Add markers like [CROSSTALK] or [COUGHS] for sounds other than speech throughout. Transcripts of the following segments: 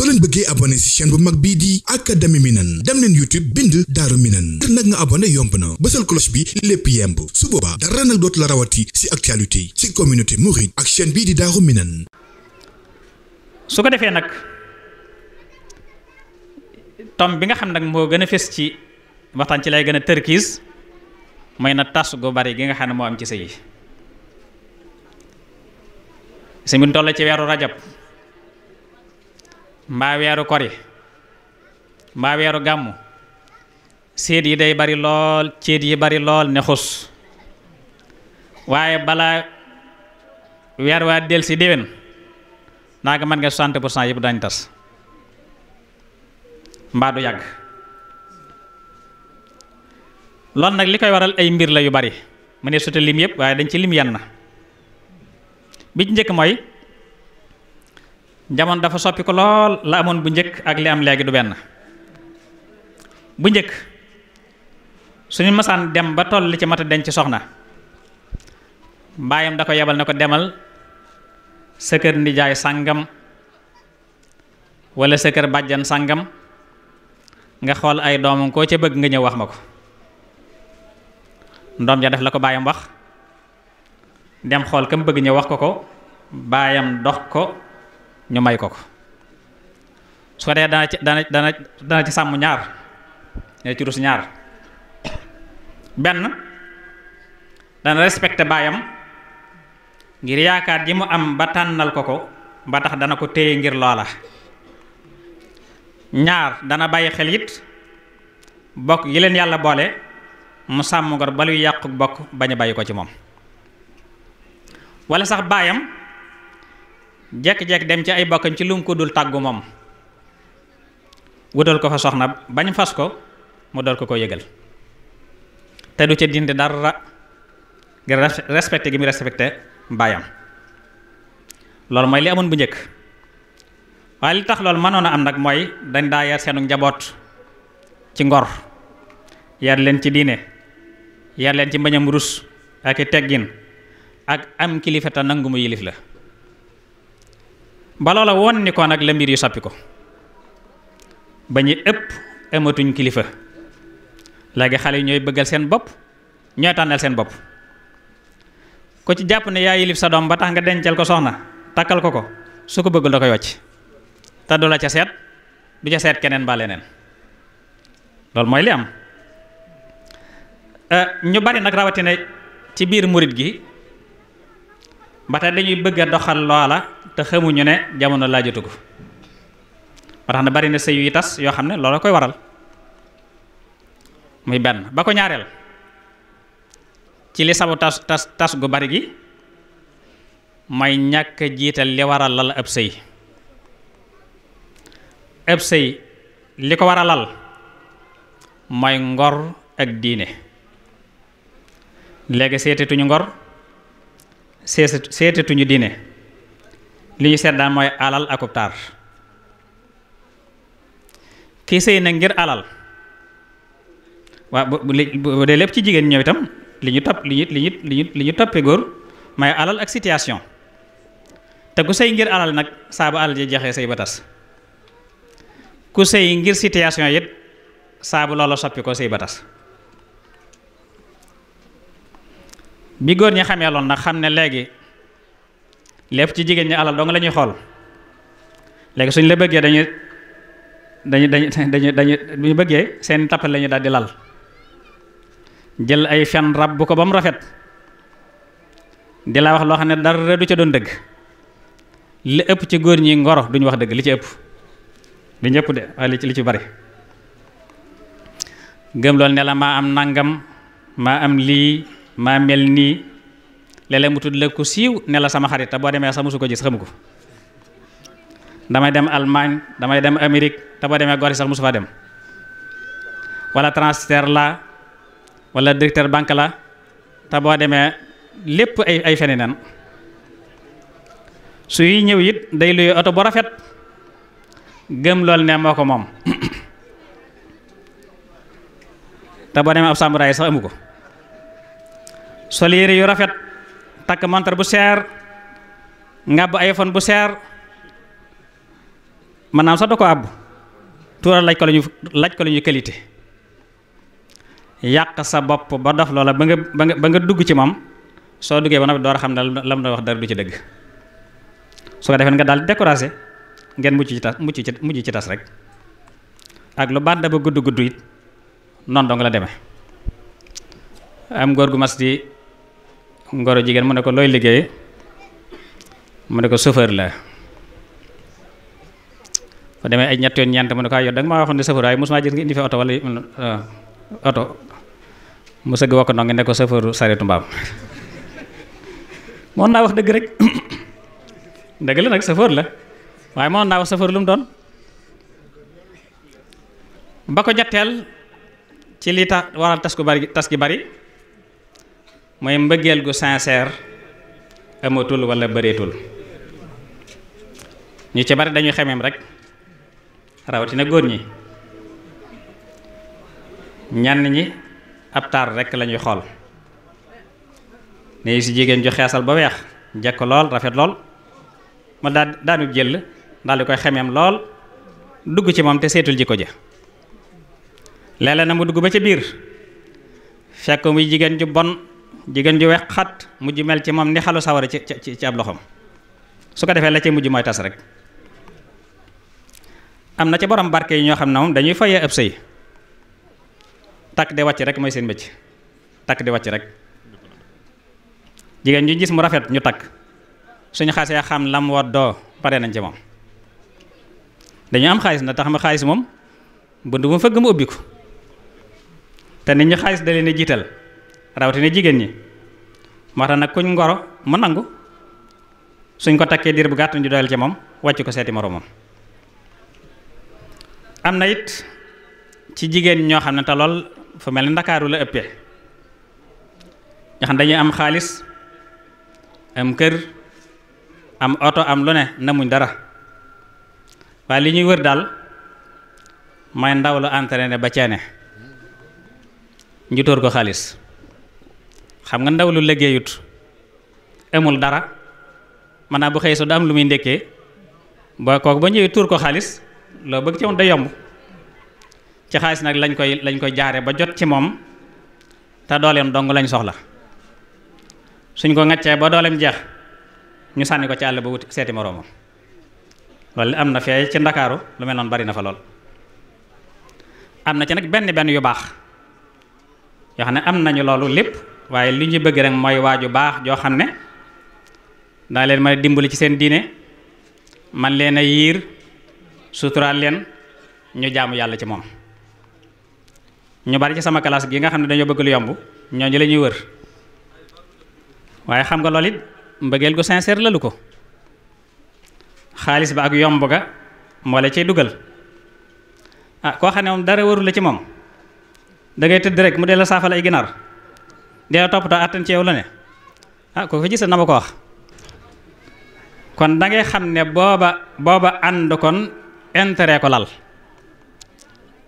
soo leen bëggee abonné ci chaîne bu mag bii di académie Minane dem leen YouTube bind Daaru Minane ngir nag nga abonné yomb na bësal cloche bi lépp yemb su boobaa dara nag dootu la rawati ci actualité ci communauté mouride ak chaîne bii di Daaru Minane su ko defee nag tom bi nga xam nag moo gën a fes ci waxtaan ci lay gën a tërkiis mooy na tas gu bari gi nga xam ne moo am ci sëy si mun toll ci weeru rajab mbaa weeru kori mbaa weeru gàmmu séet yi day bari lool céet yi bari lool ne xus waaye balaa weer waa del si déwén naa nga mën nga 60 pour cent tas mbaa du yàgg loolu nag li koy waral ay mbir la yu bari mu ne sute lim yëpp waaye dañ ci lim yenn bi ci njëkk mooy jamono dafa soppi ko lool la amoon bu njëkk ak li am léegi du benn bu njëkk suñu masaan dem ba toll ci mat a denc soxna baayam da ko yebal na ko demal sa kër ndijaay sàngam wala sa kër bàjjan sàngam nga xool ay doomam koo ca bëgg nga ñëw wax ma ko ndoom ja def la ko baayam wax dem xool kam bëgg ñëw wax ko ko baayam dox ko ñu may ko ko soo ko dee dana ci dana dana ci sàmm ñaar dana ci rus ñaar benn dana respecté baayam ngir yaakaar ji mu am ba tànnal ko ko ba tax dana ko téye ngir loola ñaar dana bàyyi xel it bokk yi leen yàlla boole mu sàmm ngor ba luy yàqu bokk bañ a bàyyi ko ci moom wala sax baayam jekk-jekk dem ci ay bokkam ci lum ko dul tàggu moom wutal ko fa soxna bañ fas ko mu dool ko ko yëgal te du ca dindi dara ngir respecté gi muy respecté baayam loolu mooy li amoon bu njëkk waaye li tax loolu mënoon a am nag mooy dañ daa yar seenu njaboot ci ngor yar leen ci diine yar leen ci mbañam rus ak i teggin ak am kilifa te nangu mu yilif la ba loola won ni ko nag la mbir yu soppi ko ba ñu ëpp amatuñ kilifa léegi xale yi ñooy bëggal seen bopp ñooy tànnal seen bopp ko ci jàpp ne yaa yilif sa doom ba tax nga dencal ko soxna takkal ko ko su ko bëggul da koy wàcc te du la ca seet du ca seet keneen ba leneen loolu mooy li am euh, ñu bari nag rawatina ci biir murit gi ba tey dañuy bëgg a doxal loola te xamuñu ne jamono laajatu ko ba tax na bari na sëy yu tas yoo xam ne loola koy waral muy benn ba ko ñaareel ci li sabu tas tas gu bari gi may ñàkk jiital li waral lal ab sëy ab sëy li ko war a lal mooy ngor ak diine léegi seetetuñu ngor seet seetetuñu diine li ñu seet mooy alal akub taar kii sëy na ngir alal waa bu dee lépp ci jigéen ñëw itam li ñu topp li ñu li ñu li ñu li ñu toppee góor may alal ak situation te ku sëy ngir alal nag saa alal ji jeexee sëy batas tas ku sëy ngir situation it saabu bu loola soppi ko sëy ba bi góor ñi xamee lool nag xam ne léegi lépp ci jigéen ñi alal dong la ñuy xool léegi suñ la bëggee dañuy dañu dañu dañu dañu bëggee seen tappal la ñu lal jël ay fen rab bu ko ba mu rafet di la wax loo xam ne dara du ca doon dëgg li ëpp ci góor ñi ngoro duñu wax dëgg li ci ëpp du ñëpp de waaye li ci li bari gëm loolu ne maa am nangam maa am lii ma mel nii léeg mu tudd la ko siiw ne la sama xarit te boo demee sax masu ko gis xamu ko damay dem Allemagne damay dem Amérique te boo demee gor sax mosu fa dem walla transfert la wala directeur banque la te boo demee lépp ay ay feneen suy ñëw it day luy oto bu rafet gëm lool ne moo ko moom [COUGHS] te boo demee ab sàmburaay sax amu ko sol yére yu rafet takk montre bu seer ngàbb iPhone bu seer maanaam sax da ko àbb tuural laaj ko la ñu laaj yàq sa bopp ba dof loola ba nga ba nga ba nga dugg ci moom soo duggee ba nag door a xam ne la mu doon wax dara du ci dëgg su ko defee nga daal di découragé ngeen mucc ci tas mucc ci mujj ci tas rek ak lu baat ba gudd gudd it noonu dong la deme am góor gu mas ngoro jigéen mu ne ko looy liggéey mu ne ko chauffeur la fa demee ay ñett yoon ñeent mu ne ko ay yow da maa waxoon ne chauffeur waaye ah, mu sëgg wokk noo ngi ne ko chauffeur saretu mbaam [LAUGHS] moon naa wax dëgg rek [COUGHS] dëgg la nag chauffeur la waaye moon naa wax chauffeur lu mu doon ba ko ñetteel ci lii tax waral tas ku bari tas gi bari mooy mbëggeel gu sincère amatul wala bëreetul ñu ci bari dañuy xemeem rek rawatina góor ñi ñenn ñi ab taar rek lañuy xool ne si jigéen ju xeesal ba weex jekk lool rafet lool ma daa daanu jël daal di koy xemeem lool dugg ci moom te seetul ji ko ja léeg na mu dugg ba ca biir fekk muy jigéen ju bon jigéen ju wex xat mujj mel ci moom ni xalu sawara ci ci ci ab loxoom su ko defee la ci mujj mooy tas rek am na ci borom barke yi ñoo xam ne moom dañuy fayee ab sëy takk di wàcc rek mooy seen mbëcc takk di wàcc rek jigéen ñu gis mu rafet ñu takk suñu xasee xam lam war doo pare nañ ci moom dañu am xaalis na tax ma xaalis moom bunt mu fëgg mu ubbi ko te nit ñi xaalis da leen jiital rawatina jigéen ñi moo nag kuñ ngoro mu nangu suñ ko takkee diir bu gàtt ñu doyal ci moom wàcc ko seeti moroomam am na it ci jigéen ñoo xam ne te lool fu mel ni ndakaaru la ëppee nga xam dañuy am xaalis am kër am oto am lu ne namuñ dara waaye li ñuy wër daal may ndaw la entraîné ba ceene ñu tóor ko xaalis xam nga ndaw lu liggéeyut amul dara maanaam bu xëy su da am lu muy ndekkee ba kooku ba ñëwee tuur ko xaalis loo bëgg ci moom da yomb ci xaalis nag lañ koy lañ koy jaare ba jot ci moom te dooleem dong lañ soxla suñ ko ŋaccee ba dooleem jeex ñu sànni ko ci àll ba wuti seeti moroomam loolu am na fee ci ndakaaru lu mel noonu bari na fa lool am na ci nag benn benn yu baax yoo ne am nañu loolu lépp waaye li ñu bëgg rek mooy waaju baax joo xam ne daa leen mën dimbali ci seen diine man leen a yiir suturaal leen ñu jaamu yàlla ci moom ñu bari ci sama classe gi nga xam ne dañoo bëgg lu yomb ñooñu la ñuy wër waaye xam nga lool it mbëggeel gu sincère la lu ko xaalis ba ak yomb ga moo la ciy dugal ah koo xam ne moom dara wërul ci moom da tëdd rek mu dee la saafal ay ginaar dina toppatoo attan la ne ah ko fa gis na ma ko wax kon dangay xam ne booba booba ànd kon intere ko lal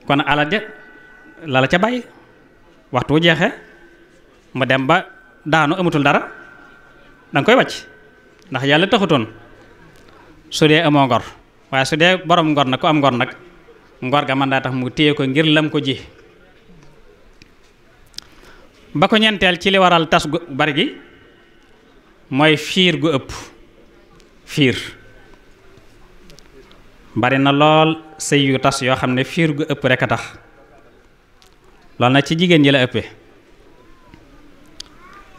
kon alal ja lala ca bàyyi waxtu wu jeexee mu dem ba daanu amatul dara danga koy wàcc ndax yàlla taxutoon su dee amoo ngor waaye su dee borom ngor nag ku am ngor nag ngor ga mën daa tax mu téye ko ngir lam ko ji ba ko ñenteel ci li waral tas gu bari gi mooy fiir gu ëpp fiir bari na lool sëy yu tas yoo xam ne fiir gu ëpp rek a tax lool na ci jigéen ji la ëppee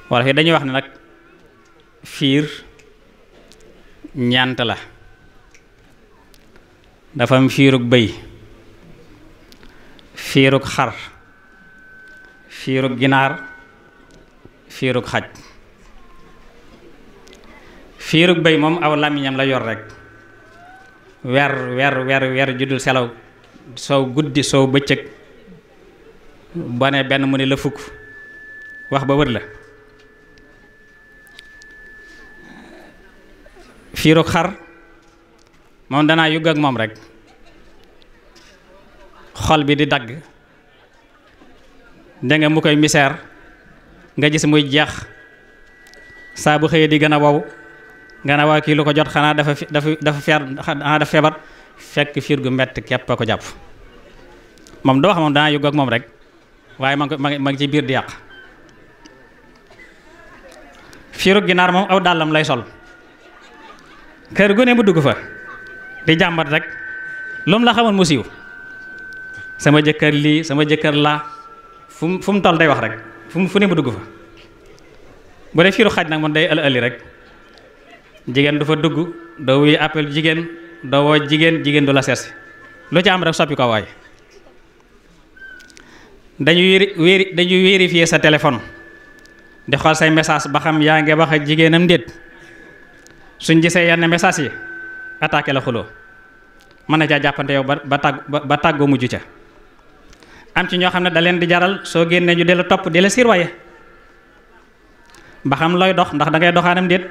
walla fi dañuy wax ne nag fiir ñaant la dafa am fiirug bëy fiirug xar fiirug ginaar fiirug xaj fiirug béy moom aw làmmiñam la yor rekk weer weer weer juddul selaw soow guddi soow bëccëg ba ne benn mu ne la fukk wax ba wër la fiirug xar moom danaa yugg ak moom rekk xol bi di dagg da nga mu koy miseer nga gis muy jeex saa bu xëyee di gën a wow nga ne waa kii lu ko jot xanaa dafa dafa dafa feer xanaa dafa feebar fekk fiir gu mett képp a ko jàpp moom doo xamoon moom danaa ak moom rek waaye ma mag ma ci biir di yàq fiiru ginaar moom aw dàllam lay sol kër gu ne mu dugg fa di jàmbat rek lu la xamoon mu siiw sama jëkkër lii sama jëkkër laa fu mu fu mu toll day wax rek fu mu fu ne mu dugg fa bu dee fiiru xaj nag moom day ël ëli rek jigéen du fa dugg doo wuy appel jigéen doo woo jigéen jigéen du la seetsi lu ci am rek soppi ko waay dañuy wéri dañuy vérifier sa téléphone di xool say message ba xam yaa ngi wax ak jigéenam ndéet suñ gisee yenn message yi attaqué la xuloo mën na ca jàppante yow ba ba tàgg ba tàggoo mujj ca am ci ñoo xam ne da leen di jaral soo génnee ñu di la topp di la sirwaye ba xam looy dox ndax dangay ngay doxaanam déet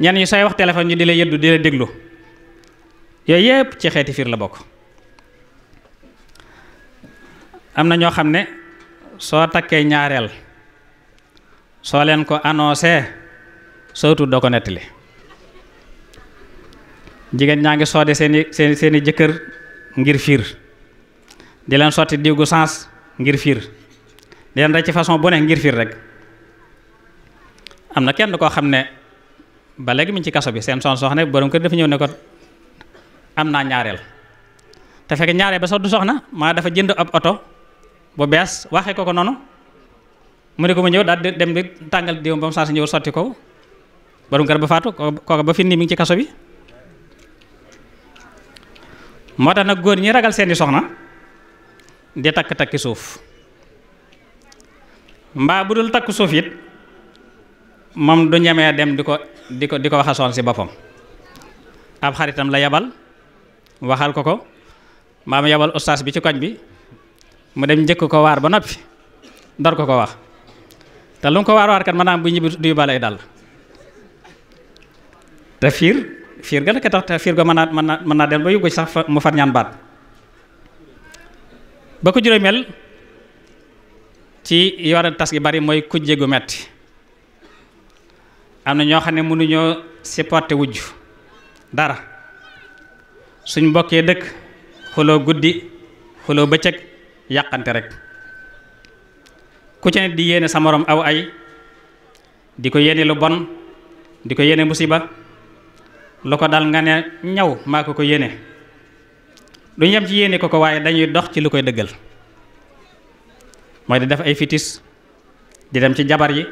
ñenn ñi sooy wax téléphone ñu di la yëddu di la déglu yooyu yëpp ci xeeti fiir la bokk am na ñoo xam ne soo takkee ñaareel soo leen ko annoncé sootu doo ko nettali jigéen ñaa ngi soode seeni seeni seeni jëkkër ngir fiir di leen sotti diw gu sens ngir fiir di rek ci façon bu ne ngir fiir rek am na kenn koo xam ne ba léegi mu ngi ci kaso bi seen son soxna borom kër dafa ñëw ko am naa ñaareel te fekk ñaareel ba sax du soxna maa dafa jënd ab oto bu bees waxee ko ko noonu mu ne ko mu ñëw daal dem di tàngal diw ba mu saa si ñëw sotti ko borom kër ba faatu kooka ba fi nii mi ngi ci kaso bi moo tax nag góor ñi ragal seeni soxna di takk-takki suuf mbaa bu dul takk suuf it moom du ñemee dem di ko di ko di ko waxa si boppam ab xaritam la yabal waxal ko ko mbaa mu yabal ustaas bi ci koñ bi mu dem njëkk ko waar ba noppi dor ko ko wax te lu mu ko waar waar kat ma bu ñibbi du yóbbaale ay te fiir fiir tax te fiir ga mën naa mën naa mën naa dem ba yóbbu sax mu far baat ba ko juróomeel ci yoral tas gi bari mooy kujje gu metti am na ñoo xam ne mënuñoo supporter wujj dara suñ mbokkee dëkk xuloo guddi xuloo bëccëg yàqante rek ku ci ne di yéene sa moroom aw ay di ko yéene lu bon di ko yéene musiba lu ko dal nga ne ñaw maa ko ko yéene duñ yem ci yéene ko ko waaye dañuy dox ci lu koy dëggal mooy di def ay fitis di dem ci jabar yi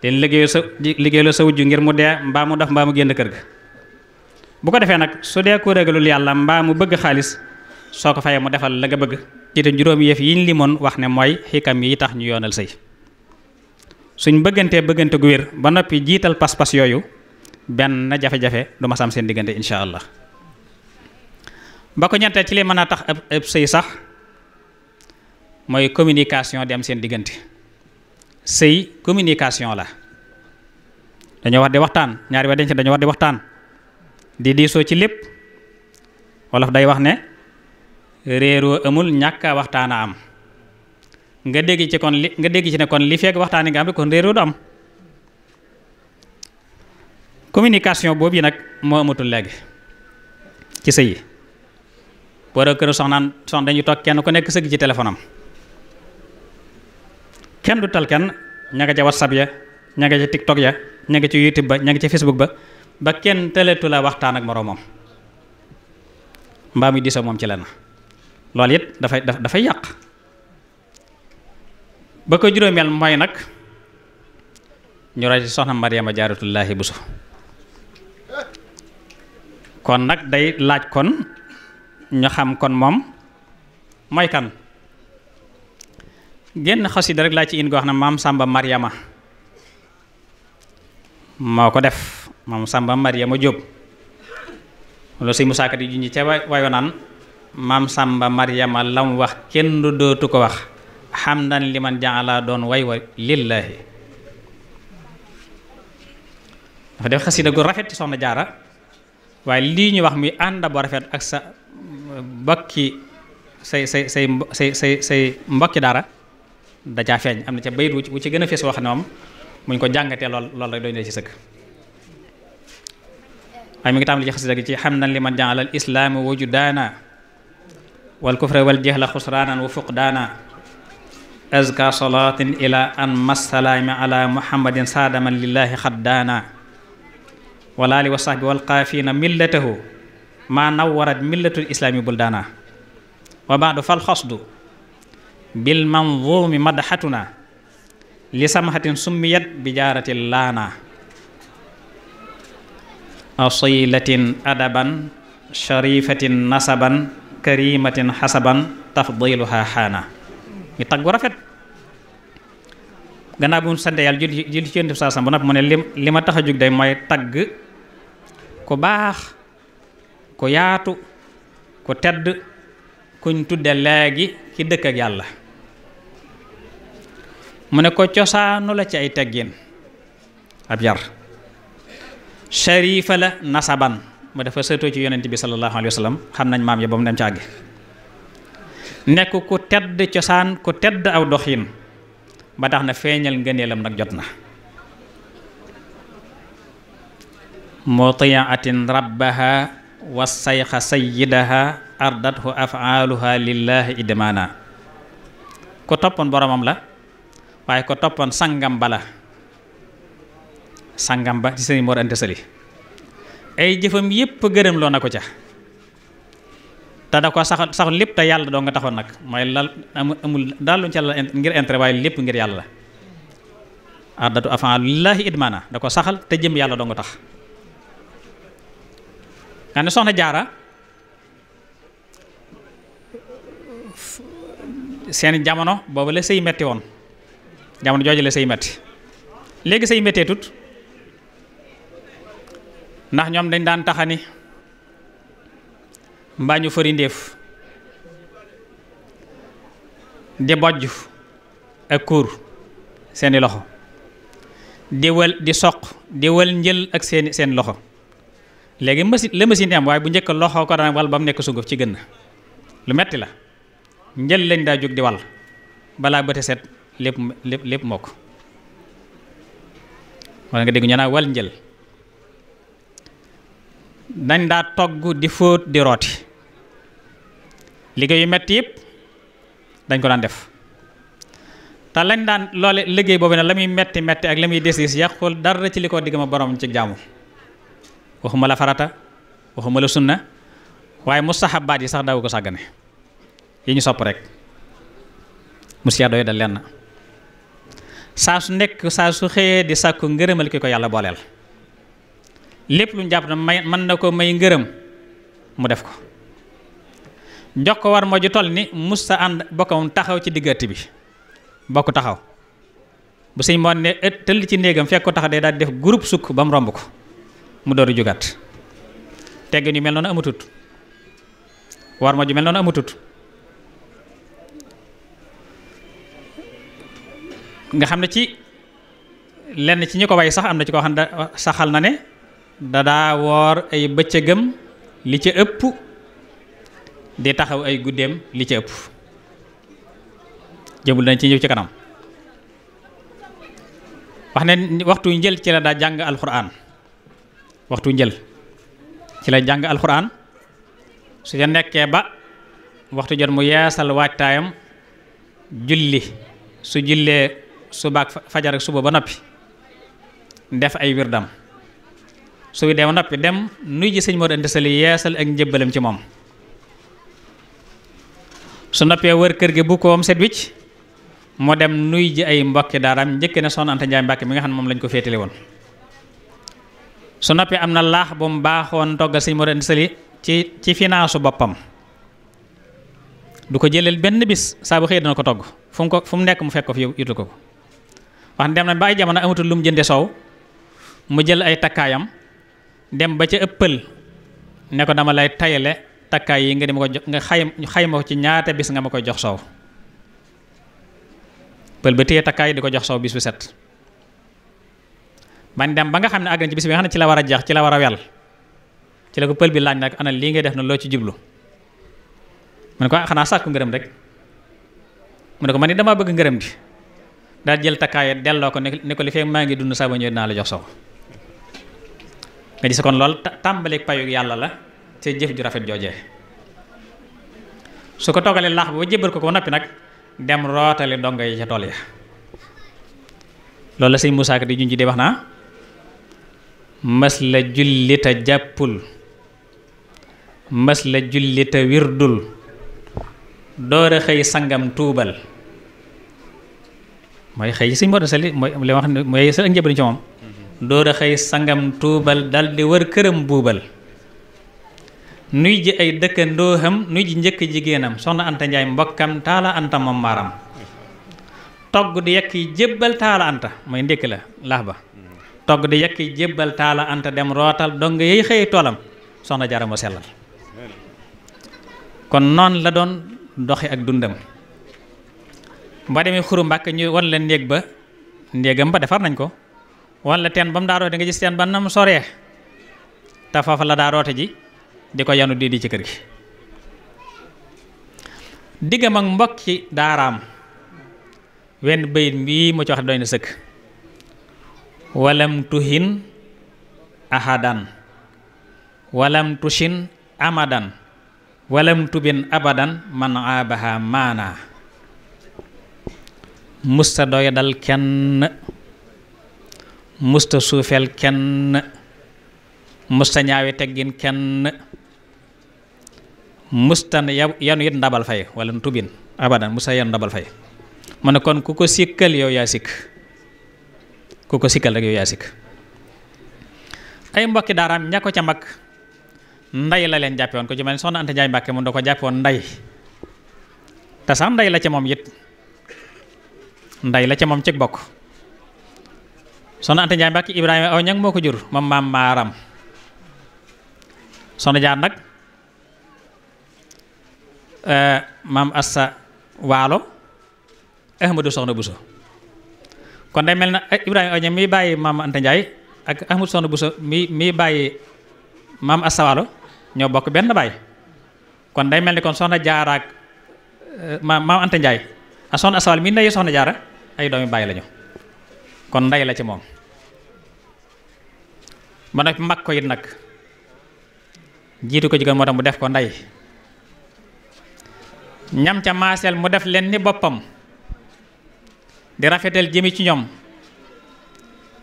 te liggéeyu sa liggéeyu sa wujju ngir mu dee mbaa mu def mbaa mu génn kër ga bu ko defee nag su dee ko régalul yàlla mbaa mu bëgg xaalis soo ko fayee mu defal la nga bëgg ci te juróom yëf yiñ limoon wax ne mooy xikam yi tax ñu yoonal sëy suñ bëggantee bëggante gu wér ba noppi jiital pas-pas yooyu benn jafe-jafe du ma sam seen diggante incha allah ba ko ñetteel ci li mën a tax ab sëy sax mooy communication di am seen diggante sëy communication la dañoo wax di waxtaan ñaari way denc dañoo war di waxtaan di diisoo ci lépp wolof day wax ne réeroo amul ñàkk a waxtaan a am nga dégg ci kon li nga dégg ci ne kon li fekk waxtaan yi nga am rek kon réeroo du am communication boobu yi nag moo amatul léegi ci sëy borom këru soxnaan soxna dañuy toog kenn ku nekk sëgg ci téléphone kenn du tal kenn ña nga ca whatsapp ya ña ca tiktok ya ña nga ca youtube ba ña nga ca facebook ba ba kenn teletu la waxtaan ak moroomam mbaa muy diisoo moom ci lenn loolu it dafay dafay yàq ba ko juróomeel mooy nag ñu roy ci soxna Mariama Jaaratullaahi Buso kon nag day laaj kon ñu xam kon moom mooy kan génn xasida rek laa ci indi ko wax na maam Samba Mariama moo ko def maam Samba Mariama Jóob loolu si Musaa Ka di junj ca wayo naan maam Samba Mariama lam wax kenn dootu ko wax xamdan li man jaala doon way wa lillaahi dafa def xasida gu rafet ci soxna jaara waaye lii ñu wax muy ànd bu rafet ak sa bakki say say say say say say mbokki dara da caa feeñ am na ca bayit wu ci gën a fees wax ne moom muñ ko jàngatee lool lool rek doy na ci sëkk waaye mi ngi tàmbali ci xasida gi ci xam nan li man jàngal al islaam wujudaana wal kufra wal jahla xusraanan wa fuqdaana azka salaatin ila an massalaami ala muhammadin saadaman lillahi xaddaana walaali wa sahbi wal qaafina millatahu maa nawwarat millatul islaami buldaana wa baadu fal xasdu bil manzuumi madxatuna li samxatin summiyat bi jaarati laana asilatin adaban sharifatin nasaban karimatin xasaban tafdiluha xaana ñu tag rafet gannaaw bu mu sante yàlla julli julli ci yonent bu nopp mu ne li ma tax a jóg day mooy tagg ku baax ku yaatu ku tedd kuñ tudde léegi ki dëkk yàlla mu ne ko cosaanu la ci ay teggin ab yar sharifa la nasaban mu dafa sëtoo ci yonent bi sallallahu alayhi wa sallam xam nañ maam ya ba mu dem ci àgg nekk ku tedd cosaan ku tedd aw doxin ba tax na feeñal ngëneelam nag jot na mutiatin rabbaha wa sayxa sayyidaha ardathu afaaluha lillahi idmaana ku toppoon boromam la waaye ko toppoon sangam ba la sangam ba ci sëñ Mor Anta ay jëfam yépp gërëm loon na ko ca te da ko sax sax lépp te yàlla doo nga taxoon nag mooy lal amul daal luñ ca la ngir intérêt lépp ngir yàlla la ardatu afaan lillahi idmaana da ko saxal te jëm yàlla doo nga tax nga soxna jaara seen jamono boobu la sëy metti woon jamono jooju la sëy metti léegi sëy mettee tut ndax ñoom dañ daan taxani mbaa ñu fëri ndéef di bojj ak kóor seeni loxo di wël di soq di wël njël ak seeni seen loxo léegi machine la machine am waaye bu njëkk loxo ko daan wal ba mu nekk sunguf ci gën lu metti la njël lañ daa jóg di wal balaa bëte set lépp lépp mokk wala nga dégg ñu naa wal njël dañ daa togg di fóot di rooti liggéey metti yëpp dañ ko daan def te lañ daan loole liggéey boobu ne la muy metti metti ak la muy des yàqul dara ci li ko digg ma borom ci jaamu waxuma la farata waxuma la sunna waaye mustahabaat yi sax daw ko sàggane yi ñu sopp rek musiya doy da lenn saa su nekk saa su xëyee di sàkku ngërëmal ki ko yàlla booleel lépp lu ñu jàpp na may mën na ko may ngërëm mu def ko njox ko war moo ju toll ni musta ànd bokkam taxaw ci diggante bi bokk taxaw bu sëñ moo ne ëtt tëll ci néegam fekk ko taxaw day daal def groupe sukk ba mu romb ko mu door jógat jógaat teggin yu mel noonu amatut war ma ju mel noonu amatut nga xam ne ci lenn ci ñi ko way sax am na ci ko xam ne na ne dadaa woor ay bëccëgam li ci ëpp di taxaw ay guddeem li ci ëpp jëmul nañ ci ñëw ci kanam wax ne waxtu njël ci la daa jàng alxuraan waxtu njël ci la jàng alxuraan su ca nekkee ba waxtu jot mu yeesal waajtaayam julli su jullee subaak fajar ak suba ba noppi def ay wirdam su wi dee ba noppi dem nuy ji sëñ Modou Anta Sali yeesal ak njëbbalam ci moom su noppee war kër gi bu koom set wicc mu dem nuy ji ay mbokki daaram njëkk ne Soxna Anta Njaay Mbàkke mi nga xam ne moom lañ ko féetale woon su noppi am na laax bu mu baaxoon toggal sëñ Mor Anta Sali ci ci finaasu boppam du ko jëleel benn bis saa bu xëy dana ko togg fu mu ko fu mu nekk mu fekk ko fi yutul ko wax dem na ba ay jamono amatul lu mu jënde soow mu jël ay takkaayam dem ba ca ëppal ne ko dama lay tayale takkaay yi nga di ma ko jox nga xayma xayma ko ci ñaata bis nga ma koy jox soow pël ba téye takkaay di ko jox soow bis bu set man dem ba nga xam ne àgg na ci bis bi nga xam ne ci la war a jeex ci la war a wel ci la ko pël bi laaj nag ana lii ngay def na loo ci jublu mu ne ko ah, xanaa sàkku ngërëm rek mu ne ko man ni dama bëgg ngërëm di daal jël takkaay delloo ko ne ko li fee maa ngi dund saa ba ñëwee dinaa la jox sow nga gis kon lool tàmbali payu yàlla la te jëf ju rafet joojee su ko toggalee laax ba jébbal ko ko noppi nag dem rootali dongo yi ca tool ya loolu la sëñ wax naa mas la jullita jàppul mas la jullita wirdul doora xëy sangam tuubal mooy xëy si mbor mooy li wax ci moom doora xëy sangam tuubal daldi wër këram buubal nuy ji ay dëkkandooxam nuy ji njëkk jigéenam soxna Anta Njaay mbokkam taala Anta moom togg di yekk yi jébbal taala Anta mooy ndékk la laax ba togg di yekki jébbal taala dem rootal dong yey xëy toolam soxna jaara moo sellal kon noonu la doon doxe ak dundam ba demee xuru mbàkk ñu wan la néeg ba néegam ba defar nañ ko wan la teen ba mu daa roote nga gis teen ba nam soree te foofa la daa roote ji di ko yanu di ci kër gi diggam ak mbokki daaraam wenn bayit mbii mu ci wax doy na sëkk walam tuhin ahadan walam tushin amadan walam tubin abadan man aabaha maana musta doyadal kenn musta suufeel kenn musta ñaawi teggin kenn musta yanu it ndabal fay walam tubin abadan musta yanu ndabal fay mu ne kon ku ko sikkal yow yaa sikk ku ko sikkal rek yow yaa sikk ay mbokki daaraam ña ca mag nday la leen jàppe ko ci mel soxna Anta Njaay ko jàppe woon nday te la ca moom it nday la ca moom cig bokk soxna Ibrahima aw ko jur moom maam maaram soxna jaar nag eh, maam Assa Waalo Ahmadu soxna Buso kon day mel na eh, Ibrahima Aw Ñaŋ mi bàyyi maam Anta Ndiaye ak Ahmadu Soxna mi mi bàyyi maam Asawaalo ñoo bokk benn baay kon day mel ni kon soxna jaaraak eh, maam maam Anta Ndiaye ak soxna Asawaalo mi ndeyu soxna jaara ay doomi bàyyi lañu kon ndey la ci moom ba nag mag ko it nag jiitu ko jigéen moo tax mu def ko ndey ñam ca maaseel mu def leen ni boppam di rafetal jëmi ci ñoom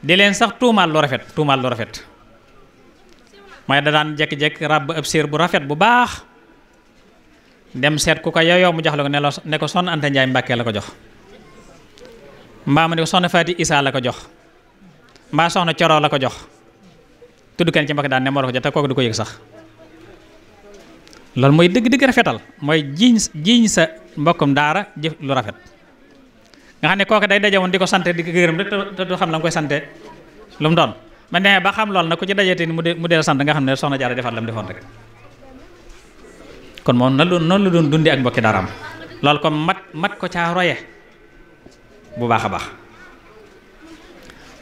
di leen sax tuumaal lu rafet tuumaal lu rafet mooy da daan jekk-jekk ràbb ab séer bu rafet bu baax dem seet ku ko yooyoo mu jox la ko ne la ne ko sonn Anta Njaay Mbàkke la ko jox mbaa ma ne ko soxna Faati Isaa la ko jox mbaa soxna Coro la ko jox tudd kenn ci mbokk daan ne moo ko jox te kooku du ko yëg sax loolu mooy dëgg-dëgg rafetal mooy jiiñ jiiñ sa mbokkum daara jëf lu rafet nga xam ne kooku day daje woon di ko sante di ko gërëm rek te du xam la nga koy sante lu mu doon ma nee ba xam lool na ku ci dajeeti mu mu dee sant nga xam ne soxna a defaat la mu defoon rek kon moom na lu noonu la doon dundi ak mbokki daram lool kon mat mat ko caa roye bu baax a baax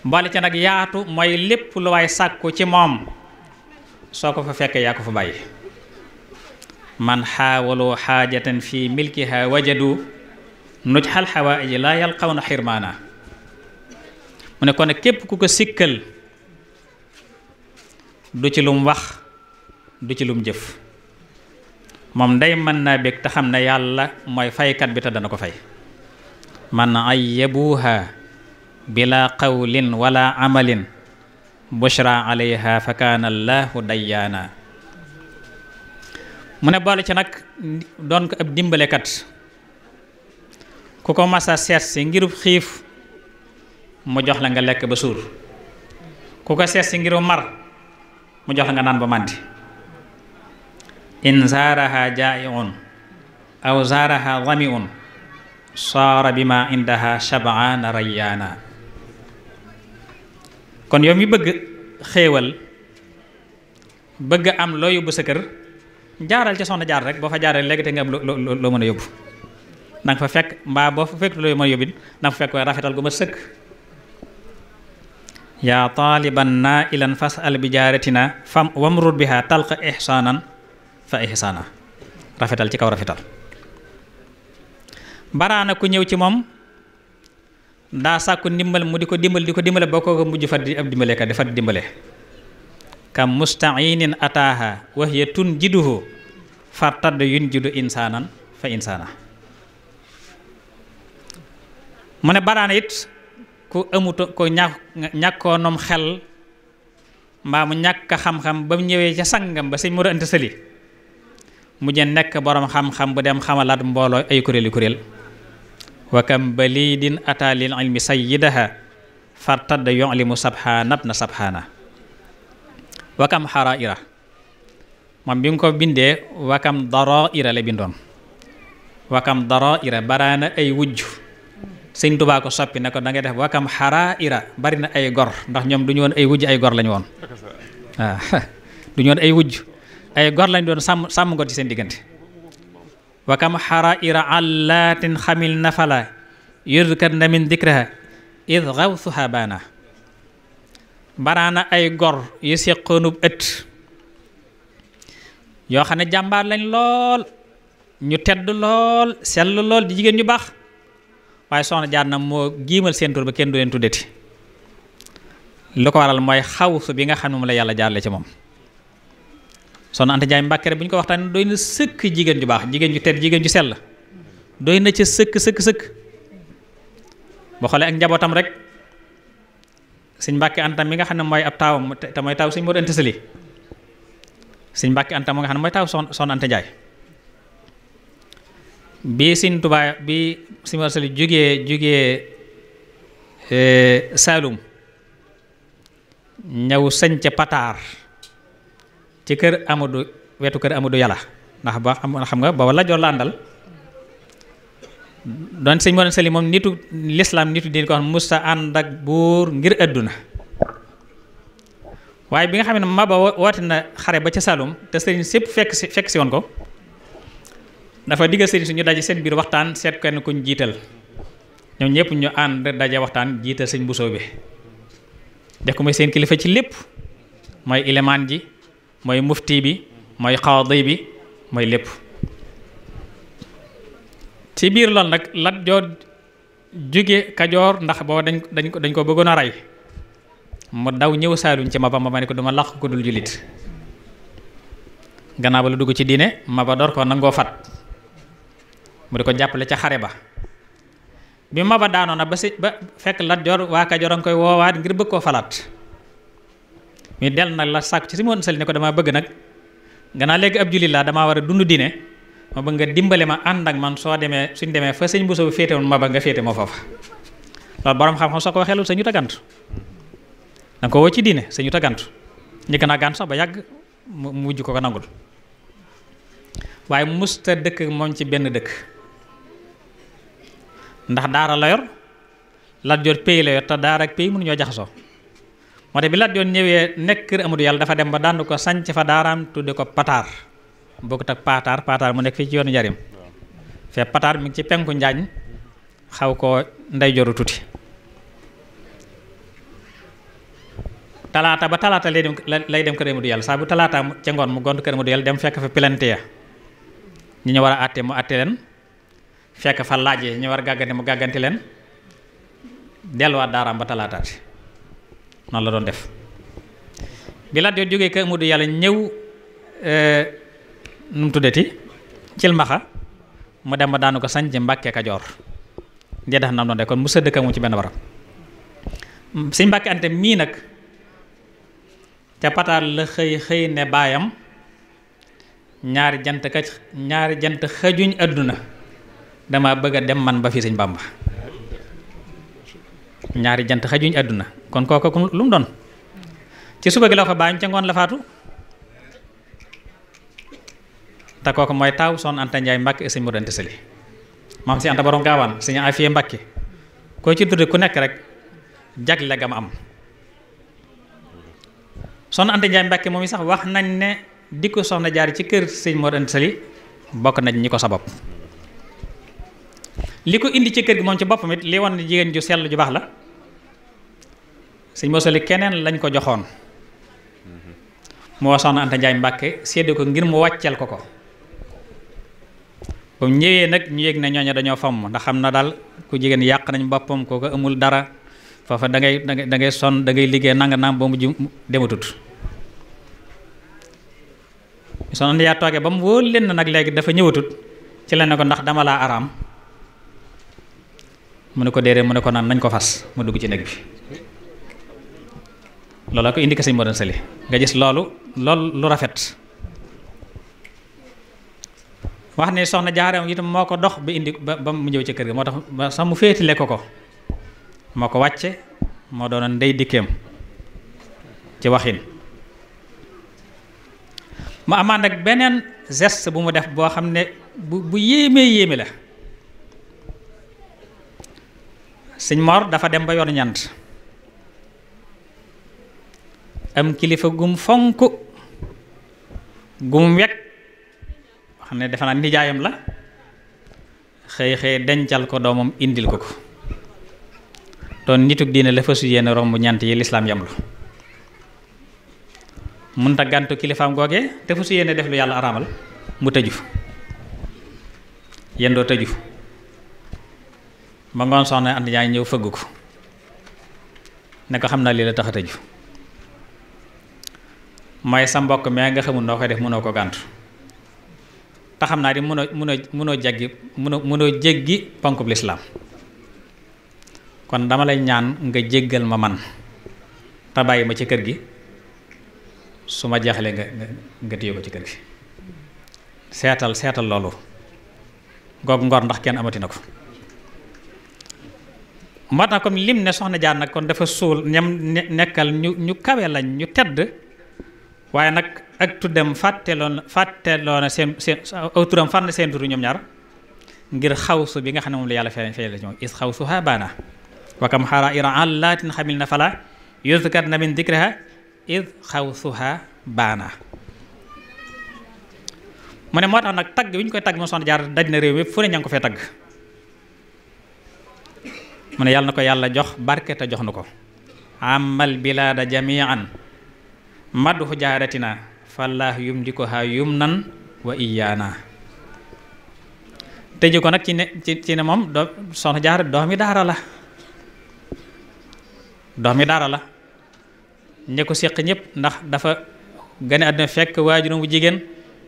mboole ci nag yaatu mooy lépp lu waay sàkku ci moom soo ko fa fekkee yaa ko fa bàyyi man xaawalu xaajaten fii milkiha wajadu noj xal xawaaji laa yal xaw na xirmaana mu ne kon nag képp ku ko sikkal du ci lum wax du ci lum jëf moom ndey mën naa bég te xam ne yàlla mooy faykat bi te dana ko fay man ayyabuha bila qawlin wala amalin bushra alayha fa kaana allahu dayyaana mu ne boole ci nag doon ko ab dimbalekat ku ko mas a seet xiif mu jox la nga lekk ba suur ku ko seet si mar mu jox nga naan ba màndi in aw zaaraha dhami'un saara bi ma kon yow mi bëgg xéewal bëgg am loo yóbbu sa kër jaaral ci soxna jaar rek boo fa jaaree léegi te nga am loo loo mën a yóbbu na nga fa fekk mbaa boo fa fekk loolu mooy yóbbin na fa fekk waaye rafetal gu ma sëkk yaa taaliban naa ilan fas al bi jaaratina fam wamrut biha talqa ihsaanan fa ihsaana rafetal ci kaw rafetal baraana ku ñëw ci moom daa sàkku ndimbal mu di ko dimbal di ko dimbale boo ko mujj far di ab dimbale ka di ataaha wa hiya tun jiduhu far tadd yun jidu insaanan fa insaana mu ne baraana it ku amuto ko ñàkk ñàkkoonom xel mbaa mu ñàkk xam-xam ba mu ñëwee ca sangam ba sëñ mu Anta Sali mujje nekk borom xam-xam bu dem xamalaat mbooloo ay kuréeli kuréel wa kam balidin ata lil ilmi sayyidaha fartadda yu'limu sabhana ibn sabhana wa kam haraira moom bi nga ko bindee wa kam daraira la bindoon wa kam daraira baraana ay wujj sëñ tubaa ko soppi ne ko da def wakam xaraa ira bari na ay gor ndax ñoom du woon ay wujj ay gor lañu woon waaw [LAUGHS] du ñu ay wujj ay lañ doon sàmm sàmm ngor ci seen diggante wakam xaraa ira àllaatin xamil nafala yurkat na min dikraha id xawsuha baana baraana ay gor yu séqoonub ëtt yoo xam ne jàmbaar lañ lool ñu tedd lool sell lool di jigéen ñu baax waaye soxna na moo giimal seen tur ba kenn du leen tuddati lu ko waral mooy xawsu bi nga xam ne moom la yàlla jaarle ci moom soxna Anta Jaay Mbàkke rek bu ñu ko waxtaan doy na sëkk jigéen ju baax jigéen ju tedd jigéen ju sell doy na ca sëkk sëkk sëkk boo xoolee ak njabootam rek sëñ Mbàkke Anta nga xam ne mooy ab taawam te mooy taaw sëñ Moodu Anta Sali sëñ mu nga xam ne mooy taaw soxna Anta Jaay bi Sëñ Tuubaa bi Sëñ Mor Sali jógee jóge e, Saalum ñëw sëñ ca Pataar ci kër Amadou wetu kër Amadou Yàlla ndax ba xam nga booba Lat Joor la àndal doon Sëñ Mor Sali moom nitu lislaam nitu diin ko xam musta ànd ak buur ngir àdduna waaye bi nga xam ne Maba woote na xare ba ca Saalum te sëriñ sépp fekk si fekk si woon ko dafa diggal sëriñ suñu ñu daje seen biir waxtaan seet kenn kuñ jiital ñoom ñëpp ñu ànd daje waxtaan jiital sëñ Bousso bi def ko mooy seen kilifa ci lépp mooy ilimaan ji mooy mufti bi mooy xaadi bi mooy lépp ci biir la nag Lat Joor jóge Kajoor ndax booba dañ dañ ko dañ ko bëggoon a rey mu daw ñëw saaluñ ci Maba Maba ne ko duma làq ko dul jullit gannaaw ba lu dugg ci diine Maba door ko nangoo fat mu di ko jàppale ca xare ba bi ma daanoon na ba si ba fekk Lat Joor waa Kajoor a ngi koy woowaat ngir bëgg koo falaat mi dell nag la sàkk ci si mu woon sali ne ko damaa bëgg nag nga naa léegi ab jullit laa damaa war a dund diine ma bëgg nga dimbale ma ànd ak man soo demee suñ demee fa sëñ Bousso bi féete ma ba nga féete moo foofa loolu borom xam-xam soo ko waxee loolu sañu tagantu da ko woo ci diine sañu tagantu njëkk naa gàntu sax ba yàgg mu mujj ko ko nangul waaye musta ci benn dëkk ndax daara la Lat Joor pay la yor te daara ak pay mënuñoo jaxasoo moo tax bi Lat Joor ñëwee nekk kër Amadu Yàlla dafa dem ba daan ko sanc fa daaraam tudde ko pataar bokkut ak pataar pataar mu nekk fii ci yoonu Njaaréem fee mi ngi ci penku Njaañ xaw ko ndeyjooru tuuti talaata ba talaata lay dem lay dem kër Amadu Yàlla talaata ca ngoon mu gont kër Amadu Yàlla fekk fa pilante ya ñi ñu war a àtte mu àtte leen fekk fa laaj yi ñu war gàggante mu gàgganti leen delluwaat daaraam ba talaataati noonu la doon def bi Lat Joor jógee kër Amadou Yàlla ñëw eh, nu mu tuddati cilmaxa mu dem ba daanu ko sañ ci Mbàkke Kajoor dee tax na am doon de kon mu sëdd mu ci benn waram si Mbàkke Anta mii nag ca pataar la xëy xëy ne baayam ñaari jant ka ñaari jant xëjuñ àdduna dama bëgg a dem man ba fi sëñ Bàmba ñaari jant xajuñ àdduna kon kooku lu mu doon ci suba gi la ko baañ ca ngoon la te kooku mooy taaw son Anta Ndiaye Mbacke sëñ Modou Anta Sali maam si Anta borom gaawaan koo ci tudd ku nekk rek jagle gam am son Anta Ndiaye moom yi sax wax nañ ne di ko soxna jaar ci kër sëñ Modou Anta Sali bokk nañ ñi ko sabab li ko indi ci kër gi moom ci boppam it li wan ne jigéen ju sell ju baax la sëñ mosali keneen lañ ko joxoon moo soxna Anta Njaay Mbàkke sédde ko ngir mu wàcceel ko ko ba mu ñëwee nag ñu yëg ne ñooñu dañoo fomm ndax xam na daal ku jigéen yàq nañ boppam ko amul dara foofa da ngay da ngay sonn da ngay liggéey nanga naam ba mu ji dematut soxna yaa toogee ba mu wóor leen nag léegi dafa ñëwatut ci la ne ko ndax dama laa araam mu ne ko déedéet mu ne ko naan nañ ko fas mu dugg ci néeg bi loolu ko indi kese ñu moo doon nga gis loolu loolu lu rafet wax ne soxna jaaram itam moo ko dox ba indi ba mu ñëw ci kër gi moo tax sax mu féetile ko ko moo ko wàcce moo doonoon ndey dikkeem ci waxin mu amaan nag beneen geste bu mu def boo xam ne bu bu yéemee yéeme la sëñ Mor dafa dem ba yor ñant am kilifa gum fonk gum wekk xam ne defe naa nijaayam la xëy xëy dencal ko doomam indil ko ko doon nitug diine la fasu yéene romb ñant yi lislaam yamlu mun ta gàntu kilifaam googee te fasu yéene def lu yàlla araamal mu tëju yendoo tëju ba ngoon soxna Anta Jaañ ñëw fëgg ko ne ko xam naa lii la tax a tëju mooy sa mbokk mee nga xamul noo koy def mënoo ko gàntu te xam naa di mënoo mënoo mënoo jaggi mënoo mënoo jéggi ponkub lislaam kon dama lay ñaan nga jéggal ma man te bàyyi ma ci kër gi su ma jeexalee nga nga téye ko ci kër gi seetal seetal loolu goog ngoor ndax kenn amati na ko moo tax comme lim ne soxna jaar nag kon dafa suul ñam nekkal ñu ñu kawe lañ ñu tedd waaye nag ak tuddam fàtteloon fàtteloona seen seen aw turam far na seen turu ñoom ñaar ngir xawsu bi nga xam ne moom la yàlla fee fee la ñoom is xawsuha baana wa kam xaraa'ira allaatin xamil na baana mu ne moo tax nag tagg bi ñu koy tagg moom soxna jaar daj na réew mi fu ne ña ko fee tagg mu ne yàlla na ko yàlla jox barket a jox na ko amal bilaada jamian madhu jaaratina fallah yumdikuha yumnan wa iyaana tëje ko nag ci ne ci ne moom do soxna jaar doomi daara la doomi daara la ñe ko séq ñépp ndax dafa gane àdduna fekk waajuram bu jigéen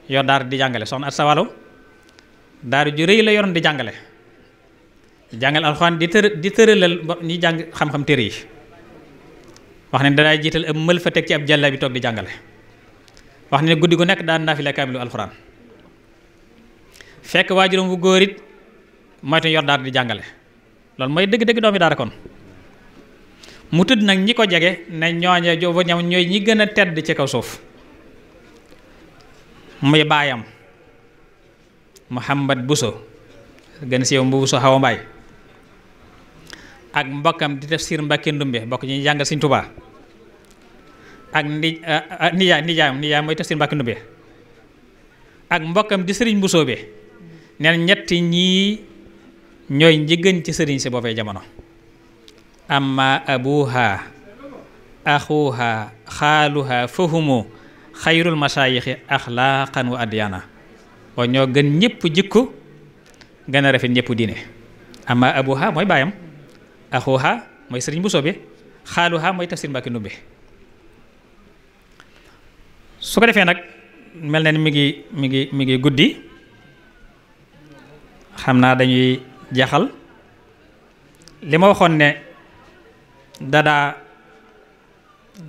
yor daar di jàngale soxna at sawalo daar ju rëy la yoroon di jàngale jàngal alxuraan di tër di tëralal ba jàng xam-xam téere yi wax ne danaay jiital ab mël fa teg ci ab jàlla bi toog di jàngale wax ne guddi gu nekk daan naafila kaamilu alxuraan fekk waajuram bu góor it moytu yor daara di jàngale loolu mooy dëgg-dëgg doomi daara kon mu tudd nag ñi ko jege ne ñooñe joba ñam ñooy ñi gën a tedd ci kaw suuf muy baayam Muhammad Buso gën siiw bu Buso Hawa Mbaay ak mbokkam di tafsir Mbàkke Ndumbe mbokk ñu jàngal Sëriñ Tuubaa ak ndi eh, eh, nijaay nijaayam nijaay mooy tafsir Mbàkke Ndumbe ak mbokkam di sëriñ bu soobe neen ñetti ñii ñooy njigën ci sëriñ si boobee jamono amma abuha axuha xaaluha fahumu xayrul masaayixi axlaaqan wa adyaana wa ñoo gën ñëpp jikku gën a rafet ñëpp diine amma abuha mooy baayam axuha mooy sëriñ bu bi xaaluha mooy tafsir mbàkke nubbe su ko defee nag mel na ni mi ngi mi ngi mi ngi guddi xam naa dañuy jaxal li ma waxoon ne dadaa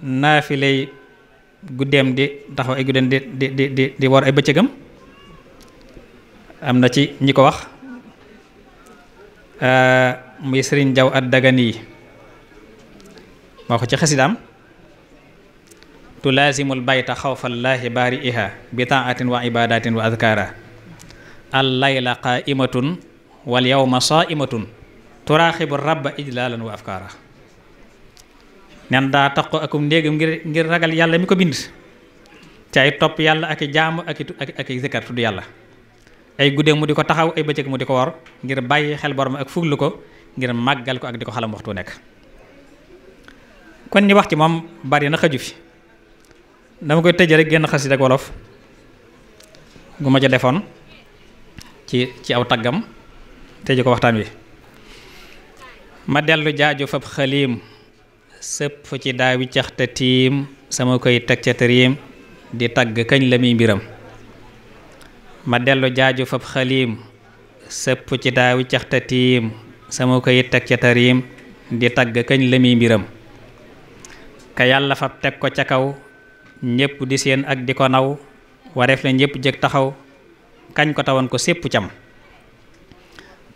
naafilay guddeem di taxaw ay guddeem di di di di war ay bëccëgam am na ci ñi ko wax muy sëriñ jaw at dagan yi moo ko ci xasidaam tulaasimul bayta xawfallaahi baari iha bi taatin wa ibadatin wa adkaara al layla qaaimatun wal yawma saaimatun turaaxibu rabba ijlaalan wa afkaara nen daa tax ko ak ndéegam ngir ngir ragal yàlla mi ko bind ci ay topp yàlla ak i jaamu ak i ak i zikkar tudd yàlla ay guddee mu di ko taxaw ay bëccëg mu di ko war ngir bàyyi xel borom ak fuglu ko ngir màggal ko ak di ko xalam waxtu nekk kon ni wax ci moom bari na xaju fi dama koy tëjee rek génn xasida ak wolof gu ma ca defoon ci ci aw taggam tëje ko waxtaan wi ma dellu jaaju fab xaliim sëpp ci daa caxta tiim sama koy teg ca tëriim di tagg kañ la muy mbiram ma dellu jaaju fab xaliim sëpp ci daawi caxta sama koy teg ca tariim di tagg kañ la muy mbiram ka yàlla fab teg ko ca kaw ñépp di séen ak di ko naw wareef la ñépp jëkk taxaw kañ ko tawoon ko sépp cam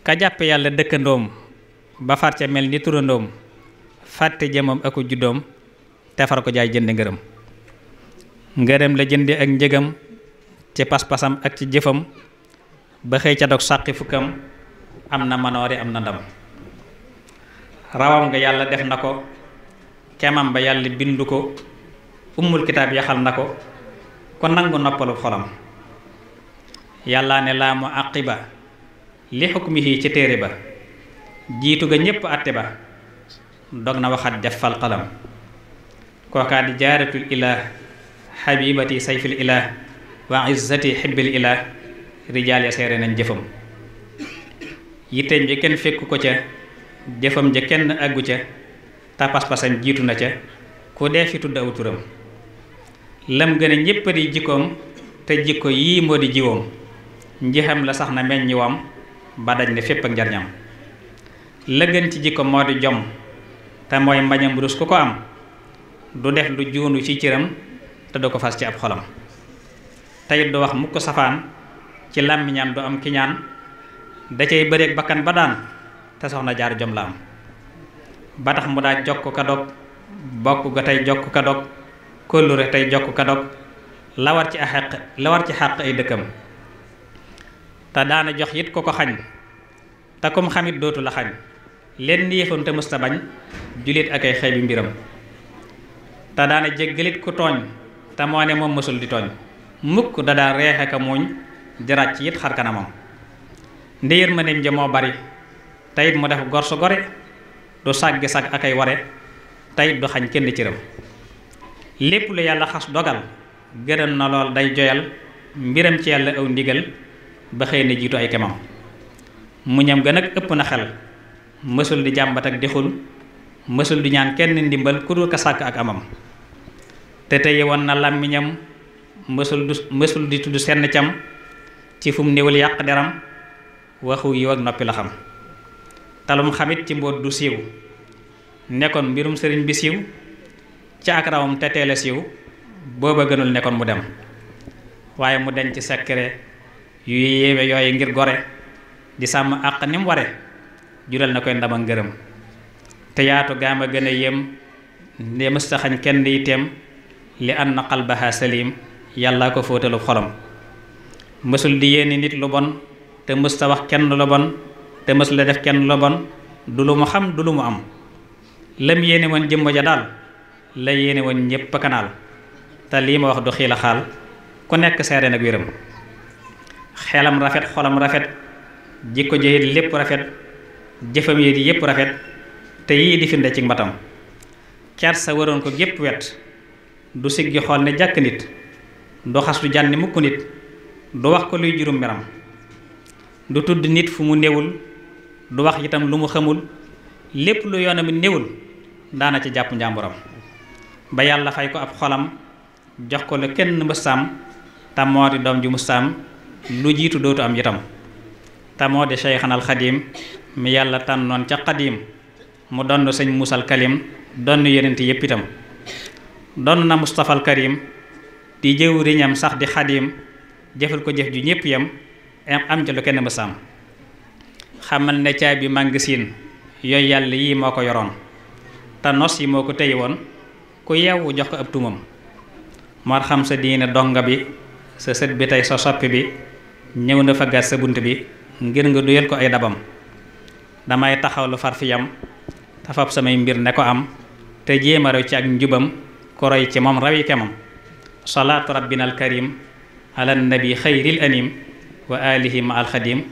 ka jàppe yàlla dëkkandoom ba far ca mel ni turandoom fàtte jëmam aku juddoom te far ko jaay jënd ngërëm ngërëm la jënde ak njëgam ci pas ak ci jëfam ba xëy ca dog sàqi fukkam am na manoore am na ndam rawam nga yàlla def na ko kemam ba yàlla bindu ko ummul kitaab yaxal na ko ko nangu noppalu xolam yàlla ne laa mu àqiba li xukmihi ci téere ba jiitu ga ñépp àtte ba dog na waxat jaffal qalam kookaa di jaaratul ilah xabibati sayfil ilah wa izzati xibbil ilah rijaal ya seere nañ jëfam yitteem ja kenn fekku ko ca jëfam ja kenn agu ca tapaspasam jiitu na ca ku dee fi tudd aw turam lam gën a ñépp di jikkoom te jikko yii moo di jiwoom njixam la sax na meññiwam ba daj ne fépp ak njariñam la ci jikko moo di jom te mooy mbañam rus ku ko am du def lu juunu ci cëram te du ko fas ci ab xolam tey du wax mukk safaan ci làmmiñam du am kiñaan da cay bëreeg bakkan ba daan te soxna jaar jom la am ba tax mu daa jokk ka dog bokk ga tey jokk ka dog kóllure tey jokk ka dog la ci a xàq la ci xàq ay dëkkam te daana jox it ko ko xañ te kum xamit dootu la xañ lenn yëfoon te mësta bañ julit ak ay xëy bi mbiram te daana jéggalit ku tooñ te moo ne moom mësul di tooñ mukk da daa reexe ka muuñ jaraat ci it xar kanamam nde yërmandeem ja moo bari tey mu def gor su gore du sàggi sag ak ay ware tey du xañ kenn cëram lépp lu yàlla xas dogal gërëm na lool day joyal mbiram ci yàlla aw ndigal ba xëy na jiitu ay kemam mu ñam gën ak ëpp na xel mësul di jàmbat ak dexul mësul di ñaan kenn ndimbal ku dul ka sàkk ak amam te tey woon na làmmiñam mësul di tudd senn cam ci fu néewul yàq deram waxu yiw ak noppi la xam talum xamit ci mboot du siiw nekkoon mbirum sëriñ bi siiw ca ak rawam te teel a siiw booba gënul nekkoon mu dem waaye mu denc secret yu yéeme yooyu ngir gore di sàmm àq ni mu ware jural na koy ndam ak ngërëm te yaatu gaam a gën a yéem ne mëstaxañ kenn yiteem li an na qalbaha salim yàlla ko fóotalu xolam mësul di yéene nit lu bon te mës ta wax kenn la bon te mës la def kenn la bon du lu mu xam du lu mu am lam yéene woon jëmm ja daal la yéene woon ñépp kanaal te lii ma wax du xiila xaal ku nekk seere nag wéram xelam rafet xolam rafet jikko jëyit lépp rafet jëfam yit yépp rafet te yii di finde ci mbatam sa waroon ko gépp wet du siggi xool ne jàkk nit du xas du jànni mukk nit du wax ko luy jurum meram du tudd nit fu mu néewul du wax itam lu mu xamul lépp lu yoonam it néewul daana ci jàpp njàmburam ba yàlla fay ko ab xolam jox ko la kenn mëssaam te moo di doom ji mëssaam lu jiitu dootu am itam te moo di Seyxanal Xadiim mi yàlla tànnoon ca Xadiim mu donn sëñ Muusal Kalim donn yenent yépp itam donn na Mustafal Karim di jëwriñam sax di Xadiim jëfal ko jëf ju ñépp yem am ca lu kenn mës am xamal ne caabi yooyu yàlla yii moo ko yoroon te nos yi moo ko téye woon ku yeewu jox ko ab tumam mar xam sa diine dongo bi sa sët bi tey sa soppi bi ñëw na fa gas sa bunt bi ngir nga duyal ko ay dabam damay taxaw lu far fi yam tafab samay mbir ne ko am te jéem a raw ci ak njubam ku roy ci moom rawi kemam salaatu rabbinal karim ala nabi xayril anim wa alihi ma alxadim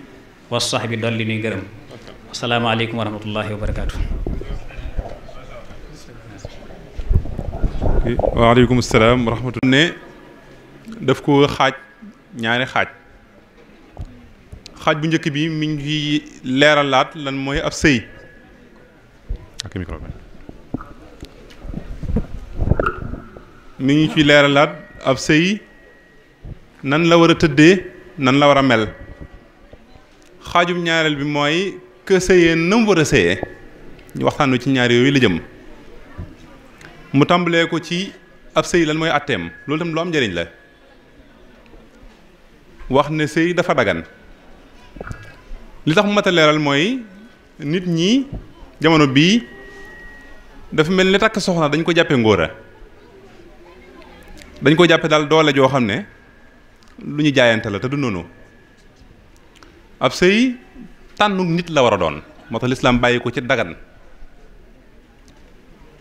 wa sahbi dolli nuy gërëm asalaamaaleykum wa rahmatullahi wa barakaatu. waaleykum salaam wa rahmatulah. ne daf ko xaaj ñaari xaaj xaaj bu njëkk bi mi ngi leeralaat lan mooy ab sëy ak micro bi mi ngi ci leeralaat ab sëy nan la war a tëddee. nan la war a mel xaajum ñaareel bi mooy que sëyee nam a sëyee ñu waxtaan ci ñaar yooyu la jëm mu tàmbalee ko ci ab sëy lan mooy atteem loolu tam lu am njëriñ la wax ne sëy dafa dagan li tax mu leeral mooy nit ñi jamono bii dafa mel ni takk soxna dañ ko jàppee ngóora dañ ko jàppee daal doole joo xam ne lu ñu jaayante la te du noonu ab sëy tànnu nit la war a doon moo tax lislaam bàyyi ko ci dagan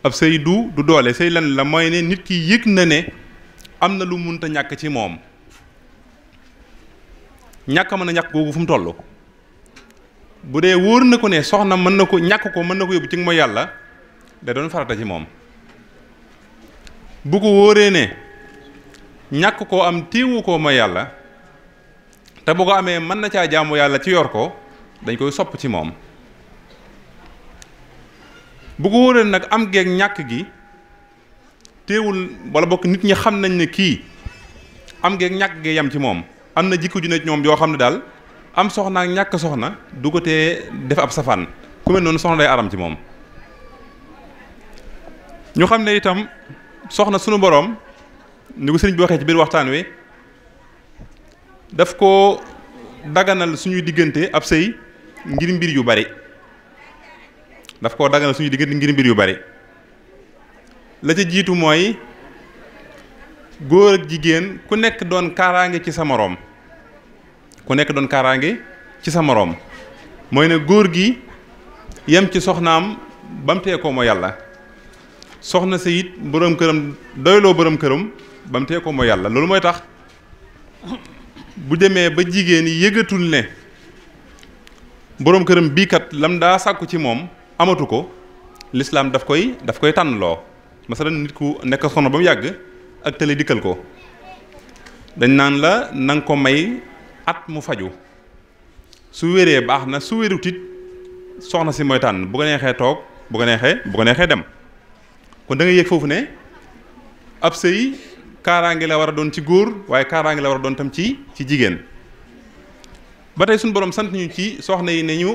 ab sëy du du doole sëy lan la mooy ne nit ki yëg na ne am na lu munta ñàkk ci moom ñàkk mën na ñàkk googu fu mu toll bu dee wóor na ko ne soxna mën na ko ñàkk ko mën na ko yóbbu ci mooy yàlla da doon farata ci moom bu ko wóoree ne ñàkk koo am tiiwu koo ma yàlla te bu ko amee mën na caa jaamu yàlla ci yor ko dañ koy sopp ci moom bu ko wóoree nag am geeg ñàkk gi teewul wala bokk nit ñi xam nañ ne kii am geeg ñàkk gi yam ci moom am na jikko ju ne ñoom yoo xam ne daal am soxna ak ñàkk soxna du ko tee def ab safaan ku mel noonu soxna day aram ci moom ñu xam ne itam soxna sunu boroom ni ko sëriñ bi waxee ci biir waxtaan wi daf koo daganal suñuy diggante ab sëy ngir mbir yu bari daf koo daganal suñuy diggante ngir mbir yu bari la ca jiitu mooy góor ak jigéen ku nekk doon kaaraange ci sa moroom ku nekk doon kaaraange ci sa moroom mooy ne góor gi yem ci soxnaam bam tee ko moo yàlla soxna sa it boroom këram doyloo boroom këram bam mu tee ko mooy yàlla loolu mooy tax bu demee ba jigéen yi yëgatul ne boroom këram bii kat lam daa sàkku ci moom amatu ko lislaam daf koy daf koy tànn loo nit ku nekk sono ba mu yàgg ak tële ko dañ naan la na ko may at mu faju su wéree baax na su wérut it soxna si mooy tànn bu ko neexee toog bu ko neexee bu neexee dem kon da nga foofu ne ab sëy kaaraangi la war a doon ci góor waaye kaaraange la war a doon tam ci ci jigéen ba tey suñu borom sant ñu ci soxna yi ne ñu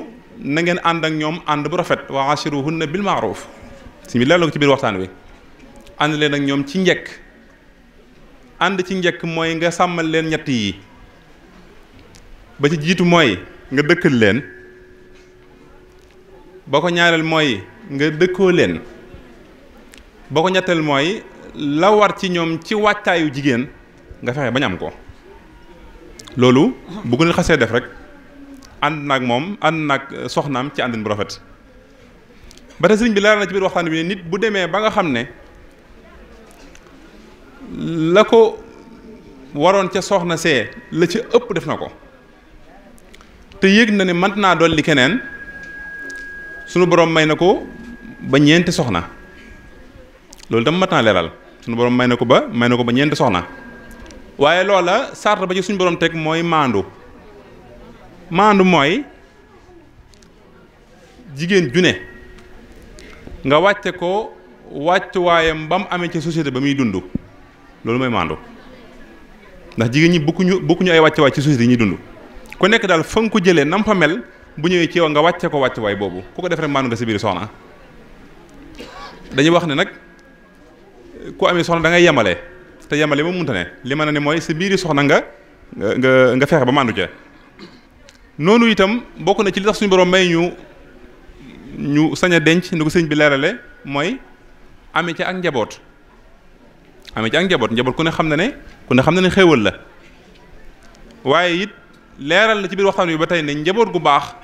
nangeen ànd ak ñoom ànd bu rafet wa ashiruhunna bil ma'ruf si mi leeloo ko ci biir waxtaan wi ànd leen ak ñoom ci njëkk ànd ci njekk mooy nga sàmmal leen ñett yi ba ci jiitu mooy nga dëkkal leen ba ko ñaareel mooy nga dëkkoo leen ba ko ñetteel mooy la war ci ñoom ci wattaayu jigéen nga fexe bañ am ko loolu bu nit xasee def rek ànd naag moom ànd naag soxnaam ci àndin bu rafet ba te sëriñ bi leeral na ci biir waxtaan bi nit bu demee ba nga xam ne la ko waroon ca soxna see la ca ëpp def na ko te yëg na ne mën naa li keneen sunu borom may na ko ba ñeenti soxna loolu tam mat naa leeral sunu borom may na ko ba may na ko ba ñeenti soxna waaye loola sart ba ci suñu borom teg mooy maandu maandu mooy jigéen ju ne nga wàcce ko wàccuwaayam ba mu amee ci société ba muy dund loolu mooy maandu ndax jigéen ñi ñu bokkuñu bokkuñu ay wàccuwaay ci société yi ñuy dund ku nekk daal fa nga ko jëlee nam fa mel bu ñëwee ci yow nga wàcce ko wàccuwaay boobu ku ko def rek maandu nga si biir soxna dañu wax ne nag. ku amee soxna da ngay yemale te yemale moom munta ne li ma ne mooy si biiri soxna nga nga nga fexe ba màndu ca noonu itam bokk na ci li tax suñu borom may ñu ñu sañ a denc ni ko sëñ bi leerale mooy ame ca ak njaboot ame ca ak njaboot njaboot ku ne xam na ne ku ne xam na ne xéewal la waaye it leeral la ci biir waxtaan wi ba tey ne njaboot gu baax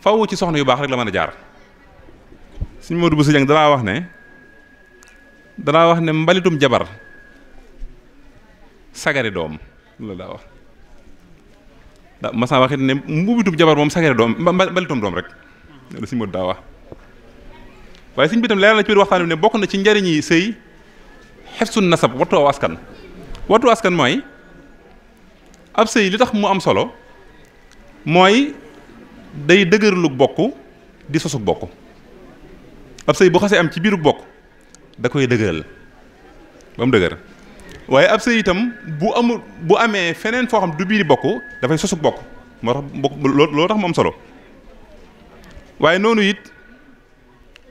faw ci soxna yu baax rek la mën a jaar suñu Modou Bousso Dieng dalaa wax ne danaa wax ne mbalitum jabar sagari doom loolu daa wax ne mbubitum jabar moom sagari doom mbalitum doom rek loolu si mot daa wax waaye suñ bi tam na ci biir waxtaan bi ne bokk na ci njariñi sëy xefsun nasab wattu aw askan wattu askan mooy ab sëy li tax mu am solo mooy day dëgërlug bokk di sosug bokk ab sëy bu xasee am ci biiru bokk da koy dëgëral ba mu dëgër waaye ab bu amul bu amee feneen foo xam du bokk dafay sosu bokk moo tax bokk loolu solo waaye noonu it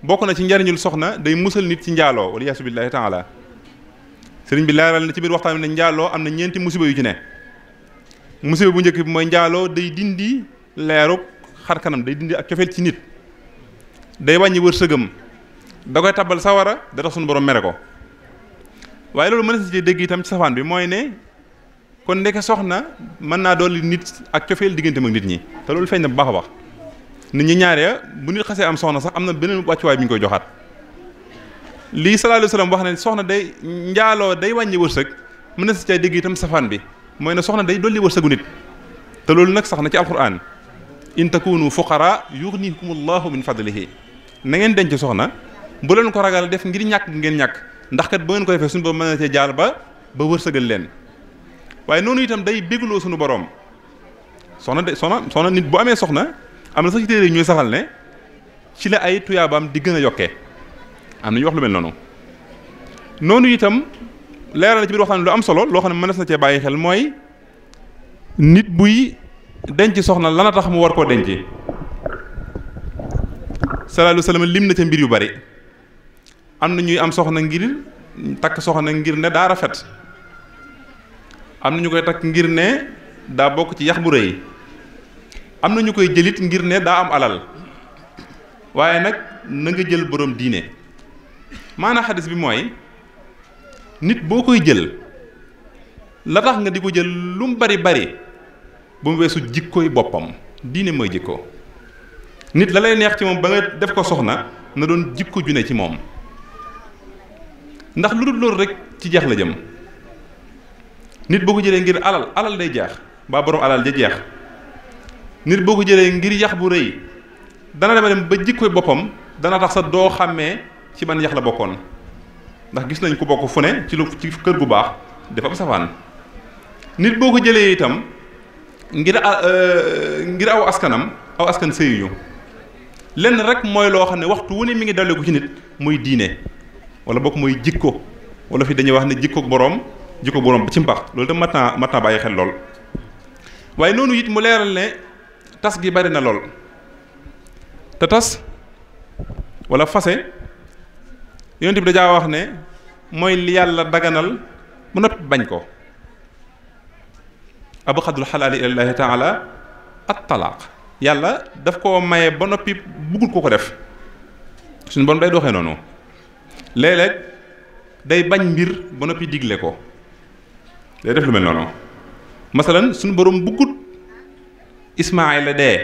bokk na ci njariñul soxna day musal nit ci njaaloo wala yaasu billaahi sëriñ bi laaral na ci biir waxtaan bi ne njaaloo am na ñeenti musiba yu ci ne musiba bu njëkk bi mooy njaaloo day dindi leeruk xar kanam day dindi ak cofeel ci nit day wàññi wërsëgam da koy tabal sawara da tax suñu borom mere ko waaye loolu mën na si dégg itam ci safaan bi mooy ne kon ndeke soxna mën naa dolli nit ak cofeel diggante mag nit ñi te loolu feeñ na bu baax a baax nit ñi ñaare bu nit xasee am soxna sax am na beneen wàccuwaay bi ñu koy joxaat lii sallallahu alayhi wasallam wax ne soxna day njaaloo day wàññi wërsëg mën na si cay dégg itam safaan bi mooy ne soxna day dolli wërsëgu nit te loolu nag sax na ci alquran in takunu fuqara yughnikumullahu min fadlihi na ngeen denc soxna bu leen ko ragal def ngir ñàkk ngeen ñàkk ndax kat ba ngeen ko defee suñu borom mën na cee jaar ba ba wërsëgal leen waaye noonu itam day bégloo suñu boroom soxna de soxna soxna nit bu amee soxna am na sax ci téere ñuy saxal ne ci la ay tuyaabaam di gën a yokkee am na ñu wax lu mel noonu noonu itam leeral na ci biir waxtaan lu am solo loo xam ne mën na cee bàyyi xel mooy nit buy denc soxna lana tax mu war koo denc sallallahu alayhi wa sallam lim na ca mbir yu bari am na ñuy am soxna ngir takk soxna ngir ne daa rafet am na ñu koy takk ngir ne daa bokk ci yax bu rëy am na ñu koy jëlit ngir ne daa am alal waaye nag na nga jël boroom diine maanaam xadis bi mooy nit boo koy jël la tax nga di ko jël lu mu bari bari ba mu weesu jikkooy boppam diine mooy jikkoo nit la lay neex ci moom ba nga def ko soxna na doon jikko ju ne ci moom ndax lu dul loolu rek ci jeex la jëm nit boo ko jëlee ngir alal alal day jeex baa borom alal ja jeex nit boo ko jëlee ngir yax bu rëy dana dema dem ba jikkoy boppam dana tax sa doo xàmmee ci ban yax la bokkoon ndax gis nañ ku bokk fu ne ci lu ci kër gu baax dafa am safaan nit boo ko jëlee itam ngir euh, ngir aw askanam aw askan sëyuñu lenn rek mooy loo xam ne waxtu wu ne mi ngi dale ko ci nit muy diine wala bokk mooy jikko wala fii dañuy wax ne jikko boroom jikko boroom ci mbax loolu tam mat naa mat naa bàyyi xel lool waaye noonu it mu leeral ne tas gi bari na lool te tas wala fase yonent bi dajaa wax ne mooy li yàlla daganal ba noppi bañ ko abu xadul xalaali ilallaahi taala at talaaq yàlla daf ko maye ba noppi buggul ko ko def suñu borom day doxee noonu léeg day bañ mbir ba noppi digle ko day def lu mel noonu masalan suñu borom buggut la dee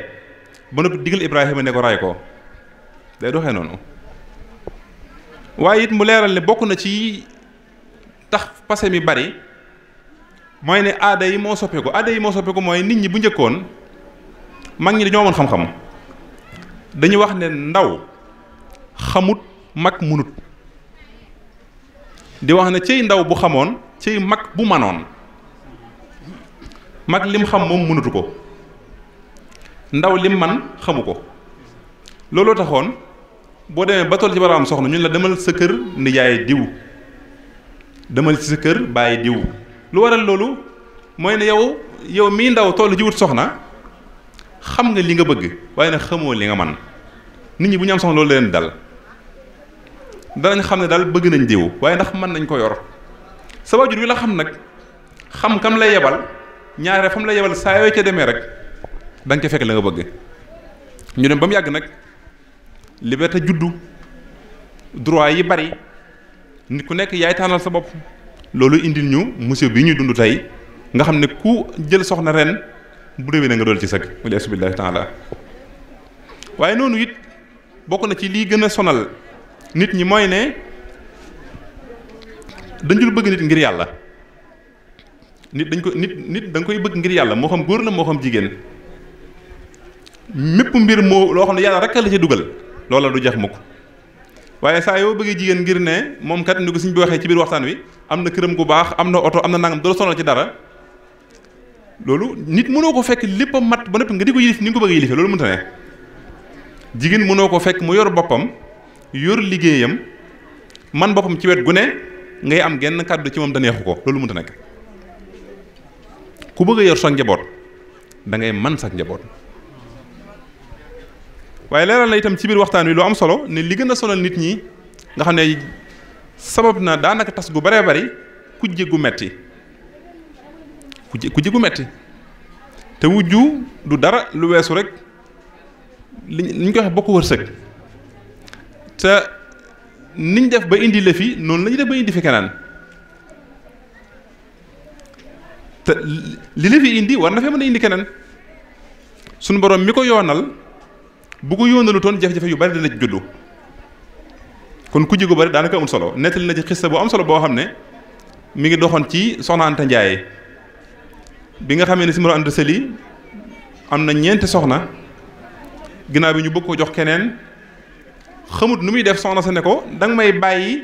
ba noppi digal Ibrahima ne ko ray ko day doxe noonu waaye it mu leeral ne bokk na ci tax passé mi bari mooy ne aada yi moo soppeeku aada yi moo soppeeku mooy nit ñi bu njëkkoon mag ñi dañoo amoon xam-xam dañu wax ne ndaw xamut mag munut di wax ne ciy ndaw bu xamoon ciy mag bu manoon mag lim xam moom mënatu ko ndaw lim man xamu ko looloo taxoon boo demee ba toll ci baraam soxna ñun la demal sa kër nijaay diw demal si sa kër bàyyi diw lu waral loolu mooy ne yow yow mii ndaw toll jiwut soxna xam nga li nga bëgg waaye nag xamoo li nga man nit ñi bu ñu am soxna loolu leen dal danañ xam ne daal bëgg nañ diw waaye ndax mën nañ ko yor sa waajur wi la xam nag xam kam la yebal ñaaree fam lay yebal saa yoo ca demee rek da nga ca fekk la nga bëgg ñu dem ba mu yàgg nag liberté juddu droit yi bari nit ku nekk yaay tànnal sa bopp loolu indi ñu monsieur bi ñuy dund tey nga xam ne ku jël soxna ren bu déwénee nga dool ci sëg wala subhanahu wa taala waaye noonu it bokk na ci lii gën a sonal. nit ñi mooy ne dañ dul bëgg nit ngir yàlla nit dañ ko nit nit da koy bëgg ngir yàlla moo xam góor la moo xam jigéen mépp mbir moo loo xam ne yàlla rek la ci dugal loola du jax mukk waaye saa yoo bëggee jigéen ngir ne moom kat ni ko suñ bi waxee ci biir waxtaan wi am na këram gu baax am na oto am na nangam doo sonal ci dara loolu nit mënoo ko fekk lépp a mat ba noppi nga di ko yilif ni nga ko bëgg a loolu mënta ne jigéen mënoo ko fekk mu yor boppam. yor liggéeyam man boppam ci wet gu ne ngay am genn kàddu ci moom da neexu ko loolu mënta nekk ku bëgg yor sa njaboot da man sa njaboot waaye leeral na itam ci biir waxtaan wi lu am solo ne li gën a sonal nit ñi nga xam ne sabab na daanaka tas gu baree bari kujje gu metti ku kujje gu metti te wujju du dara lu weesu rek li ñu koy wax bokk wërsëg te niñ def ba indi la fi noonu la ñu def ba indi fi keneen te li la indi war na fee mën a indi keneen sunu borom mi ko yoonal bu ko yoonalu toon jafe-jafe yu bari dana juddu kon ku ji gu bari daanaka amul solo nettali na ci xista bu am solo boo xam ne mi ngi doxoon ci soxna Anta bi nga xamee ne si moro ànd sëli am na ñeenti soxna ginnaaw bi ñu bëgg ko jox keneen xamut nu muy def soxna sa ne ko danga may bàyyi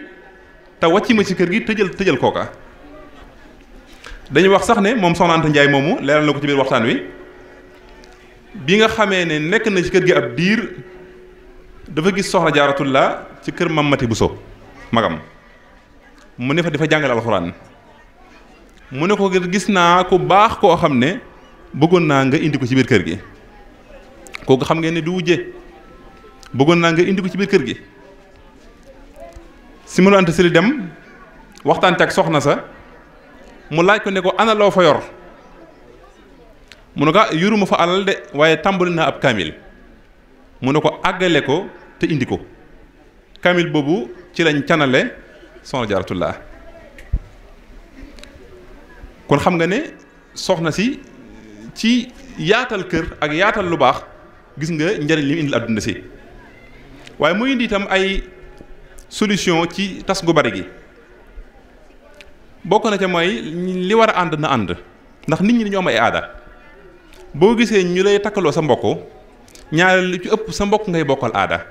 te wàcci ma ci kër gi tëjal tëjal kooka dañuy wax sax ne moom soxna Anta Njaay moomu leeral na ko ci biir waxtaan wi bi nga xamee ne nekk na ci kër gi ab diir dafa gis soxna la ci kër Mam Mati Buso magam mu ne fa dafa jàngale alxuraan mu ne ko gis naa ku baax koo xam ne bëggoon naa nga indi ko ci biir kër gi kooku xam ngeen ne du wujje bëggoon naa nga indi ko ci biir kër gi si mu ante sili dem waxtaan ak soxna sa mu laaj ko ne ko ana fa yor mu ne ko ah, yoruma fa alal de waaye tàmbali naa ab kaamil mu ne ko àggale ko te indi ko kaamil boobu ci lañ canale soxna Jaaratullah kon xam nga ne soxna si ci yaatal kër ak yaatal lu baax gis nga njëriñ li mu indil àdduna si waaye mu indi itam ay solution ci tas gu bari gi bokk na ca mooy li war a ànd na ànd ndax nit ñi dañoo am ay aada boo gisee ñu lay takkaloo sa mbokk ñaareel li ci ëpp sa mbokk ngay bokkal aada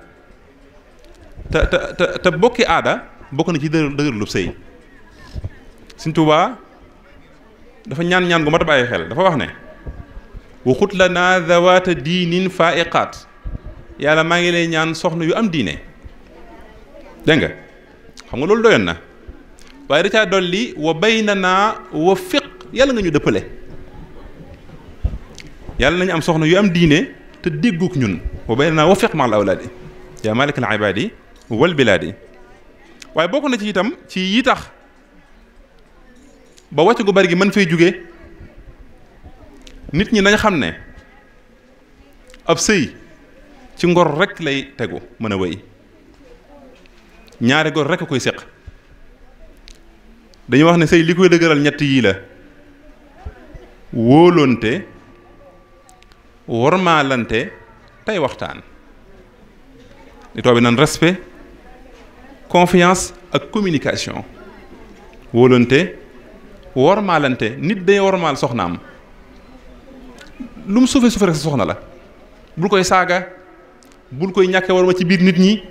te te te te bokki aada bokk na ci dë dëgërlu sëy Sëñ Tuubaa dafa ñaan ñaan gu mat a bàyyi xel dafa wax ne waxut la naa zawaata diinin faa iqaat yàlla maa ngi lay ñaan soxna yu am diine dégg nga xam nga loolu doyoon na waaye da caa dolli wa na naa fiq yàlla nga ñu dëppale yàlla nañu am soxna yu am diine te déggook ñun wa baynana wa fiq maal awlaadi yaa malik al ibaadi wal bilaadi waaye bokk na ci itam ci yi tax ba wàcc gu bari gi mën fay jóge nit ñi nañ xam ne ab sëy ci ngor rek lay tegu mën a wéy ñaari gor rek a koy séq dañuy wax ne sëy li koy dëgëral ñett yii la wóolonte wormaalante tey waxtaan li too bi nan respect ak communication wóolonte wormaalante nit day wormaal soxnaam lu mu suufee suufee sa soxna la bul koy saaga bul koy ñàkkee war ci biir nit ñi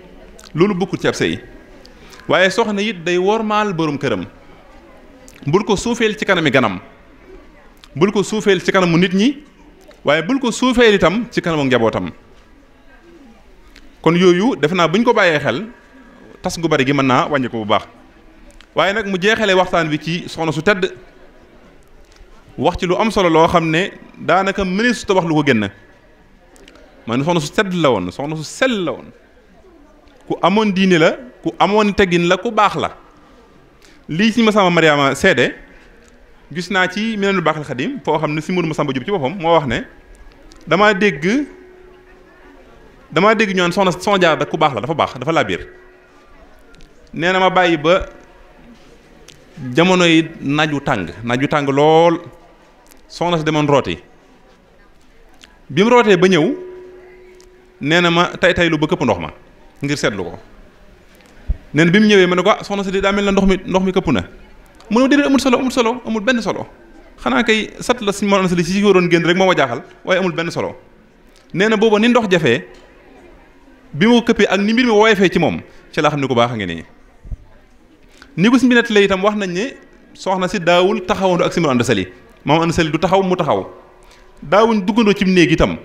loolu bukk ci ab sëy waaye soxna it day wormaal borom këram bul ko suufeel ci kanami ganam bul ko suufeel ci kanamu nit ñi waaye bul ko suufeel itam ci kanamu njabootam kon yooyu def naa bu ñu ko bàyyee xel tas gu bari gi mën naa wàññi ko bu baax waaye nag mu jeexale waxtaan wi ci soxna su tedd wax ci lu am solo loo xam ne daanaka ministre wax lu ko génn mooy soxna su sedd la woon soxna su sel la woon ku amoon diine la ku amoon teggin la ku baax la lii si ma sama Mariama seede gis naa ci Minanul Baaxil Xadim foo xam ne si Mourou Massamba jub ci boppam moo wax ne damaa dégg damaa dégg ñoon soxna soxna jaar da ku baax la dafa baax dafa laa biir nee na ma bàyyi ba jamono yi naaj wu tàng naaj wu tàng lool soxna si demoon yi bi mu rootee ba ñëw. nee na ma tay tay lu ba këpp ndox ma ngir seetlu ko nee bi mu ñëwee ma ne ko ah soxna si daa ndox mi ndox mi këpp na mu ne ma solo amul solo amul benn solo xanaa kay sat la si ma si si ko doon rek moo jaaxal waaye amul benn nee na booba ni ndox jafee bi ak ni mbir ci moom ci laa ne ku baax a ngi nii ni ko si bi wax nañ ne soxna si daawul taxawandu ak si mu ànd sali moom ànd du taxaw mu taxaw daawuñ duggandoo ci néeg itam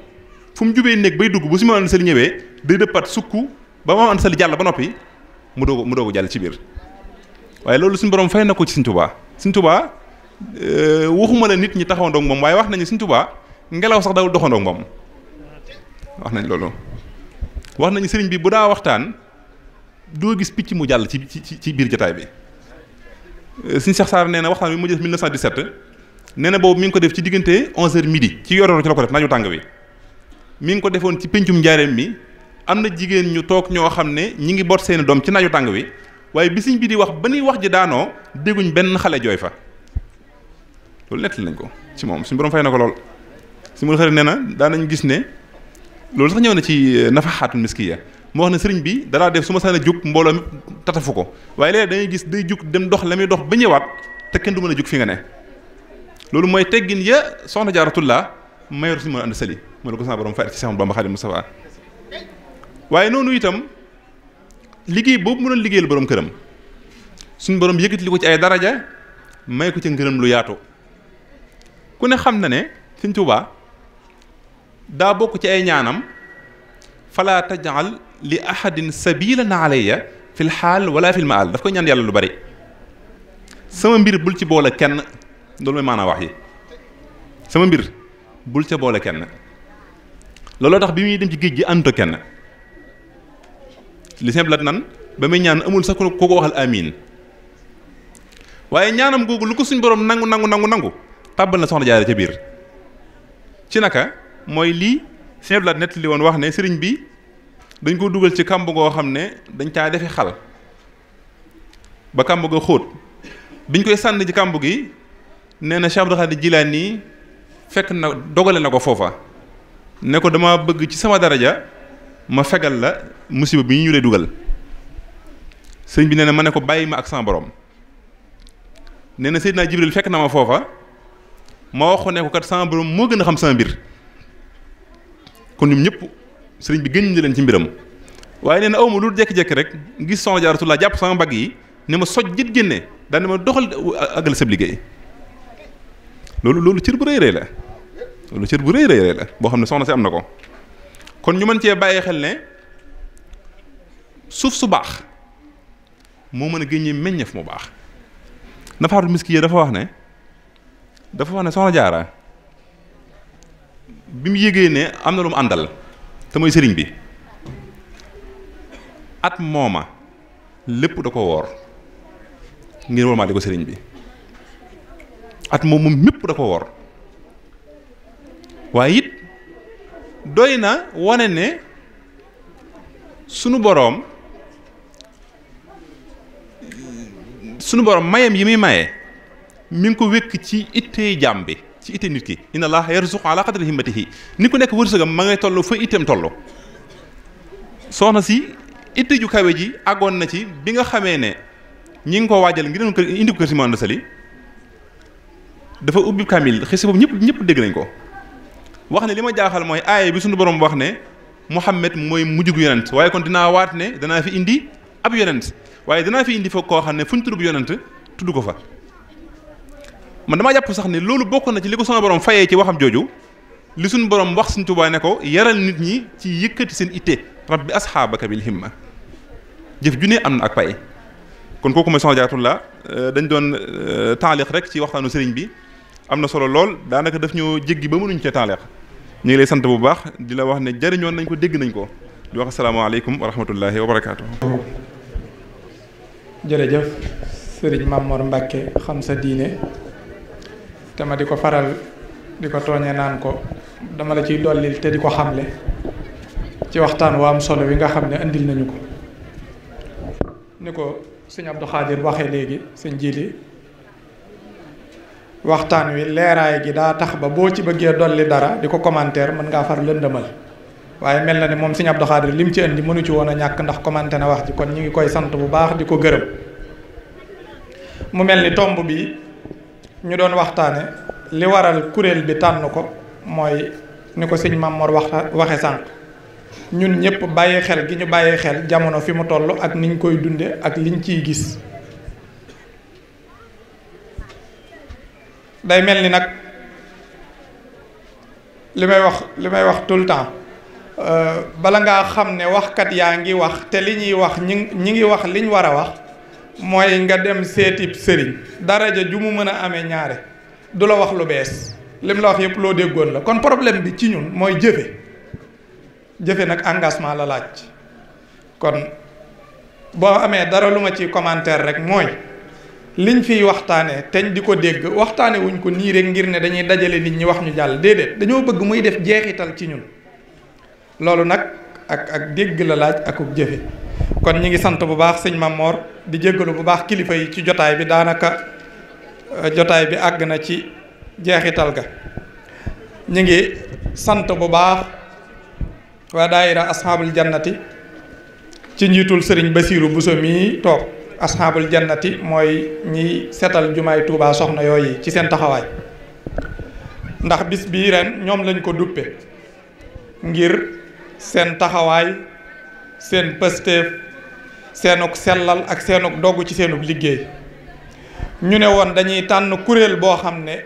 fu mu jubee néeg bay dugg bu si ma andi sali ñëwee day dëppaat sukku ba ma andi sali jàll ba noppi mu doog mu doog jàll ci biir waaye loolu suñu borom fay na ko ci Sëñ Tuubaa Sëñ Tuubaa euh, waxuma la nit ñi taxawandoog moom waaye wax nañu Sëñ Tuubaa ngelaw sax dawul doxandoog moom wax nañ loolu wax nañu sëriñ bi bu daa waxtaan doo gis picc mu jàll ci ci ci biir jataay bi euh, Sëñ Cheikh Sarr nee na waxtaan bi mu jëf 1917 nee na boobu mi ngi ko def ci diggante 11h midi ci yoroon ci la ko def mi ngi ko defoon ci pencum njaareem mi am na jigéen ñu toog ñoo xam ne ñu ngi boot seeni doom ci naaju tàng wi waaye bisiñ bi di wax ba nuy wax ji daanoo dégguñ benn xale jooy fa loolu nettali nañ ko ci moom suñu borom fay na ko lool si mul xëri nee na daanañ gis ne loolu sax ñëw na ci euh, nafaxaatul miskiya mu wax ne sëriñ bi dalaa def su ma saan a jóg mbooloo mi tatafu ko waaye léegi da gis day jug dem dox la muy dox ba ñëwaat te kenn du mën a jug fi nga ne loolu mooy teggin ya soxna jaaratullaa mayor si mën a loolu ko sama borom fayal ci Seex Bamba Xaadim waaye noonu itam liggéey boobu mu doon liggéeyal borom këram suñ boroom yëkkati ko ci ay daraja may ko ci ngërëm lu yaatu ku ne xam na ne Sëñ Tuubaa daa bokk ci ay ñaanam fala tajal li ahadin sabilan alayya fil xaal wala fil maal daf ko ñaan yàlla lu bari sama mbir bul ci boole kenn loolu mooy maanaa wax yi sama mbir bul ca boole kenn looloo tax bi muy dem ci géej gi àndut ak kenn li simple nan ba muy ñaan amul sax ku ko waxal amiin waaye ñaanam googu lu ko suñ boroom nangu nangu nangu nangu tàbbal na soxna jaare ca biir ci naka mooy lii simple laat nett li woon wax ne sëriñ bi dañ ko dugal ci kàmb goo xam ne dañ caa defi xal ba kàmb ga xóot biñ koy sànn ci kàmb gi nee na Cheikh Abdou Khadir nii fekk na dogale na ko foofa ne ko dama bëgg ci sama daraja ma fegal la musiba bi ñu lay dugal sëñ bi nee na ma ne ko bàyyi ma ak sama borom nee na Seydina Jibril fekk na ma foofa ma wax ko ne ko kat sama borom moo gën a xam sama mbir kon ñoom ñëpp sëriñ bi gën ñu leen ci mbiram waaye nee na awma lu jekki-jekki rek gis soxna Jaaratullaa jàpp sama mbagg yi ne ma soj jët génne daal ma doxal àggal sab liggéey loolu loolu ci bu rëy rëy la loolu cër bu rëy rëy la boo xam ne soxna si am na ko kon ñu mën cee bàyyee xel ne suuf su baax moo mën a génnee meññeef mu baax nafaatu miskiya dafa wax ne dafa wax ne soxna jaara bi mu yégee ne am na lu àndal te sëriñ bi at mooma lépp da ko woor ngir wormaale ko sëriñ bi at moom moom mépp da ko woor waaye it doy na wane ne sunu boroom sunu boroom mayam yi muy maye mi ngi ko wékk ci ittee jàmm bi ci itte nit ki inna allaha yarzuqu ala qadri himmatihi ni ku nekk wërsëgam ma ngay toll fa itteem toll soxna si itte ju kawe ji àggoon na ci bi nga xamee ne ñi ngi ko waajal ngir indi ko kër si Maodo Sali dafa ubbi kamil xisi boobu ñëpp ñëpp dégg nañ ko wax ne li ma jaaxal mooy aaya bi suñu borom wax ne Muhammad mooy mujjug yonent waaye kon dinaa waat ne danaa fi indi ab yonent waaye danaa fi indi fa koo xam ne fu ñu tudd yonent tudd ko fa man damaa jàpp sax ne loolu bokk na ci li ko sama borom fayee ci waxam jooju li suñu borom wax suñ Tuubaa ne ko yaral nit ñi ci yëkkati seen itte rabbi asxaabaka bil himma jëf ju ne am na ak pay kon kooku mooy soxna Jaaratullaa euh, dañ doon euh, taaliq rek ci waxtaanu sëriñ bi am na solo lool daanaka daf ñoo jéggi ba mënuñ ca taaliq ñu ngi lay sant bu baax di la wax ne jëriñoon nañ ko dégg nañ ko di wax asalaamaaleykum wa rahmatullahi wa barakaatu. sëriñ Mamor Mbacke xam sa diine te ma di ko faral di ko tooñe naan ko dama la ciy dollil te di ko xamle ci waxtaan waa am solo wi nga xam ne indil nañu ko ni ko sëñ Abdou Khadir waxee léegi sëñ Jili waxtaan wi leeraay gi daa tax ba boo ci bëggee dolli dara di ko commentaire mën ngaa far lëndëmal waaye mel na ne moom Sëñ Abdou Khadir li mu ci indi mënu ci woon a ñàkk ndax commenté na wax ji kon ñu ngi koy sant bu baax di ko gërëm mu mel ni tomb bi ñu doon waxtaane li waral kuréel bi tànn ko mooy ni ko sëñ Mamor wax waxe sànq ñun ñëpp bàyyi xel gi ñu bàyyi xel jamono fi mu toll ak ni niñ koy dunde ak liñ ciy gis day mel ni nag li may wax li may wax tout le temps euh, bala ngaa xam ne waxkat yaa ngi wax te li ñuy wax ñi ñi ngi wax liñ war a wax mooy nga dem seetib sëriñ ja ju mu mën a amee ñaare du la wax lu bees lim la wax yëpp loo déggoon la kon problème bi ci ñun mooy jëfe jëfe nag engagement la laaj kon boo amee dara lu ma ci commentaire rek mooy liñ fiy waxtaanee teñ di ko dégg waxtaane wuñ ko nii rek ngir ne dañuy dajale nit ñi wax ñu jàll déedéet dañoo bëgg muy def jeexital ci ñun loolu nag ak ak dégg la laaj akub jëfe kon ñi ngi sant bu baax sëñ Mamor di jéggalu bu baax kilifa yi ci jotaay bi daanaka euh, jotaay bi àgg na ci jeexital ga ñu ngi sant bu baax waa daayira asxaabul jannati ci njiitul sëriñ Basiiru Buso mi toog asxaabul jannati mooy ñiy seetal jumaay Touba soxna yooyu ci seen taxawaay ndax bis bii ren ñoom lañ ko duppe ngir seen taxawaay seen pësteef seenuk sellal ak seenuk dogg ci seenuk liggéey ñu ne woon dañuy tànn kuréel boo xam ne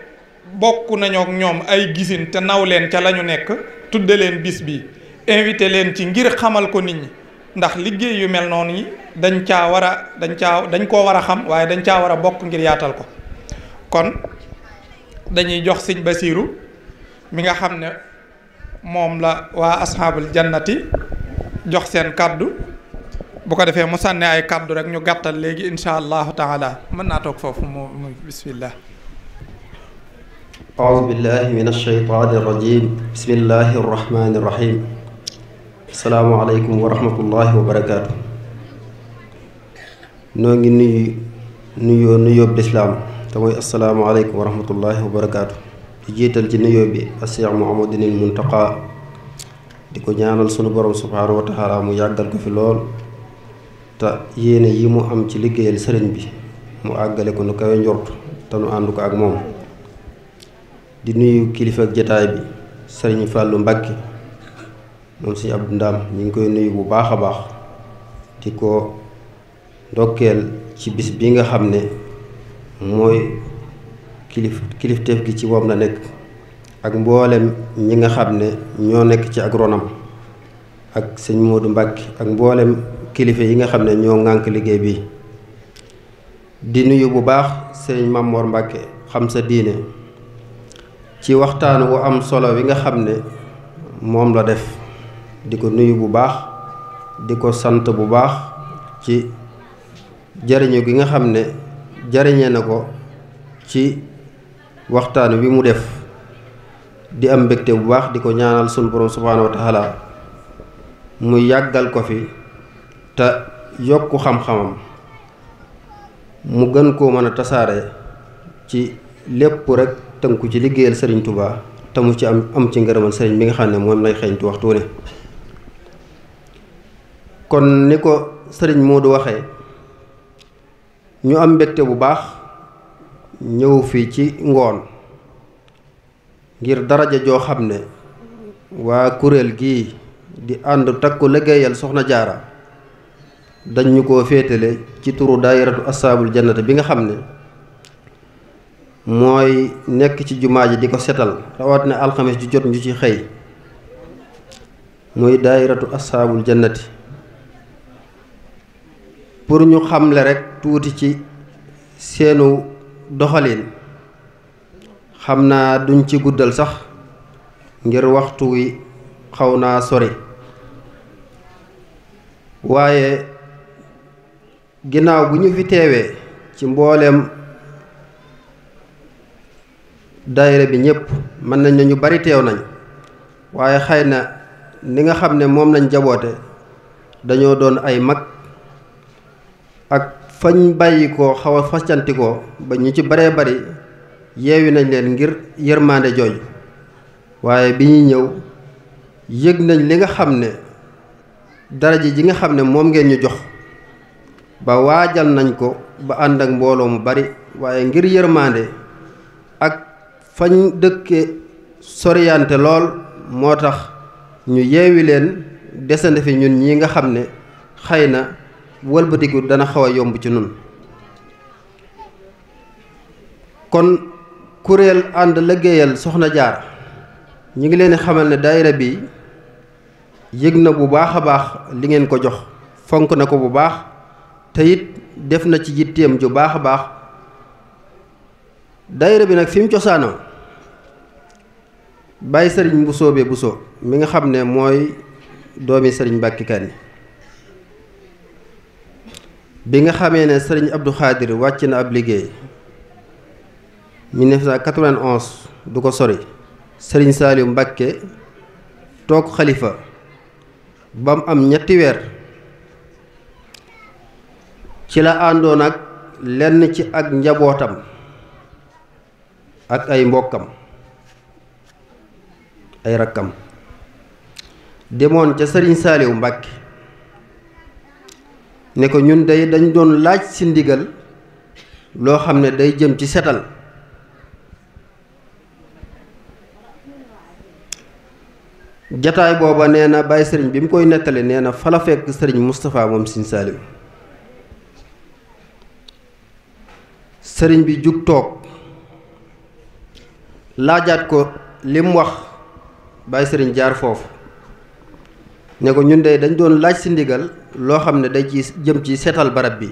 bokk nañoo ak ñoom ay gisin te naw leen ca la ñu nekk tudde leen bis bi invité leen ci ngir xamal ko nit ñi ndax liggéey yu mel noonu yi dañ caa war a dañ caa dañ koo war a xam waaye dañ caa war a bokk ngir yaatal ko kon dañuy jox sëñ Basiiru mi nga xam ne moom la waa asxaabul jannati jox seen kàddu bu ko defee mu sànne ay kàddu rek ñu gàttal léegi insha allahu taala mën naa toog foofu mu mu bismillah aoudu billahi min alsheytani arrajim bismillahi arrahmani arrahim salaamaaleykum wa rahmatullahi wa barakaatu noo ngi nuyu nuyoo nuyoob lislaam te mooy asalaamaaleykum wa rahmatullahi wa barakaatu di jiital ci nuyoo bi Cheikh Mouhamadinil Muntaqa di ko ñaanal sunu borom subhaanahu wa mu yàggal ko fi lool te yéene yi mu am ci liggéeyal sëriñ bi mu àggale ko nu kawe njort te nu ànd ko ak moom di nuyu kilifa ak jataay bi sëriñ Fàllu Mbàkke moom sëñ Abdu Ndaam ñu ngi koy nuyu bu baax a baax di ko ndokkeel ci bis bi nga xam ne mooy kilif kilifteef gi ci moom la nekk ak mboolem ñi nga xam ne ñoo nekk ci ak ak sëñ Moodu Mbàkke ak mboolem kilifa yi nga xam ne ñoo ŋànk liggéey bi di nuyu bu baax sëñ Mamor xam sa diine ci waxtaan wu am solo wi nga xam ne moom la def di ko nuyu bu baax di ko sant bu baax ci jariñu gi nga xam ne jariñe na ko ci waxtaan wi mu def di am mbégte bu baax di ko ñaanal sunu borom subhaanahu wa taala mu yàggal ko fi te yokk xam-xamam mu gën koo mën a tasaare ci lépp rek tënku ci liggéeyal sëriñ Touba te mu ci am am ci ngërëmal sëriñ bi nga xam ne moom lay xeeñtu waxtu ne kon ni ko sëriñ moo du waxe ñu am mbégte bu baax ñëw fii ci ngoon ngir daraja joo xam ne waa kuréel gii di ànd takku liggéeyal soxna jaara dañ ñu ko féetale ci turu daayiratu asaabul jannati bi nga xam ne mooy nekk ci jumaa ji di ko setal rawat na alxames ju jot ñu ci xëy muy daayiratu asaabul jannati pour ñu xamle rekk tuuti ci seenu doxalin xam naa duñ ci guddal sax ngir waxtu wi xaw naa sori waaye ginnaaw bu ñu fi teewee ci mbooleem daayira bi ñëpp mën nañ ne bari teew nañ waaye xëy na ni nga xam ne moom lañ jaboote dañoo doon ay mag ak fañ bàyyi koo xaw a fasantikoo ba ñu ci baree bari yeewi nañ leen ngir yërmaande jooju waaye bi ñuy ñëw yëg nañ li nga xam ne daraja ji nga xam ne moom ngeen ñu jox ba waajal nañ ko ba ànd ak mbooloo mu bari waaye ngir yërmaande ak fañ dëkke soriyante lool moo tax ñu yeewi leen desande fi ñun ñi nga xam ne xëy na wëlbatiku dana xaw a yomb ci nun kon kuréel ànd liggéeyal soxna jaar ñu ngi leen di xamal ne dayre bi yëg na bu baax a baax li ngeen ko jox fonk na ko bu baax te it def na ci yitteem ju baax a baax daayira bi nag fi cosaanoo bàyyi sëriñ Mbusoobe Busoo mi nga xam ne mooy doomi sëriñ Mbàkke Kaani bi nga xamee ne sëriñ Abdou Khadir wàcc na ab liggéey 1991 du ko sori sëriñ Saliou Mbacké toog xalifa ba am ñetti weer ci la àndoon ak lenn ci ak njabootam ak ay mbokkam ay rakkam demoon ca sëriñ Saliou Mbacké ne ko ñun day dañ doon laaj si ndigal loo xam ne day jëm ci setal jataay booba nee na bàyyi sëriñ bi mu koy nettali nee na fala fekk sëriñ Moustapha moom Sëriñ Saaliw sëriñ bi jug toog laajaat ko li wax bàyyi sëriñ jaar foofu ne ko ñun dey dañ doon laaj si ndigal loo xam ne day ci jëm ci seetal barab bi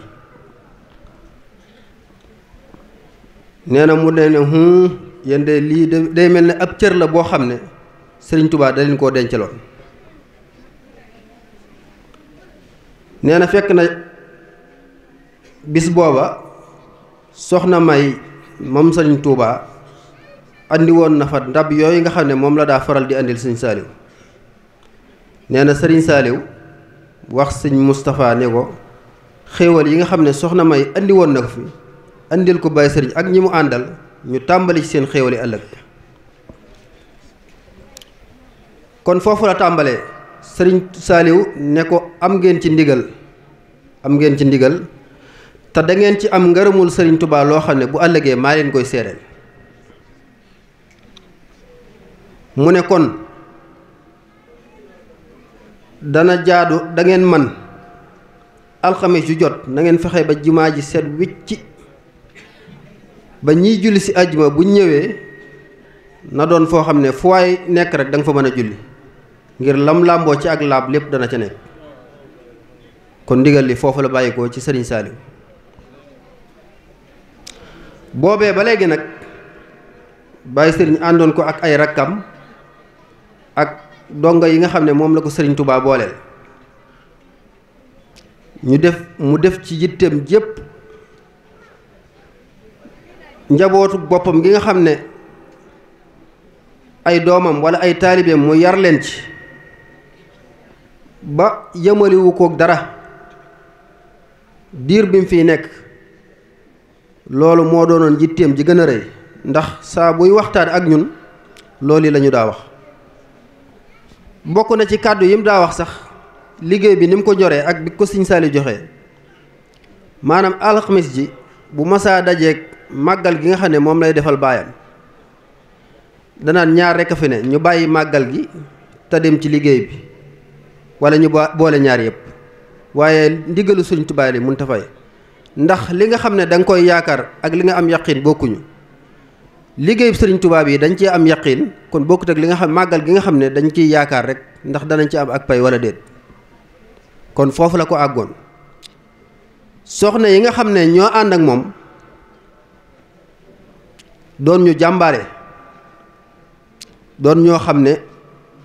nee na mu ne ne hum yéen lii day mel ne ab cër la boo xam ne sëriñ Tuubaa da leen koo dencaloon nee na fekk na bis booba soxna may moom sëriñ Tuubaa andi woon na fa ndab yooyu nga xam ne moom la daa faral di andil sëriñ Saaliw neena sëriñ Saaliw wax sëñ Moustapha ne ko xéewal yi nga xam ne soxna may andi woon na ko fi indil ko bàyyi sëriñ ak ñi mu àndal ñu tàmbali ci seen xéewali ëllëg kon foofu la tàmbalee sëriñ saaliw ne ko am ngeen ci ndigal am ngeen ci ndigal te da ngeen ci am ngërëmul sëriñ tubaa loo xam ne bu ëllëgee maa leen koy seereel mu ne kon dana jaadu dangeen man alxames yu jot na ngeen fexe ba jimaa ji set wicci ba ñiy julli si àjjuma bu ñëwee na doon foo xam ne fu waay nekk rek danga fa mën a julli ngir lam làmboo ci ak laab lépp dana ca nekk kon ndigal li foofu la bàyyikoo ci sëriñ Saaliw boobee ba léegi nag bàyyi sëriñ àndoon ko ak ay rakkam ak dongo yi nga xam ne moom la ko sëriñ Touba booleel ñu def mu def ci yitteem jépp njabootu boppam gi nga xam ne ay doomam wala ay taalibeem mu yar leen ci ba yëmaliwu koog dara diir bi mu fiy nekk loolu moo doonoon yitteem ji gën a rëy ndax saa buy waxtaan ak ñun loolu lañu daa wax bokk na ci kàddu yi mu daa wax sax liggéey bi ni mu ko joree ak bi ko Sëñ Saaliw joxee maanaam alxemes ji bu masaa dajeek màggal gi nga xam ne moom lay defal baayam danaan ñaar rekk a fi ne ñu bàyyi màggal gi te dem ci liggéey bi wala ñu boole ñaar yëpp waaye ndigalu Sëñ Tuubaa li mun ta fay ndax li nga xam ne danga koy yaakaar ak li nga am yaqin bokkuñu liggéeyub sëriñ tubaab yi dañ ci am yaqiin kon bokkut ak li nga xam màggal gi nga xam ne dañ ciy yaakaar rek ndax danañ ci am ak pay wala déet kon foofu la ko àggoon soxna yi nga xam ne ñoo ànd ak moom doon ñu jàmbaare doon ñoo xam ne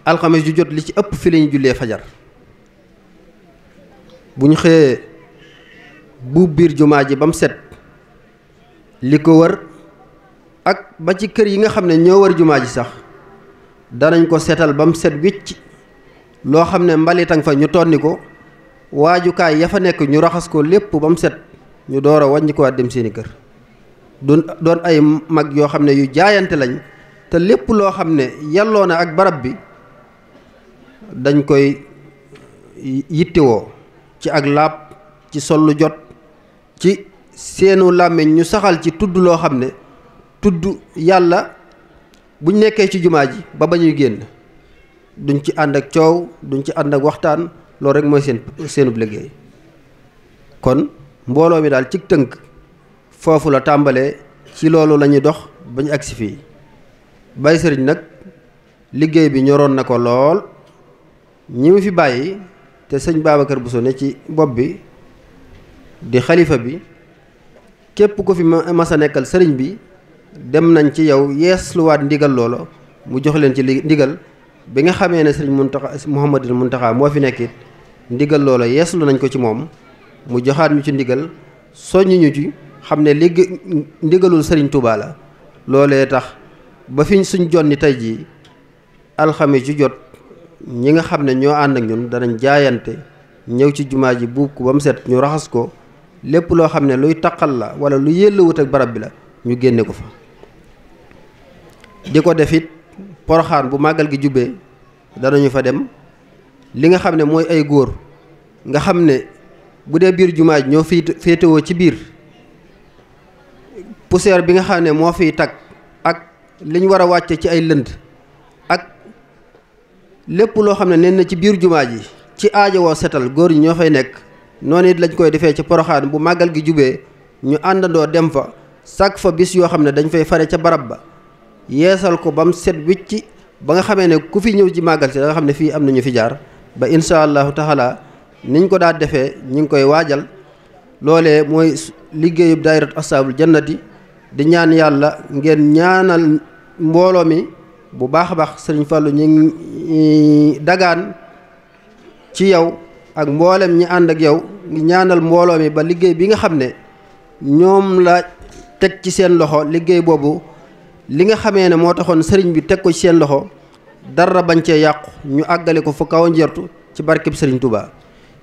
alxames ju jot li ci ëpp fi lañu jullee fajar bu ñu xëyee bu biir jumaa ji ba mu set li ko wër ak ba ci kër yi nga xam ne ñoo war jumaa ji sax danañ ko seetal ba mu set wicc loo xam ne mbalitang fa ñu tonni ko waajukaay ya fa nekk ñu raxas ko lépp ba mu set ñu door a wàññi dem seeni kër du doon ay mag yoo xam ne yu jaayante lañ te lépp loo xam ne yelloo na ak barab bi dañ koy yittewoo ci ak làpp ci sollu jot ci seenu làmmiñ ñu saxal ci tudd loo xam ne tudd yàlla buñ nekkee ci jumaa ji ba ba ñuy génn duñ ci ànd ak coow duñ ci ànd ak waxtaan loolu rek mooy seen seenub liggéey kon mbooloo mi daal ci tënk foofu la tàmbalee ci loolu lañuy dox ba ñu agsi fii bay sëriñ nag liggéey bi ñoroon na ko lool ñi mu fi bàyyi te sëñ kër bu Bousso ne ci bopp bi di xalifa bi képp ko fi masa nekkal sëriñ bi dem nañ ci yow yeesluwaat ndigal loola mu jox leen ci li ndigal bi nga xamee ne sëriñ Muntaxa Muhammadul Muntaxa moo fi nekkit ndigal loola yeeslu nañ ko ci moom mu joxaat ñu ci ndigal soññu ñu ci xam ne li ndigalul sëriñ Touba la loolee tax ba fi suñ ni tey jii alxames ju jot ñi nga xam ne ñoo ànd ak ñun danañ jaayante ñëw ci jumaa ji buub ko ba mu set ñu raxas ko lépp loo xam ne luy taqal la wala lu yëllawut ak barab bi la ñu génne ko fa di ko def it poroxaan bu màggal gi jubbee danañu fa dem li nga xam ne mooy ay góor nga xam ne bu dee biir jumaa ji ñoo fiy féetewoo ci biir poussière bi nga xam ne moo fiy takk ak liñ war a wàcce ci ay lënd ak lépp loo xam ne nen na ci biir jumaa ji ci aajowoo setal góor ñi ñoo fay nekk noonu it lañ koy defee ci poroxaan bu màggal gi jubee ñu àndandoo dem fa sàkk fa bis yoo xam ne dañ fay fare ca barab ba yeesal ko ba mu set wicc ba nga xamee ne ku fi ñëw ci màggal si da xam ne fii am na ñu fi jaar ba incha allahu taala niñ ko daa defee ñu ngi koy waajal loolee mooy liggéeyub daayirat asaabul jannati di ñaan yàlla ngeen ñaanal mbooloo mi bu baax a baax sëriñ Fallou ñu ngi e, dagaan ci yow ak mboolem ñi ànd ak yow ñaanal mbooloo mi ba liggéey bi nga xam ne ñoom la teg ci seen loxo liggéey boobu li nga xamee ne moo taxoon sëriñ bi teg ko ci seen loxo dara bañ cee yàqu ñu àggale ko fu kaw a njortu ci barkeb sëriñ Touba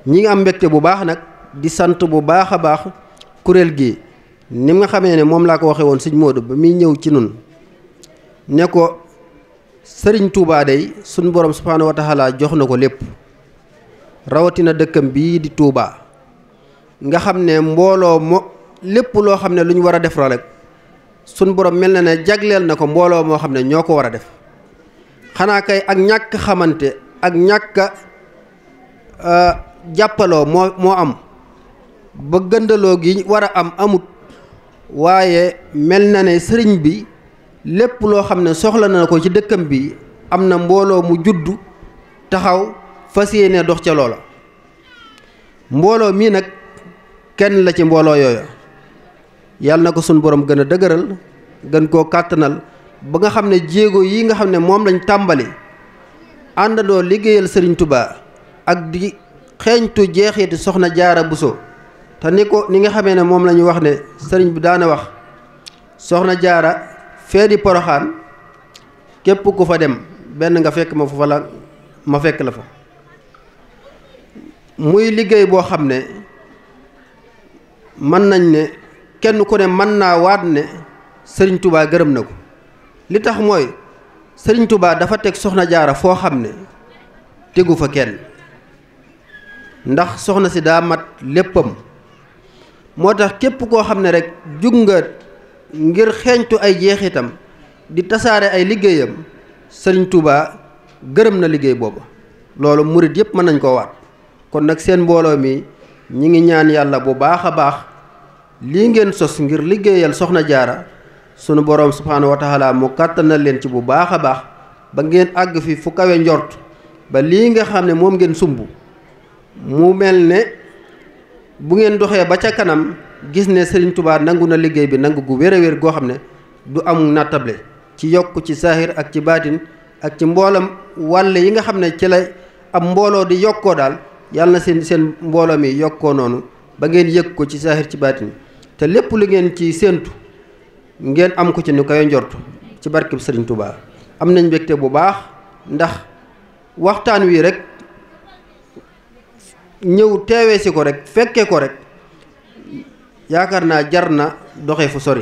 ñi nga am mbégte bu baax nag di sant bu baax a baax kuréel gi ni nga xamee ne moom laa ko waxee woon sëñ Modou ba muy ñëw ci nun ne ko sëriñ Touba day suñu borom subhaanahu wa taala jox na ko lépp rawatina dëkkam bii di Touba nga xam ne mbooloo mo lépp loo xam ne lu ñu war a def rek sun borom mel na ne jagleel na ko mbooloo moo xam ne ñoo ko war a def xanaa kay ak ñàkk xamante ak ñàkk euh, jàppaloo moo moo am ba gëndaloo gi war a am amut waaye mel na ne sëriñ bi lépp loo xam ne soxla na ko ci dëkkam bi am na mbooloo mu juddu taxaw fas yéene dox ca loola mbooloo mii nag kenn la ci mbooloo yooyu yàlla na ko suñu borom gën a dëgëral gën koo kàttanal ba nga xam ne jéego yi nga xam ne moom lañu tàmbali àndandoo liggéeyal sëriñ tubaa ak di xeeñtu jeexiti soxna jaara buso te ni ko ni nga xamee ne moom la wax ne sëriñ bi daana wax soxna jaara fee di poroxaan képp ku fa dem benn nga fekk ma fa la ma fekk la fa muy liggéey boo xam ne mën nañ ne kenn ku ne mën naa waat ne sëriñ tubaa gërëm na ko li tax mooy sëriñ tubaa dafa teg soxna jaara foo xam ne tegu fa kenn ndax soxna si daa mat léppam moo tax képp koo xam ne rek jug nga ngir xeeñtu ay jeexitam di tasaare ay liggéeyam sëriñ tubaa gërëm na liggéey booba loolu murit yëpp mën nañ koo waat kon nag seen mbooloo mi ñi ngi ñaan yàlla bu baax a baax lii ngeen sos ngir liggéeyal soxna jaara sunu boroom subhaanahu wa taala mu kàttanal leen ci bu baax a baax ba ngeen àgg fi fu kawe njort ba lii nga xam ne moom ngeen sumb mu mel ne bu ngeen doxee ba ca kanam gis ne Serigne Touba nangu na liggéey bi nangu gu wér a wér goo xam ne du am nattable ci yokk ci saahir ak ci baatin ak ci mboolam wàll yi nga xam ne ci la ab mbooloo di yokkoo daal yàlla na seen seen mbooloo mi yokkoo noonu ba ngeen yëg ko ci saahir ci baatin te lépp lu ngeen ci séentu ngeen am ko ci ni koy njort ci barkeb sëriñ Touba am nañ mbégte bu baax ndax waxtaan wi rek ñëw teewee ko rek fekkee ko rek yaakaar naa jar na doxe fu sori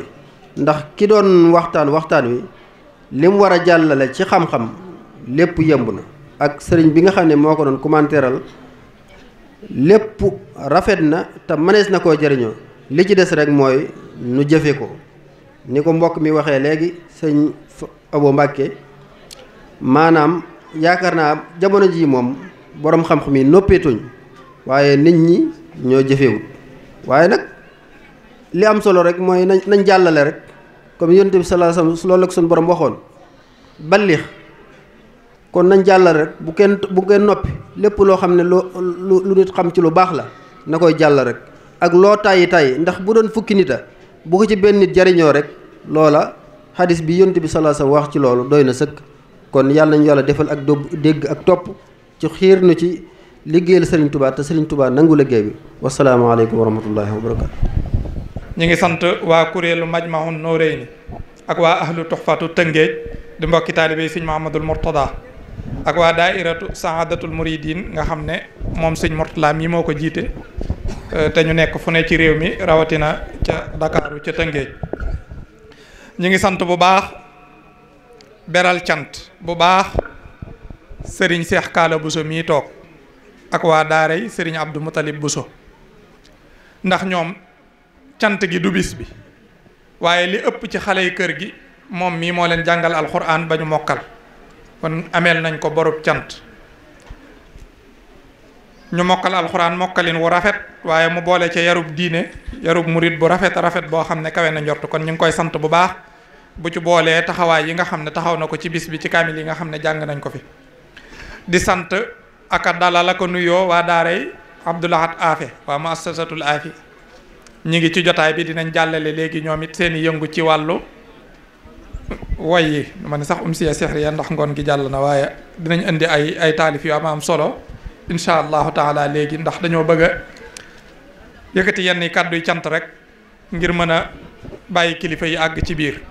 ndax ki doon waxtaan waxtaan wi li mu war a jàllale ci xam-xam lépp yemb na ak sëriñ bi nga xam ne moo ko doon commentéral lépp rafet na te mënees na koo jëriñoo li ci des rek mooy nu jëfe ko ni ko mbokk mi waxee léegi sëñ Abo Mbàkke maanaam yaakaar naa jamono jii moom boroom xam-xam yi noppeetuñ waaye nit ñi ñoo jëfewut waaye nag li am solo rek mooy nañ nañ jàllale rek comme yonent bi sallallahu alayhi su loolu ak suñu borom waxoon ballix kon nañ jàllale rek bu kenn bu kenn noppi lépp loo xam ne lu lu nit xam ci lu baax la na koy jàll rek ak loo tàyyi tàyyi ndax bu doon fukki nit a bu ko ci benn nit jariñoo rek loola xadis bi yonent bi sallallahu alayhi wax ci loolu doy na sëkk kon yàlla nañu yàlla defal ak dóob dégg ak topp ci xiir nu ci liggéeyal Serigne Touba te Serigne tubaa nangu liggéey bi wasalaamaaleykum wa rahmatullahi wa barakaatu. ñu ngi sant waa kuréelu Majmahun Nurayni ak waa ahlu Tuxfatu Tëngéej di mbokki taalibe yi sëñ Mahamadul Murtada ak waa daairatu Saadatul Muridin nga xam ne moom sëñ Murtada mi moo ko jiite. Euh, te ñu nekk fu ne ci réew mi rawatina ca Dakaaru ca Tëngéej ñu ngi sant bu baax beral cant bu baax sëriñ Seex Kaala Buso mii toog ak waa daara yi sëriñ Abdou Moutalib Buso ndax ñoom cant gi du bis bi waaye li ëpp ci xale yi kër gi moom mii moo leen jàngal alxuraan ba ñu mokkal kon ameel nañ ko borub cant ñu mokkal alxuraan mokkalin wu rafet waaye mu boole ca yarub diine yarub murit bu rafet rafet boo xam ne kawe na njort kon ñu ngi koy sant bu baax bu ci boolee taxawaay yi nga xam ne taxaw na ko ci bis bi ci kaamil yi nga xam ne jàng nañ ko fi di sant ak dalal ak a nuyoo waa daaray Abdou Lahad Afe waa muassasatul Afi ñi ngi ci jotaay bi dinañ jàllale léegi ñoom it seen i yëngu ci wàllu woy yi ma ne sax um siya sixri ya ndax ngoon gi jàll na waaye dinañ indi ay ay taalif yu am am solo incha allahu taala léegi ndax dañoo bëgg a yëkkati yenn yi kàddu cant rek ngir mën a bàyyi kilifa yi àgg ci biir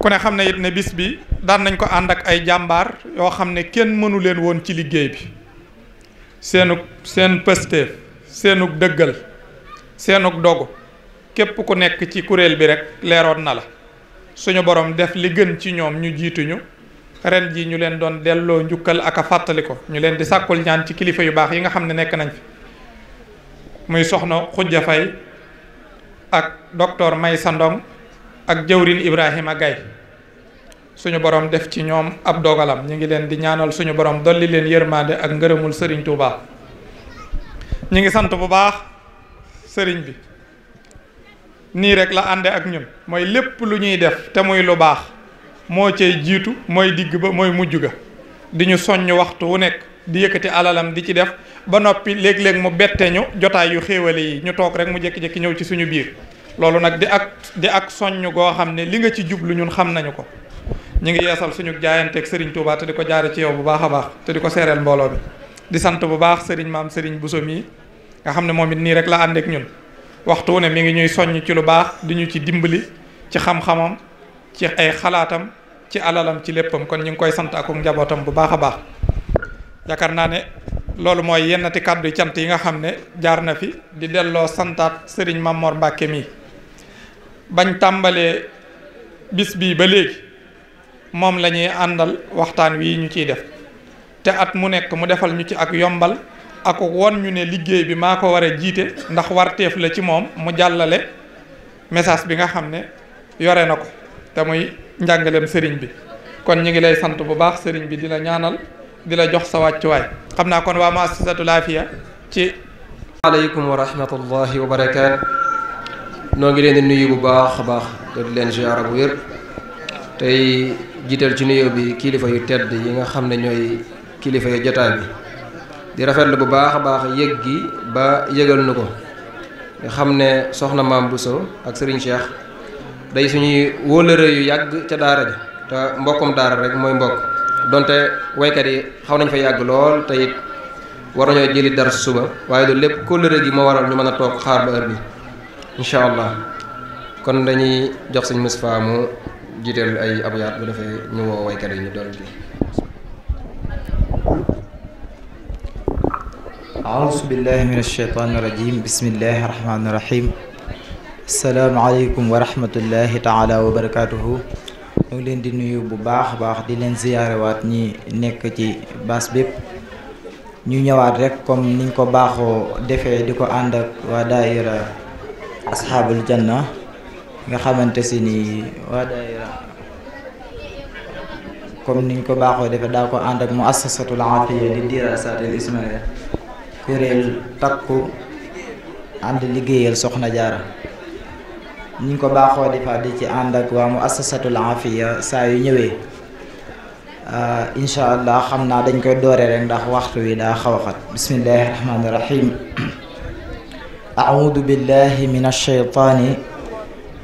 ku ne xam ne it ne bis bi daan nañ ko ànd ak ay jàmbaar yoo xam ne kenn mënu leen woon ci liggéey bi seenu seen pësteef seenug dëggal seenug dogu képp ku nekk ci kuréel bi rek leeroon na la suñu borom def li gën ci ñoom ñu jiituñu ren ji ñu leen doon delloo njukkal ak a fàttali ko ñu leen di sàkkul ñaan ci kilifa yu baax yi nga xam ne nekk nañ fi muy soxna Khoudia fay ak docteur May Sandong ak jëwrin Ibrahima Gaye suñu boroom def ci ñoom ab dogalam ñu ngi leen di ñaanal suñu borom dolli leen yërmande ak ngërëmul sëriñ Touba ñu ngi sant bu baax sëriñ bi nii rek la ànde ak ñun mooy lépp lu ñuy def te muy lu baax moo cay jiitu mooy digg ba mooy mujj ga di ñu soññ waxtu wu nekk di yëkkati alalam di ci def ba noppi léeg-léeg mu bette ñu jotaay yu xéewale yi ñu toog rek mu jékki-jékki ñëw ci suñu biir loolu nag di ak di ak soññ goo xam ne li nga ci jublu ñun xam nañu ko ñu ngi yeesal suñu jaayanteeg Serigne Touba te di ko jaare ci yow bu baax a baax te di ko seereel mbooloo bi di sant bu baax Serigne maam Serigne Bousso mii nga xam ne moom it nii rek la ànd ak ñun waxtu mi ngi ñuy soññ ci lu baax di ci dimbali ci xam ci ay xalaatam ci alalam ci léppam kon ñu ngi koy sant ak njabootam bu baax a baax yaakaar naa ne loolu mooy yennati kàddu cant yi nga xam ne jaar na fi di delloo santaat sëriñ Mamor Mbàkke mi bañ tàmbalee bis bi ba léegi moom lañuy àndal waxtaan wi ñu ciy def te at mu nekk mu defal ñu ci ak yombal ak won ñu ne liggéey bi maa ko war jiite ndax warteef la ci moom mu jàllale message bi nga xam ne yore na ko te muy njàngaleem sëriñ bi kon ñu ngi lay sant bu baax sëriñ bi di la ñaanal di la jox sa wàccuwaay xam naa kon waa Muassasatul Hafiyah ci aleykum wa rahmatullahi wa barakaatu noo ngi leen di nuyu bu baax a baax te leen ziyaara bu wér tey jiital ci nuyoo bi kilifa yu tedd yi nga xam ne ñooy kilifa yu jotaay bi di rafetlu bu baax a baax yëg gi ba yëgal nu ko nga xam ne soxna maam Bousso ak sëriñ Cheikh day suñuy wóolëre yu yàgg ca daara ja te mbokkum daara rek mooy mbokk donte waykat yi xaw nañ fa yàgg lool te it war nañoo jëli dara suba waaye loolu lépp kóllëre gi ma waral ñu mën a toog xaar ba heure bi incha allah kon dañuy jox sëñ Moustapha mu jiiteel ay abyaat bu defee ñu waykat yi ñu dool bi aousu billahi min alsheytan irajim bismillahi rahmani rahim salaamaaleykum wa rahmatullahi taala wa barakaatuhu ñu ngi leen di nuyu bu baax baax di leen ziyaarewaat ñi nekk ci baas bépp ñu ñëwaat rek comme niñ ko baaxoo defee di ko ànd ak waa daayira asxaabul nga xamante si ni waa niñ ko baaxoo defee daa ko ànd ak mu assasatul afiya di dirasaatil ismaila kuréel takku ànd liggéeyal soxna jaara ni ngi ko baaxoo defaat di ci ànd ak waa mu assasatul afiya saa yu ñëwee ah, incha allah xam naa dañ koy doore ndax waxtu wi daa xaw a xat bismillahi rahmaani rahim audu min ashaytaani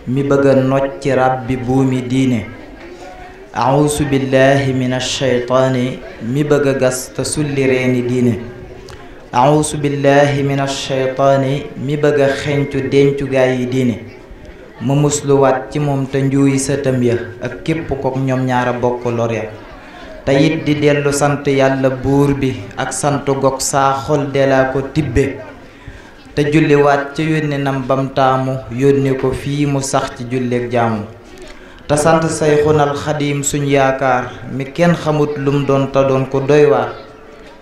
mi bëgg a noj ci rabbi buumi diine ausu billahi min ashaytaani mi bëgg a gas te sulli reeni diine ausu billahi min ashaytaani mi bëgg a xencu dencu gaay yi diine ma musluwaat ci moom te njuuy sëtam ya ak képp ko ñoom ñaara bokk lor ya di dellu sant yàlla buur bi ak sant gog saa xol delaa ko tibbe te julliwaat ci yónni nam bam yónni ko fii mu sax ci julleek jaamu te sant sayxunal xadiim suñ yaakaar mi kenn xamut lum doon ta doon ko doy waar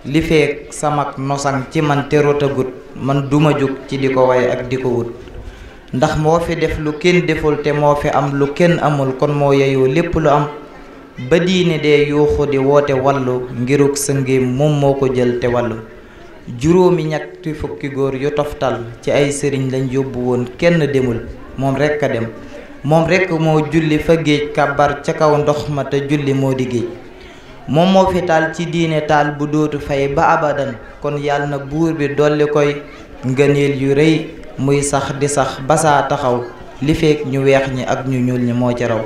li feek samak nosang ci man te rotagut man duma jóg ci di ko way ak di ko wut ndax moo fi def lu kenn deful te moo fi am lu kenn amul kon moo yeyoo lépp lu am ba diine dee yuuxu di woote wàllu ngirug sëngéem moom moo ko jël te wàllu juróomi ñetti fukki góor yu toftal ci ay sëriñ lañ yóbbu woon kenn demul moom rekk a dem moom rekk moo julli fa géej kàbbar ca kaw ndox ma te julli moo di géej moom moo fi taal ci diine taal bu dootu fay ba abadan kon yàlla na buur bi dolli koy ngëneel yu rëy muy sax di sax basaa taxaw li feek ñu weex ñi ak ñu ñuul ñi moo ci raw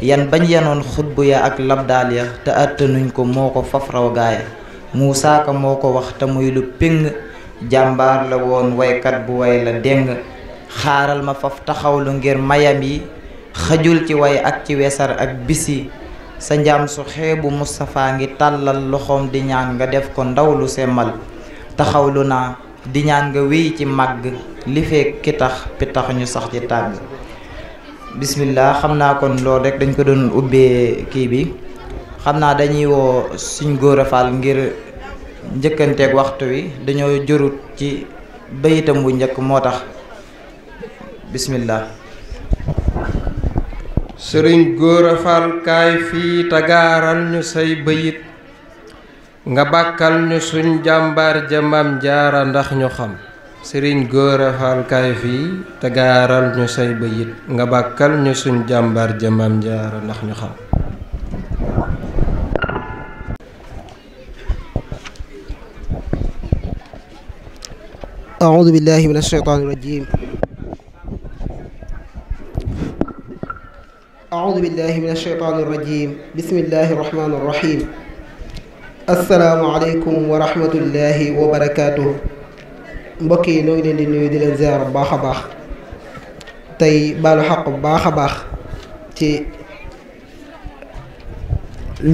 yan bañ yanoon xutbu ya ak labdaal ya te àttanuñ ko moo ko faf raw gaaya Moussa moo ko wax te muy lu péng jàmbaar la woon woykat bu way la déng xaaral ma faf taxaw lu ngir mayam yi xajul ci way ak ci wesar ak bisi sa njaam su xeebu Moustapha ngi tàllal loxoom di ñaan nga def ko ndaw lu semmal taxaw naa di ñaan nga wéy ci màgg li fekk ki tax pi ñu sax ci tàgg bismillah xam naa kon loolu rek dañ ko doon ubbee kii bi xam naa dañuy woo suñ góor ngir njëkkanteeg waxtu wi dañoo jurut ci bayitam bu njëkk moo tax bismillah sëriñ góor a faal kaay fii tagaaral ñu say bayit nga bàkkal ñu suñ jàmbaar jëmam jaara ndax ñu xam sëriñ góor a faal kaay fii te gaaral ñu say bayit nga bàkkal ñu suñ jàmbaar jëmam jaara ndax ñu xam أعوذ بالله من الشيطان الرجيم أعوذ بالله من الشيطان الرجيم بسم الله الرحمن الرحيم السلام عليكم ورحمة الله وبركاته mbokk yi noo ngi leen di nuyu di leen ziar bu baax a baax tey baalu xaq baax a baax ci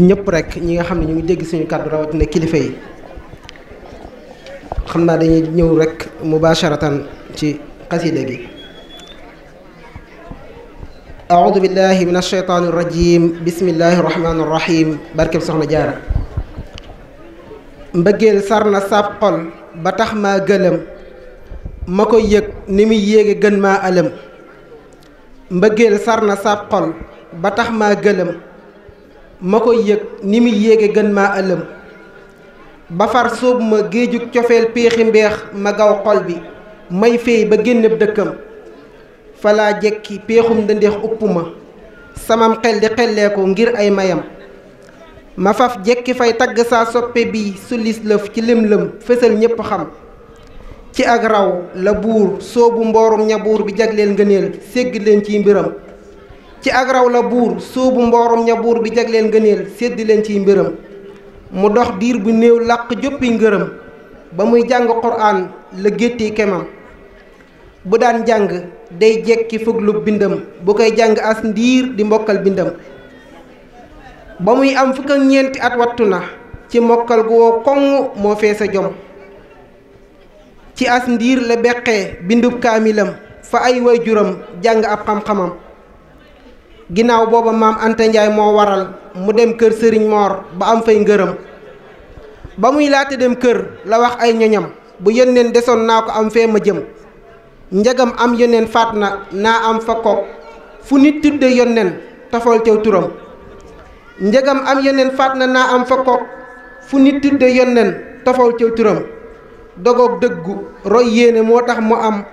ñëpp rek ñi nga xam ne ñu ngi dégg suñu kàddu rawatina kilifa yi xam naa dañuy ñëw rek mubasharatan ci xasida gi aoudu billahi min alsheytaani irrajim bismillahi irrahmani irrahim barkeb soxna jaara mbëggeel sar na sab xol ba tax maa gëlëm ma ko yëg ni muy yéege gën maa alam mbëggeel sar na sab xol ba tax maa gëlëm ma ko yëg ni muy yéege gën maa alam ba far sóob ma géejug cofeel péexi mbeex ma gaw xol bi may féey ba génneb dëkkam falaa jekki péexum dandeex upp ma samam xel di xelleeku ngir ay mayam ma faf jekki fay tagg saa soppe bi su lis lëf ci lëm-lëm fësal ñépp xam ci ak raw la buur soobu mboorum ña buur bi jagleel ngëneel ségg leen ciy mbiram ci ak raw la buur soobu mboorum ña buur bi jagleel ngëneel sedd leen ciy mbiram mu dox diir bu néew làq joppi ngërëm ba muy jàng quraan la gétti kemam bu daan jàng day jekki fuglub bindam bu koy jàng as ndiir di mbokkal bindam ba muy am fukk ñeenti at wattu na ci mokkal gu woo koŋ moo feesa jom ci as ndiir la beqee bindub kaamilam fa ay waajuram jàng ab xam-xamam ginnaaw booba maam Anta Ndiaye moo waral mu dem kër sëriñ Moor ba am fay ngërëm ba muy laata dem kër la wax ay ñoñam bu yónneen desoon naa ko am fee ma jëm njagam am yónneen faat na naa am fa ko fu nit tudde yónneen tafal tew turam njagam am yónneen faat na naa am fa ko fu nit tudde yónneen tafal tew turam dogoog dëggu roy yéene moo tax mu am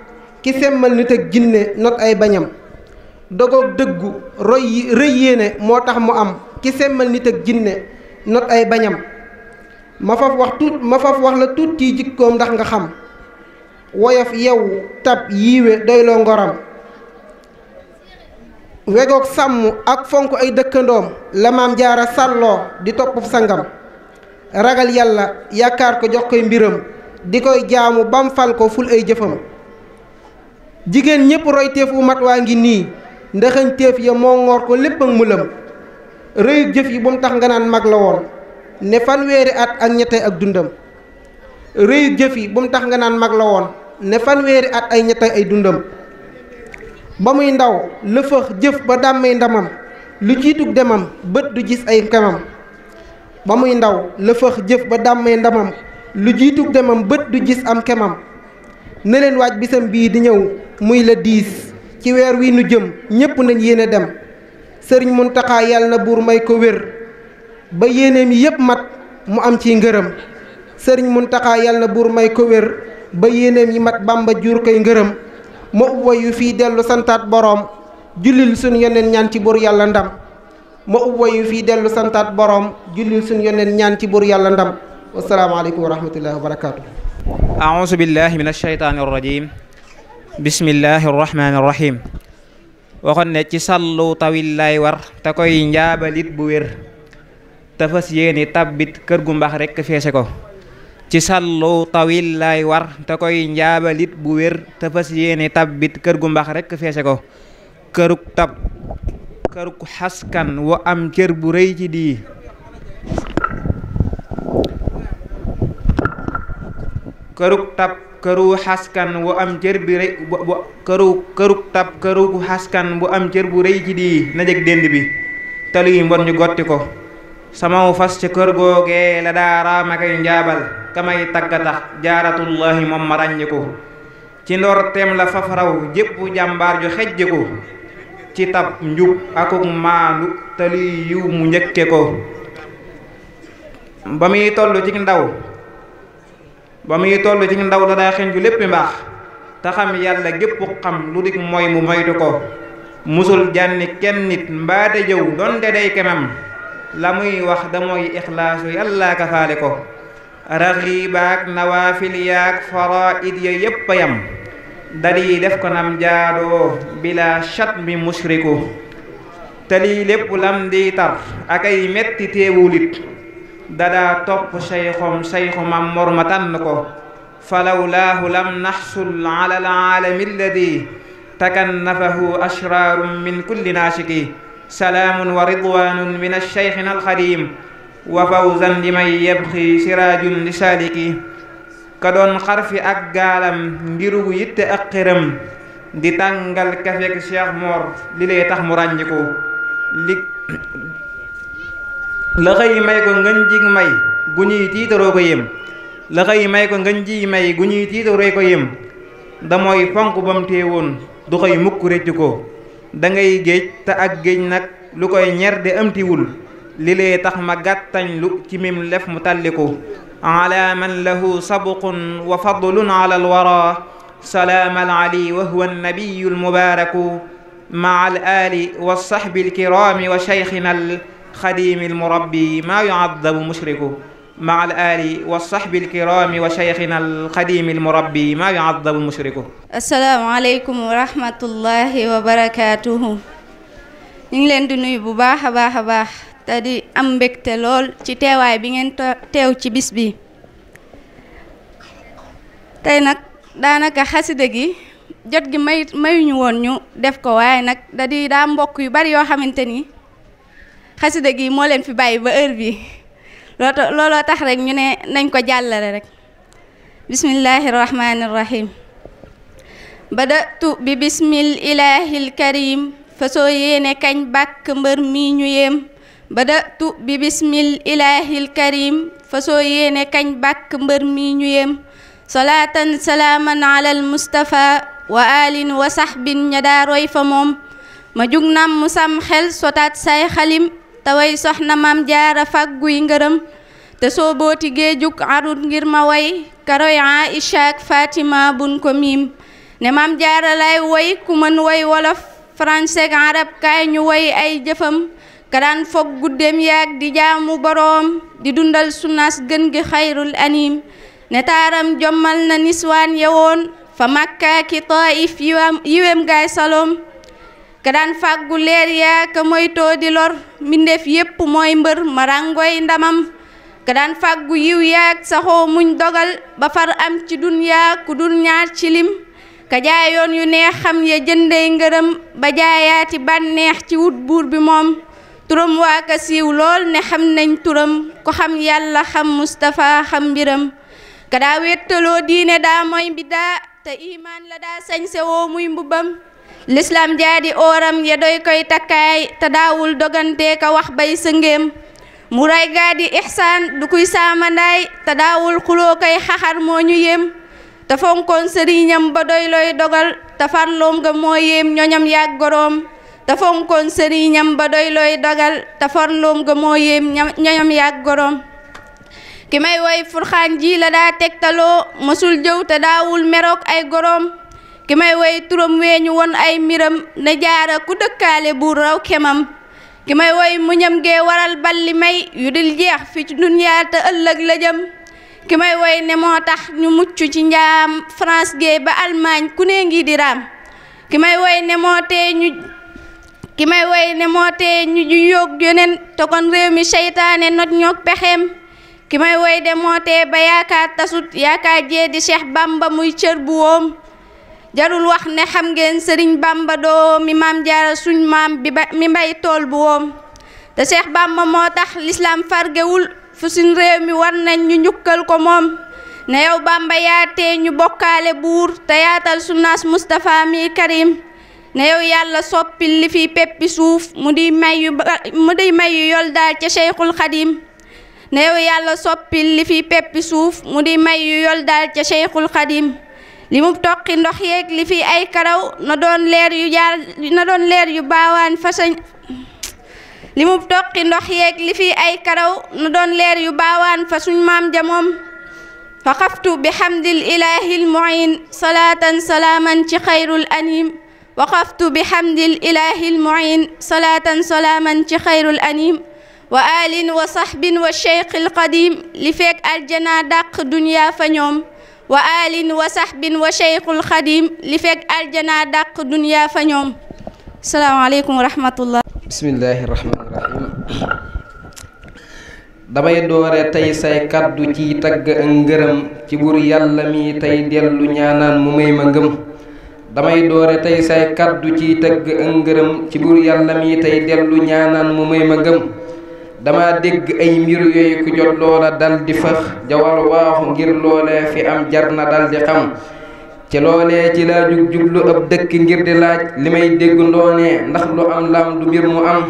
ki semmal nit ak jinne not ay bañam dogoog dëggu roy rëy yéene moo tax mu am ki semmal nit ak jinne not ay bañam ma faf wax tuut ma faf wax la tuut ciy jikkoom ndax nga xam woyof yow tab yiiwe doyloo ngoram wegoog sàmm ak fonk ay dëkkandoom la maam jaara sàlloo di topp sangam ragal yàlla yaakaar ko jox koy mbiram di koy jaamu bam fal ko ful ay jëfam jigéen ñépp roy teef u mat waa ngi nii ndaxañ teef ya moo ngoor ko lépp ak mu lëm rëyug jëf yi ba mu tax nga naan mag la woon ne fanweeri at ak ñette ak dundam rëyug jëf yi ba mu tax nga naan mag la woon ne fanweeri at ay ñette ay dundam ba muy ndaw lëfëx jëf ba dàmmee ndamam lu jiitug demam bët du gis ay kemam ba muy ndaw lëfëx jëf ba dàmmee ndamam lu jiitu demam bët du gis am kemam ne leen waaj bisam bii di ñëw muy la diis ci weer wi nu jëm ñépp nañ yéene dem sëriñ Muntaxa yàlla na buur may ko wér ba yéeneem yépp mat mu am ciy ngërëm sëriñ Muntaxa yàlla na buur may ko wér ba yéeneem yi mat Bàmba jur koy ngërëm ma ubba yu fii dellu santaat boroom jullil suñu yeneen ñaan ci buur yàlla ndam ma ubba yu fii dellu santaat boroom jullil suñu yeneen ñaan ci buur yàlla ndam wasalaamaaleykum wa rahmatullahi wa barakaatu. aawusu billahi min ashaytaani rajim bismillahi rahmaani rahim waxoon ne ci sàllu tawil war te koy njaabalit bu wér te fas yéeni kër gu mbax rekk feese ko ci sàllu tawil war te koy njaabalit bu wér te fas yéeni kër gu mbax rekk feese ko kërug tab kërug xaskan wa am cër bu rëy ci dii kërug tab bu am jër bu këru kërug xaskan bu am jër bu rëy ci di na jeg bi talu yi ñu gotti ko samaw fas ca kër googee la daa raama kay njaabal kamay tagga tax jaaratullahi moom ma ràññiku ci ndoor teem la faf raw jépp jàmbaar ju xejjiku ci tab njub akuk maandu talu yiw mu njëkke ko ba muy toll ci ndaw ba muy toll ci ndaw la daa lépp mbaax te xam yàlla gépp xam lu dik mooy mu moytu ko musul jànni kenn nit mbaate jëw donte day kemam la muy wax da mooy ixlaasu yàlla ka faale ko raxiibaak nawaafil yaak faraid ya yépp a yam dadi def ko nam jaadoo bila chat mi mushriku te lii lépp lam di tar ak ay metti téewulit dadaa topp sayxum sayxumam mor ma tànn ko falawlaahu lam naxsul ala alaalami alladi takannafahu ashraarum min kulli naashiki salaamun wa ridwanun min alcheyxina alxadim wa fawzan li man yebxi siraajun li saaliki ka doon xarfi ak gaalam ngirugu yitte di tàngal kafek cheikh mor li lay tax mu ràññiku la xëy may ko ngën ji may gu ñuy ko yem la xëy may ji may gu ñuy ko yem da mooy fonk woon du xëy mukk réccu ko da ngay géej te ak géej nag lu koy ñer de amtiwul li lee tax ma gàttañ lu ci mim lef mu talliku ala man lahu sabuqun wa fadlun ala alwara salaam alali wa huwa annabiyu almubaraku maa al ali wa sahbi alkirami wa cheykhina xadiimi almurabbi maa yuadabu mushriku maa al aali wa saxbi alkiraami wa cheikhina alxadiimi almurabbi maa yuadabu mushriku asalaamaaleykum wa rahmatullahi wa barakaatuhu ñu ngi leen di nuyu bu baax a baax a baax te di am mbégte lool ci teewaay bi ngeen teew ci bis bi tey nag daanaka xasida gi jot gi may mayuñu woon ñu def ko waaye nag da di daa mbokk yu bari yoo xamante ni xasida gi moo leen fi bàyyi ba heure bi looloo tax rek ñu ne nañ ko jàllale rek bismillahi rahmani rahim badatu bi bismil ilahil yéene kañ bàkk mbër mi ñu yéem badatu bi bismil ilahil fa soo yéene kañ bàkk mbër mi ñu yéem salaatan salaaman alal mustafa wa alin wa saxbin ña fa moom ma jug mu sam xel sotaat say xalim taway soxna maam jaara fàgguy ngërëm te soo booti géejug arut ngir ma way karoy Aïcha ak Fatima bun ko miim ne maam jaara lay woy ku mën woy wolof français ak arab kaay ñu woy ay jëfam karaan daan foog guddeem yaag di jaamu boroom di dundal sunaas gën gi xayrul anim ne taaram jommal na niswaan yewoon fa makkaaki taif yiwem gaay salom ka daan fàggu leer yaa ka moytoo di lor mbindeef yépp mooy mbër ma ràngooy ndamam ka daan fàggu yiw yaag saxoo muñ dogal ba far am ci dunyaa ku dul ñaar ci lim ka jaayoon yu neex xam ya jëndey ngërëm ba jaayaati bànneex ci wut buur bi moom turam waa ka siiw lool ne xam nañ turam ko xam yàlla xam Mustapha xam mbiram ka daa wéttaloo diine daa mooy bi te imaan la daa sañse muy mbubbam lislaam jaadi ooram ya doy koy takkaay te daawul dogante ka wax bay sëngéem mu ray gaadi ixsaan du kuy saamandaay te daawul xuloo koy xaxar moo ñu yéem te fonkoon sëriñam ba doy looy dogal te farloom nga moo yéem sëriñam ba doy looy dogal te farloom nga moo yéem ñoñam yàgg goroom ki may woy furxaan ji la daa tegtaloo mësul jëw te daawul merook ay goroom ki may woy turam wee ñu won ay mbiram ne jaara ku dëkkaale buur raw kemam ki may woy muñam gee waral bal li may yu dul jeex fi ci dunyaa te ëllëg la jëm ki may woy ne moo tax ñu mucc ci njaam France gee ba Allemagne ku ne ngi di raam ki may woy ne moo tee ñu ki may woy ne moo tee ñu ju yóog yoneen te kon réew mi seytaane not ñoog pexeem ki may woy de moo tee ba yaakaar tasut yaakaar jee di Cheikh Bamba muy cër bu woom jarul wax ne xam ngeen sëriñ bamba doomi maam jaara suñ maam bi mi mbay tool bu woom te Cheikh Bamba moo tax lislaam fargewul fu suñ mi war nañ ñu njukkal ko moom ne yow bamba ñu bokkaale buur te yaatal sunnaas Mustafa mi karim ne yow yàlla soppil li fi peppi suuf mu di may yu mu di daal ca Cheikhul Xadim ne yow yàlla soppil li fi peppi suuf mu di may yu yol daal ca Cheikhul Xadim li mu ndox yeeg li fi ay karaw na doon leer yu jaar na doon leer li fi ay karaw na leer yu baawaan fa suñ maam jamoom fa xaftu bi xamdil ilaahil muin salaatan salaaman ci xayrul anim waqaftu bi xamdil ilaahil muin salaatan salaaman ci xayrul anim wa wa saxbin wa cheikhil qadim li feek aljanaa dàq duniyaa fa ñoom wa alin wa sahbin wa cheikhul li fekk aljana dàq dunya fa ñoom salaamaaleykum wa damay doore tey say kàddu ci tagg ak ngërëm ci buur yàlla mi tey dellu ñaanaan mu may ma ngëm damay doore ci tagg ci buur yàlla mi tey dellu ñaanaan mu dama dégg ay mbir yooyu ku jot loola dal fëx jawal waaxu ngir loolee fi am jar na dal di xam ci loolee ci laa jug jublu ab dëkk ngir di laaj li may dégg ndoonee ndax lu am lam du mbir mu am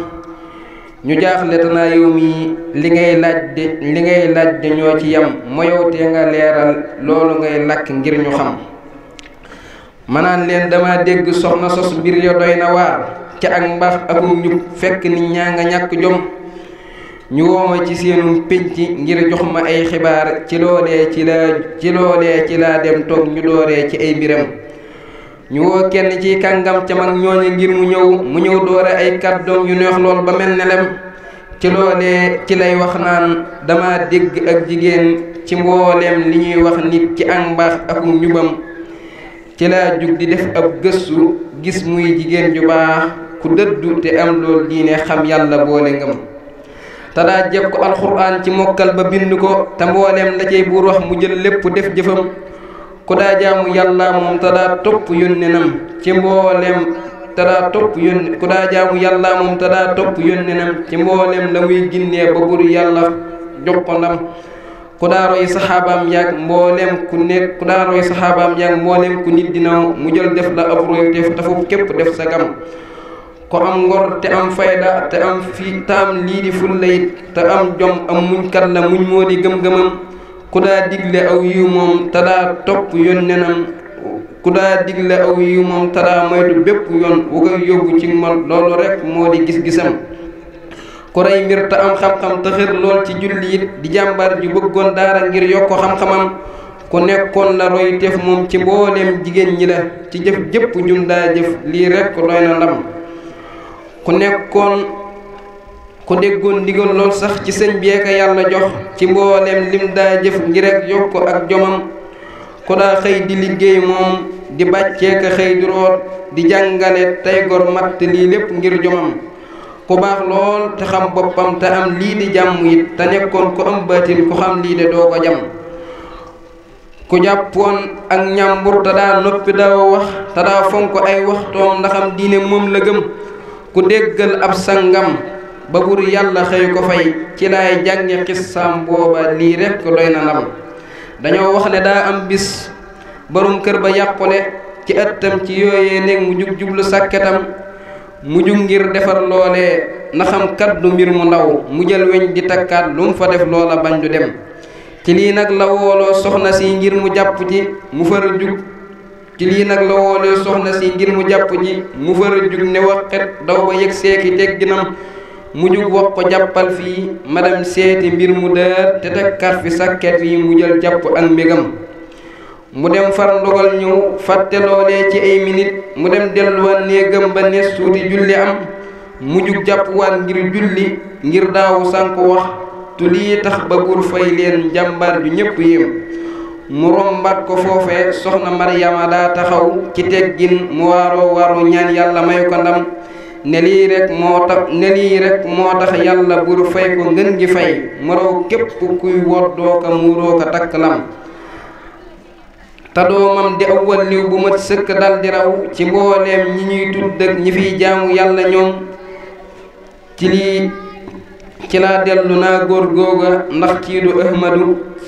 ñu jaaxle te naa mii li ngay laaj de li ngay laaj de ñoo ci yam moyowtee nga leeral loolu ngay lakk ngir ñu xam manaan leen dama dégg soxna sos mbir ya doy na waar ca ak mbaax akum ñub fekk nit ñaa nga ñàkk jom ñu wooma ci seenum pénc ngir jox ma ay xibaar ci loolee ci laa ci loolee ci laa dem toog ñu dooree ci ay biram ñu woo kenn ci kàngam ca mag ñooñu ngir mu ñëw mu ñëw doore ay kàddoom yu neex lool ba mel ne lem ci loolee ci lay wax naan dama dégg ak jigéen ci mboolem li ñuy wax nit ci ak mbaax ak njubam ci la jug di def ab gëstu gis muy jigéen ju baax ku dëddu te am lool diine xam yàlla boole ngëm te daa jekku alxuraan ci mokkal ba bind ko te mbooleem la cay buur wax mu jël lépp def jëfam ku daa jaamu yàlla moom te daa topp yónnenam ci mbooleem te daa topp yónne ku daa jaamu ci mbooleem la muy ginnee ba buur yàlla jox ko ndam ku daa roy saxaabaam yaag mbooleem ku nekk ku daa roy saxaabaam yaag mbooleem ku nit dinaw mu jël def la ab roy def tafu képp def sa gam ko am ngor te am fayda te am fii te am lii di fulla it te am jom am muñkat la muñ moo di gëm-gëmam ku daa digle aw yiw moom te daa topp yoon ku daa aw yiw moom te bépp yoon wu yóbbu ci man loolu rek moo di gis-gisam ku rey mbir te am xam-xam te xër lool ci julli it di jàmbaar ju bëggoon daara ngir yokk xam-xamam ku nekkoon la roy moom ci mbooleem jigéen ñi la ci jëf jëpp jum daa jëf lii rekk doy na ndam ku nekkoon ku déggoon ndigal lool sax ci sëñ bi ka yàlla jox ci mbooleem lim daa jëf ngir ak yokk ak jomam ku daa xëy di liggéey moom di bàcceeka xëy di root di jàngale tey matt lii lépp ngir jomam ku baax lool te xam boppam te am lii di jàmm it te nekkoon ko am baatin ku xam lii de doo ko jam ku jàppoon ak ñàmbur te daa noppi daa wax te daa fonk ay waxtoom ndaxam diine moom la gëm ku déggal ab sangam ba bur yàlla xëy ko fay ci laay jànge xissaam booba lii rekk doy na ndam dañoo wax ne daa am bis borom kër ba yàppule ci ëttam ci yooyee néeg mu jub jublu sàkketam mu jug ngir defar loole na xam kat du mbir mu ndaw mu jël weñ di takkaat lu mu fa def loola bañ du dem ci lii nag la wooloo soxna si ngir mu jàpp ci mu far jug ci lii nag la woolee soxna si ngir mu jàpp ji mu fara jug ne waxet daw ba yëg seeki tegginam mu jug wax ko jàppal fii ma dem seeti mbir mu dër te tekkat fi sàkket yi mu jël jàpp ak mbégam mu dem far ndogal ñëw fàtte loolee ci ay minit mu dem delluwaat néegam ba ne suuti julli am mu jug jàppuwaat ngir julli ngir daawu sànq wax tu lii tax ba buur fay leen jàmbaar ju ñépp yéem mu rombaat ko foofee soxna Maryama daa taxaw ci teggin mu waaroo waaru ñaan yàlla mayu ko ndam ne lii rek moo tax ne lii moo tax yàlla buru fay ko ngën gi fay mu raw képp kuy woddoo ko muuroo ko takk lam te di awwal liw bu mat sëkk dal raw ci mbooleem ñi ñuy tudd ak ñi fiy jaamu yàlla ñoom ci lii ci laa dellu naa góor googa ndax kii du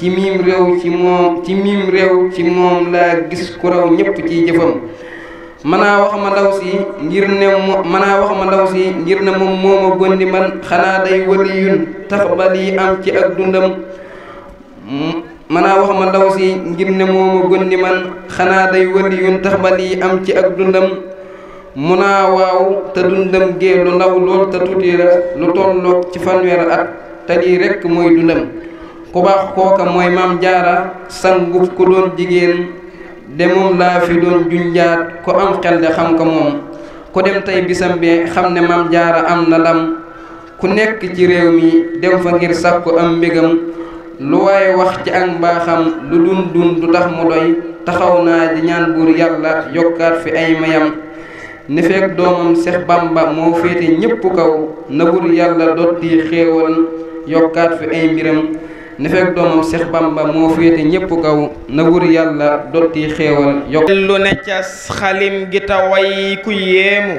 ci miim réew ci moom laa gis ku ñépp ciy jëfam manaa wax ma ndaw si ngir ne mo manaa wax ma moom mooma gondi man xanaa day waliyun tax ba lii am ci ak dundam manaa wax ma ndaw si ngir ne mooma gondi man xanaa day waliyun tax ba lii am ci ak dundam mu naa waaw te dundam gee lu ndaw lool te tuuti lu tolloog ci fanweer ak te lii rekk mooy dundam ku baax kooka mooy maam jaara sangub ku doon jigéen de moom laa fi doon junjaat ku am xel de xam ko moom ku dem tey bisam bi xam ne maam jaara am na lam ku nekk ci réew mi dem fa ngir sàkku am mbégam lu waaye wax ci ak mbaaxam lu dun dun tax mu doy taxaw naa di ñaan buur yàlla yokkaat fi ay mayam ne fekk doomam Seex Bàmba moo féete ñépp kaw na yàlla dotti xéewal yokkaat fi ay mbiram ne fekk doomam Seex Bàmba moo féete ñépp kaw na yàlla dotti xéewal yokk lu ne cas xalim gi te way ku yéemu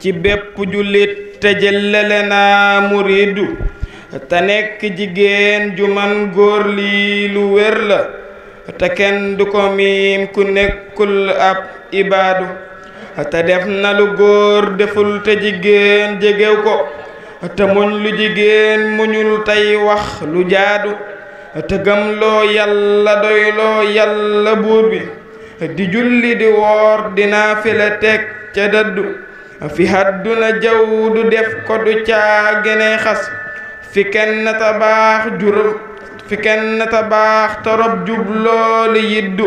ci bépp jullit te jëlale naa muridu te nekk jigéen ju man góor lii lu wér la te kenn du ko miim ku nekkul ab ibaadu te def na lu góor deful te jigéen jegew ko te muñ lu jigéen muñul tey wax lu jaadu te gëm loo yàlla doy yàlla buur bi di julli di woor dinaa fi la teg ca dëddu fi àdduna jaw du def ko du caa gene xas fi kenn ta juróom fi kenn ta torop jub loolu yiddu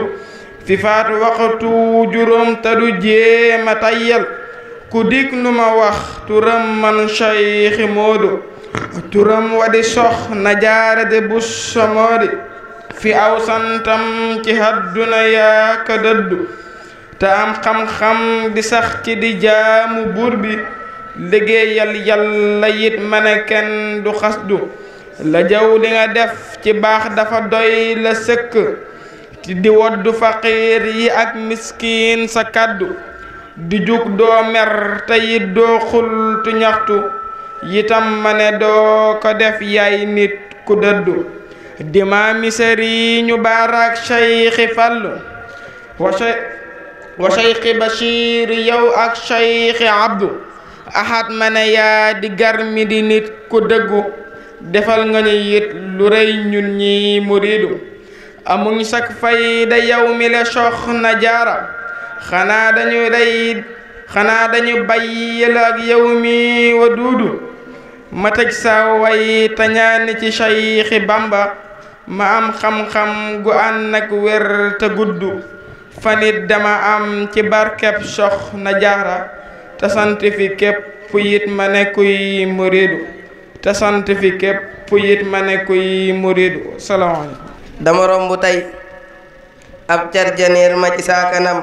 sifaatu waxtu juróom te du jéema tayyal ku dig nu ma wax turam man Cheikh Modou turam wa di Soxna Jaara de Bousso Mody fi aw santam ci àdduna yaa ka dëddu te am xam-xam di sax ci di jaamu buur bi liggéeyal yàlla yit ma kenn du xas du la jaw li nga def ci baax dafa doy la sëkk ti di woddu faqiir yi ak miskiin sa kàddu di jug doo mer te doo xultu ñaxtu yitam ma ne doo ko def yay nit ku dëddu dimaami sëriñu baaraak seyxi fàllu wa sey wa seyxi yow ak seyxi abdu ahad ma ne yaa di garmi di nit ku dëggu defal nga ñu it lu rëy ñun ñi muriidu amuñ sak fayda yow mi le na jaara xanaa dañu day xanaa dañu bàyyi la ak yow mi wa duudu ma tëj sa way tañaani ci Cheikhi Bamba ma am xam-xam gu ànd ak wér te gudd fanit dama am ci barkeb soxna jaara te sant fi képp yit ma nekkuy muridu te sant yit ma nekkuy muridu salaamaaleykum dama romb tey ab carjaneer ma ci saa kanam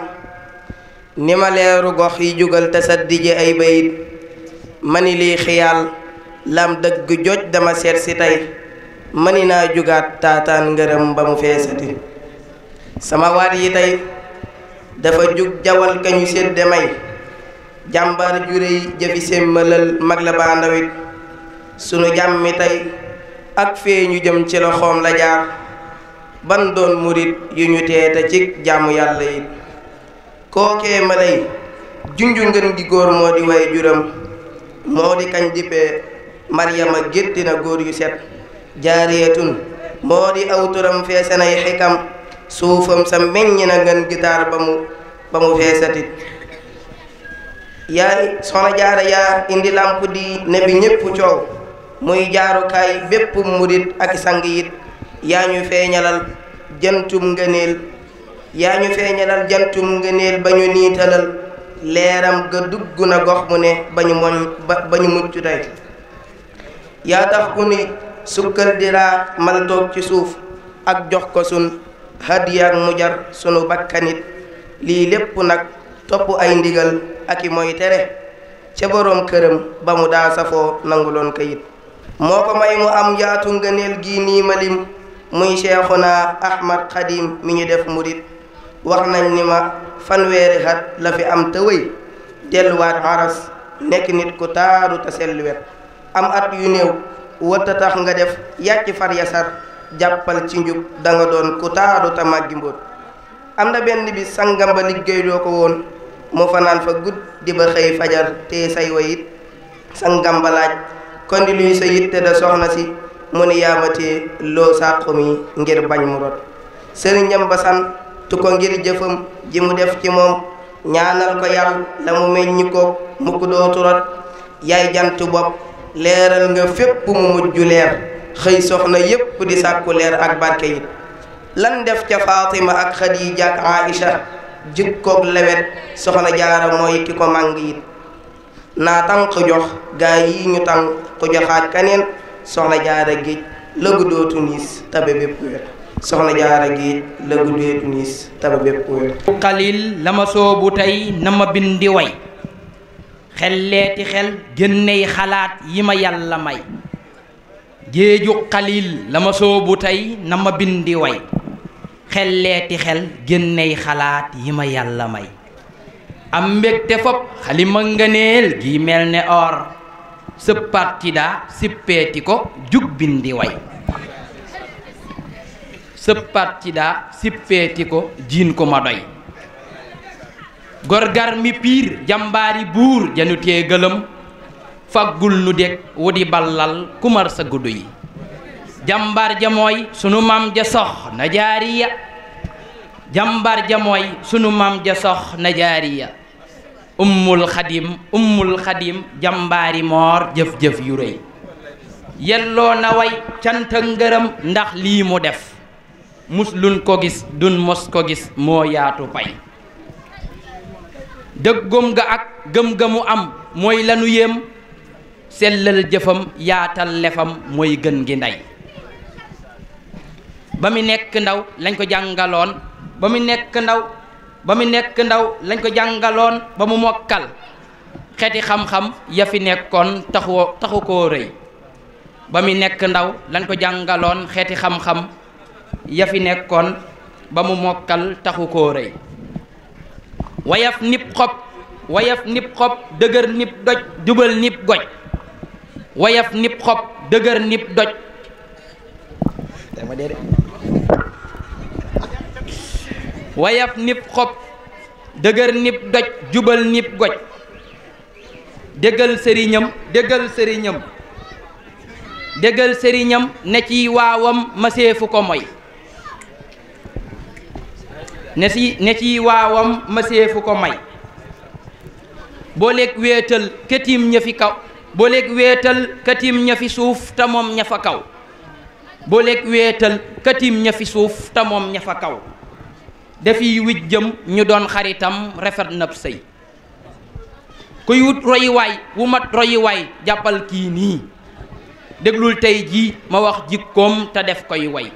ni ma leeru gox yi jugal te saddije ay bayit ma ni lii xiyaal lam dëgg joj dama seet si tey ma ni naa jugaat taataan ngërëm ba mu feesati sama waat yi tey dafa jug jawal kañu sédde may jàmbar jurey jëfi sémmalal mag la baa ndawit sunu jàmmi tey ak fee ñu jëm ci loxoom la jaar ban doon murit yu ñu teeta ci jàmm yàlla yi kookee ma lay junju ngeen gi góor moo di way juram moo di kañ dippee maryama gétti na góor yu set jaareetun moo di aw turam feesanay xikam suufam sa meññ na ngeen gitaar ba mu ba mu feesati yaa jaara yaa indi làmp di ne ñépp coow muy jaarukaay bépp murit ak sang yit yaa ñu feeñalal jantum ngëneel yaa ñu feeñalal jantum ngëneel ba ñu niitalal leeram ga dugg na gox mu ne ba ñu moñ mucc tey yaa tax ku ni sukkal diraa man toog ci suuf ak jox ko sun hadiyaak mu jar sunu bakkanit lii lépp nag topp ay ndigal ak i mooy tere ca boroom këram ba mu daa safoo nanguloon kayit moo ko may mu am yaatu ngëneel gii nii muy Cheikhuna Ahmad Khadim mi ñu def murit wax nañ ni ma fanweeri at la fi am te wéy delluwaat aras nekk nit ku taaru te sellu wet am at yu néew wëtta tax nga def yàcc far yasar jàppal ci njub danga doon ku taaru te màggi mbóot am na benn bi sangam ba liggéey doo ko woon moo fanaan fa gudd di ba xëy fajar te say wayit sangam laaj kondi luy sa yitte da soxna si mu ni yaamate loo sàqu mi ngir bañ mu rot sëriñ Njamba sant ko ngir jëfam ji mu def ci moom ñaanal ko yàlla la mu meññi ko mukk dootu rot yaay jant bopp leeral nga fépp mu mujj leer xëy soxna yépp di sàkku leer ak barke yi lan def ca Fatima ak Khadija ak Aïcha jikkoog lewet soxna jaara mooy ki ko màng it naa tànq jox gaa yi ñu tànq joxaat kaneen soxna jaara géej la guddoo tunis tabe bépp wér soxna jaara géej la guddoo tunis tabe bépp wér xalil la ma soobu tey na ma bindi way xelleeti xel génney xalaat yi ma yàlla may géeju xalil la ma soobu tey na ma bindi way xelleeti xel génney xalaat yi ma yàlla may am mbégte fop xalima ngëneel gi mel ne or sëppaattidaa sippeeti ko jug bindi way sëppaattidaa ko jiin ko ma doy mi piir jambaari buur janu tee gëlëm faggul nu dég wudi ballal kumar sa guddu yi jambar ja mooy sunu maam ja sox na jaariya jambar ja mooy sunu maam ja sox na jaariya ummul xadim ummul xadim jàmbaari moor jëf-jëf yu rëy yelloo na way cant ak ndax lii mu def mus luñ ko gis dun mos ko gis moo yaatu pay dëggum ga ak gëm-gëmu am mooy lanu yéem sellal jëfam yaatal lefam mooy gën gi ndey ba mu nekk ndaw lañ ko jàngaloon ba mu nekk ndaw ba mu nekk ndaw lañ ko jàngaloon ba mu mokkal xeeti xam-xam ya fi nekkoon taxu ko rëy ba mu nekk ndaw lañ ko jàngaloon xeeti xam-xam ya fi nekkoon ba mu mokkal taxu ko rëy woyaf nib xob wayaf nib xob dëgër nib doj jubal nib goj wayaf nib xob dëgër nib doj wayaf nib xob dëgër nib doj jubal nib goj déggal sëriñam déggal sëriñam déggal sëriñam ne ci waawam maseefu ko moy ne ci ne ci waawam ko may boo leeg wéetal këtiim ña fi kaw boo wéetal këtiim ña fi suuf te moom ña fa kaw boo leeg wéetal këtiim ña fi suuf te moom ña fa kaw dafiy wij jëm ñu doon xaritam rafet nab sëy kuy wut royuwaay wu mat royuwaay jàppal kii nii déglul tey jii ma wax jikkoom te def koy woy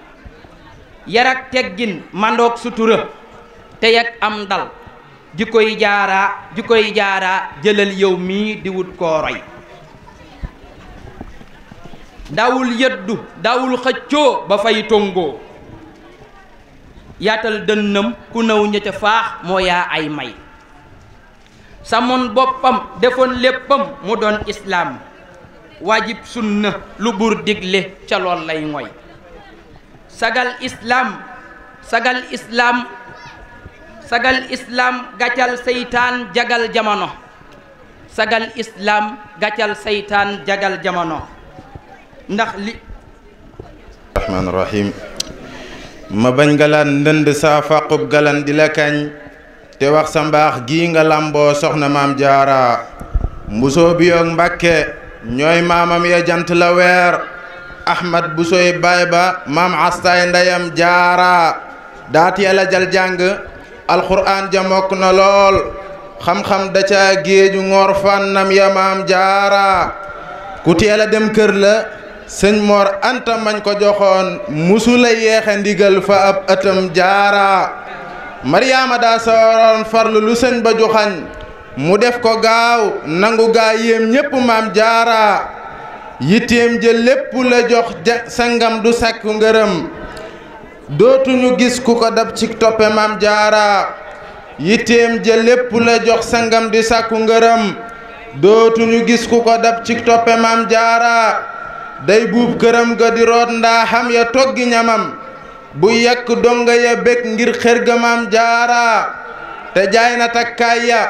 yar ak teggin mandoog sutura tey ak am dal ji koy jaaraa jëlal yow mii di wut koo roy daawul yëddu daawul xëccoo ba fay tongoo yaatal dënnam ku naw ña ca faax moo yaa ay may sàmmoon boppam defoon léppam mu doon islaam waajib sunna lu buur digle ca lool lay ngoy sagal islaam sagal islaam sagal islaam gàccal seytaan jagal jamono sagal islaam gàccal seytaan jagal jamono ndax li ma bañ galaan ndënd saa fàqub galan di kañ te wax sa mbaax gii nga làmboo soxna maam jaara mbusoo biyoog mbàkke ñooy maamam ya jant la weer ahmad busoy baay ba maam astaay ndeyam jaara daat yàlla jal jàng alxuraan ja mokk na lool xam-xam da ca géeju ngoor fànnam ya maam jaara ku teel dem kër la sëñ Mor Anta mañ ko joxoon musula yeexe ndigal fa ab ëttam jaara Mariama daa soroon farlu lu sëñ ba joxañ mu def ko gaaw nangu gaa yéem ñépp maam jaara yitteem ja lépp la jox ja sangam du sàkku ngërëm dootuñu gis ku ko dab ci toppe maam jaara yitteem ja lépp la jox sangam di sàkku ngërëm dootuñu gis ku ko dab ci toppe maam jaara day buub këram ga di root ndaa xam ya toggi ñamam bu yàkk donga ya bég ngir xër ga maam jaaraa te jaay na takkaay ya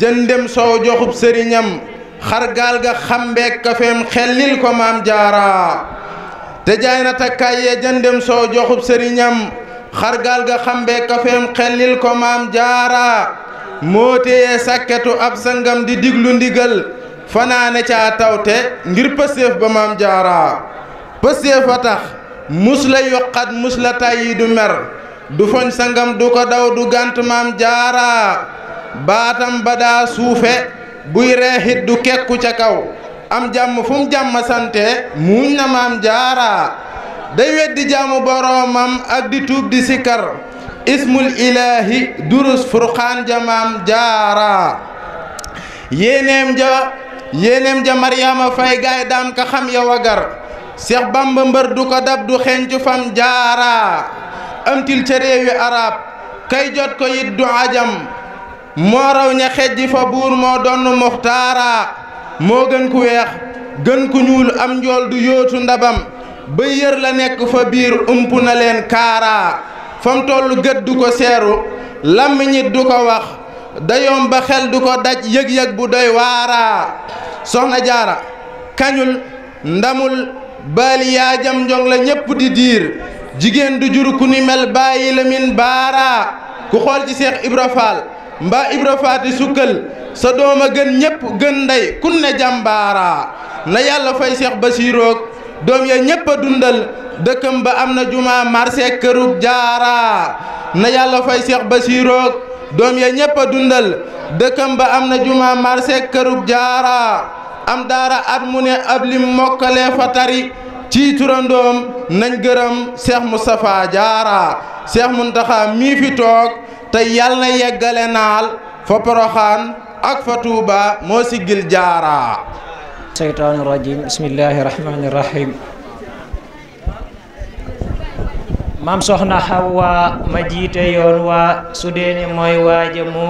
jëndem soow joxub sëriñam xargaal ga xambeek kafeem xellil ko maam jaaraa te jaay na takkaay ya jëndem soow joxub sëriñam xargal ga xambeek kafeem xellil ko maam jaaraa moo téye sàkketu ab sangam di diglu ndigal fanaane ca tawte ngir pëseef ba maam jaaraa pëseef a tax musla la yokkat mus la du mer du foñ sangam du ko daw du gànt maam jaaraa baatam ba daa suufe buy reexit du kekku ca kaw am jàmm fu mu jàmm sante muuñ na maam jaaraa day weddi jaamu boroomam ak di tuub di sikkar ismul ilaahi durus furqaan ja maam jaaraa yéeneem ja yéeneem ja maryaama fay gaay daam ka xam ya wagar seex bamba mbër du ko dab du xencu fam jaara amtil ca réewi arab kay jot ko yit du ajam moo raw ña xejji fa buur moo donn muxtaara moo gën ku weex gën ku ñuul am njool du yóotu ndabam ba yër la nekk fa biir ump na leen kaara fam tollu gët ko seeru làmmiñit du ko wax dayoom ba xel du ko daj yëg-yëg bu doy waaraa soxna jaara kañul ndamul baali yaa jam njong la ñépp di diir jigéen du jur ku ni mel bàyyi lamin baaraa ku xool ci seex ibra faal mbaa ibra faati sukkal sa doom a gën ñépp gën ndey kun ne jàmbaaraa na yàlla fay seex basiiroog doom ya ñépp dundal dëkkam ba am na jumaa marché kërub jaara na yàlla fay seex basiiroog doom ya ñépp a dundal dëkkam ba am na juma marché kërub jaara am daara at mu ne ab lim mokkale fa tari ci turandoom nañ gërëm Cheikh safaa Diarra Cheikh Mountakha mii fi toog te yàlla na yeggale naal fa Poroxaan ak fa Touba moo siggil Diarra. seytaani rajiim bismillaahi maam soxna Hawa ma jiite yoon waa Sudéni mooy waaja mu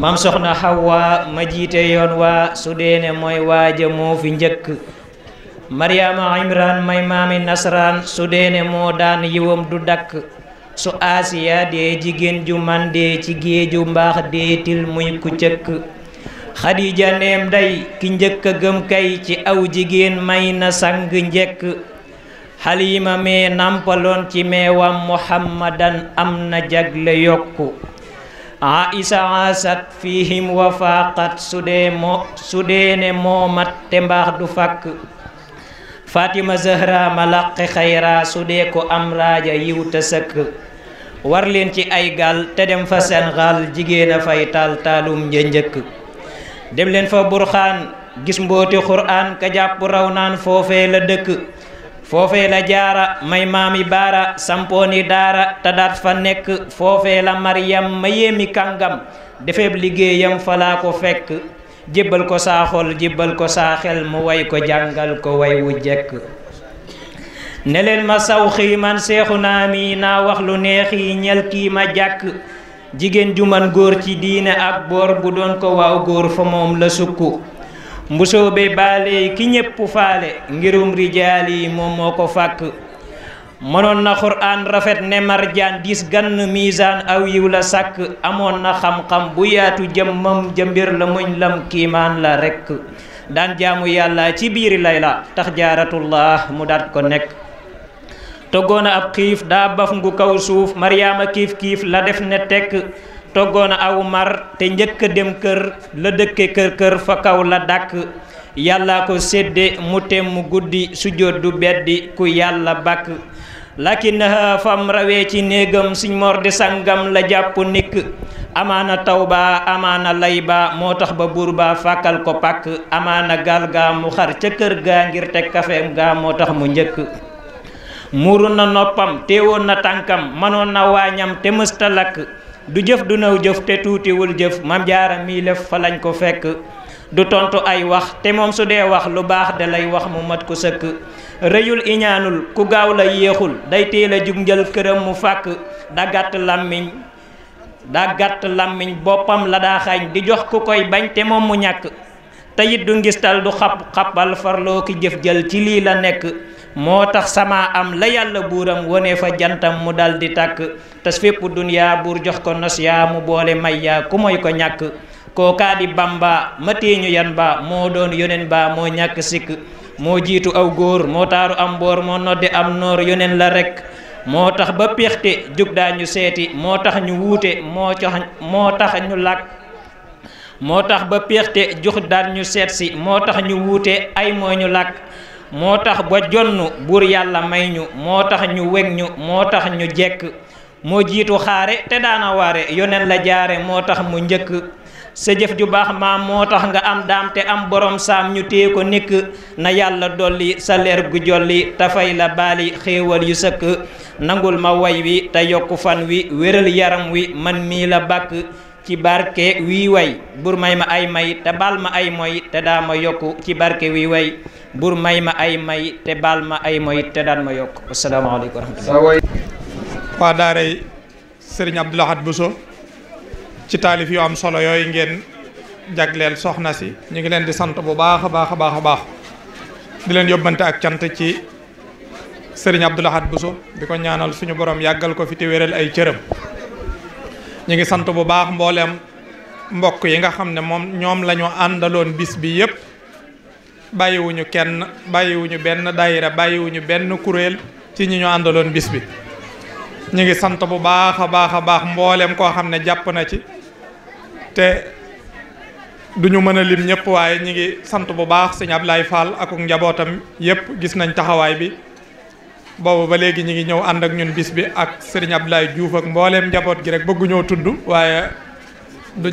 ma jiite yoon waa Sudéni mooy waaja mu fi njëkk Mariama Imran may maami nasraan Sudéni moo daan yiwam du dakk su Asiya dee jigéen ju man dee ci géeju mbaax dee til muy ku cëkk Xadija neem day ki njëkk a gëm kay ci aw jigéen may na sang njëkk xalima mee nàmpaloon ci meewam muhammadan am na jagle yokku aisa asat fihim wa faaqat sudee moo sudeene moo mat te mbaax du fàkk fatima zahra ma laqi xayra sudee ko am raaja yiw te sëkk war ci ay gaal te dem fa seen xaal jigéen fay taal taalum njënjëkk dem fa burxaan gis mbooti xuraan ka raw naan foofee la dëkk foofee la jaara may maami baara sampooni daara te fa nekk foofe la maryam ma yéemi kàngam defeeb liggéeyam fa laa ko fekk jébbal ko saa xol jébbal ko saa xel mu way ko jàngal ko way wu jekk ne ma saw xii man seexu naa mi naa wax lu neex yi ñel kii ma jàkk jigéen ju man góor ci diine ak boor bu doon ko waaw góor fa moom la sukk mbusoobe baale ki ñépp faale ngirum rijaal yi moom moo ko fàkk mënoon na xuraan rafet ne marjaan diis gann miisaan aw yiw la sàkk amoon na xam-xam bu yaatu jëmmam jëmbir la muñ lam kiimaan la rekk daan jaamu yàlla ci lay la tax jaaratullah mu daat ko nekk toggoona ab xiif daa baf ngu kaw suuf maryaama kiif kiif la def ne tekk toggoon a aw mar te njëkk dem kër la dëkke kër kër fa kaw la dàkk yàlla ko sédde mu tem mu guddi sujjóot du beddi ku yàlla bàkk lakinaha fam rawee ci néegam suñ mor di sangam la jàpp nikk amaana taw ba amaana lay baa moo tax ba buur ba fàkkal ko pàkk amaana gaal gaa mu xar ca kër ga ngir teg kafeem gaa moo tax mu njëkk muuru na noppam teewoon na tànkam mënoon na waañam te mësta lakk du jëf du naw jëf te tuutiwul jëf mam jaara mii lef fa lañ ko fekk du tontu ay wax te moom su dee wax lu baax da lay wax mu mat ko sëkk rëyul iñaanul ku gaaw la yéexul day teel a jug njël këram mu fàkk da gàtt làmmiñ da làmmiñ boppam la daa xañ di jox ku koy bañ te moom mu ñàkk te du ngistal du xab xabal farloo ki jëf jël ci lii la nekk moo tax sama am la yàlla buuram wone fa jantam mu dal di tàkk tas fépp duniyaa buur jox ko nos yaa mu boole may yaa ku moy ko ñàkk kookaa di bamba ma téeñu yan ba moo doon yonen baa moo ñàkk sikk moo jiitu aw góor moo taaru am boor moo nodde am noor yonen la rekk moo tax ba péexte jug daañu seeti moo tax ñu wuute moo tax moo tax ñu làkk moo tax ba péexte jox daan ñu seet si moo tax ñu wuute ay moo ñu làkk moo tax ba jonn buur yàlla may ñu moo tax ñu weg ñu moo tax ñu jekk moo jiitu xaare te daana waare yonen la jaare moo tax mu njëkk sa jëf ju baax maam moo tax nga am daam te am borom saam ñu téye ko nikk na yàlla dolli sa leer gu jolli tafay la baali xéewal yu sëkk nangul ma way wi te yokku fan wi wéral yaram wi man mii la bàkk ci barke wii way bur may ma ay may te baal ma ay moy te daa ma yokk ci barke wii way bur may ma ay may te baal ma ay moy te daan ma yokku asalaamaaleykum wa rahmatulah. waa daaray sëriñ Abdoul Ahad Bousso ci taalif yu am solo yooyu ngeen jagleel soxna si ñu ngi leen di sant bu baax a baax a baax a baax di leen yóbbante ak cant ci sëriñ Abdoul Ahad Bousso di ko ñaanal suñu borom yàggal ko fi te wéral ay cëram. ñu ngi sant bu baax mbooleem mbokk yi nga xam ne moom ñoom la àndaloon bis bi yépp bàyyiwuñu kenn bàyyiwuñu benn daayira bàyyiwuñu benn kuréel ci ñi ñu àndaloon bis bi ñu ngi sant bu baax a baax a baax mbooleem koo xam ne jàpp na ci te duñu mën a lim ñëpp waaye ñu ngi sant bu baax sëñ Ablaye Fall ak njabootam yépp gis nañ taxawaay bi boobu ba léegi ñu ngi ñëw ànd ak ñun bis bi ak sëriñ Abdoulaye Diouf ak mbooleem njaboot gi rek bëgguñoo tudd waaye du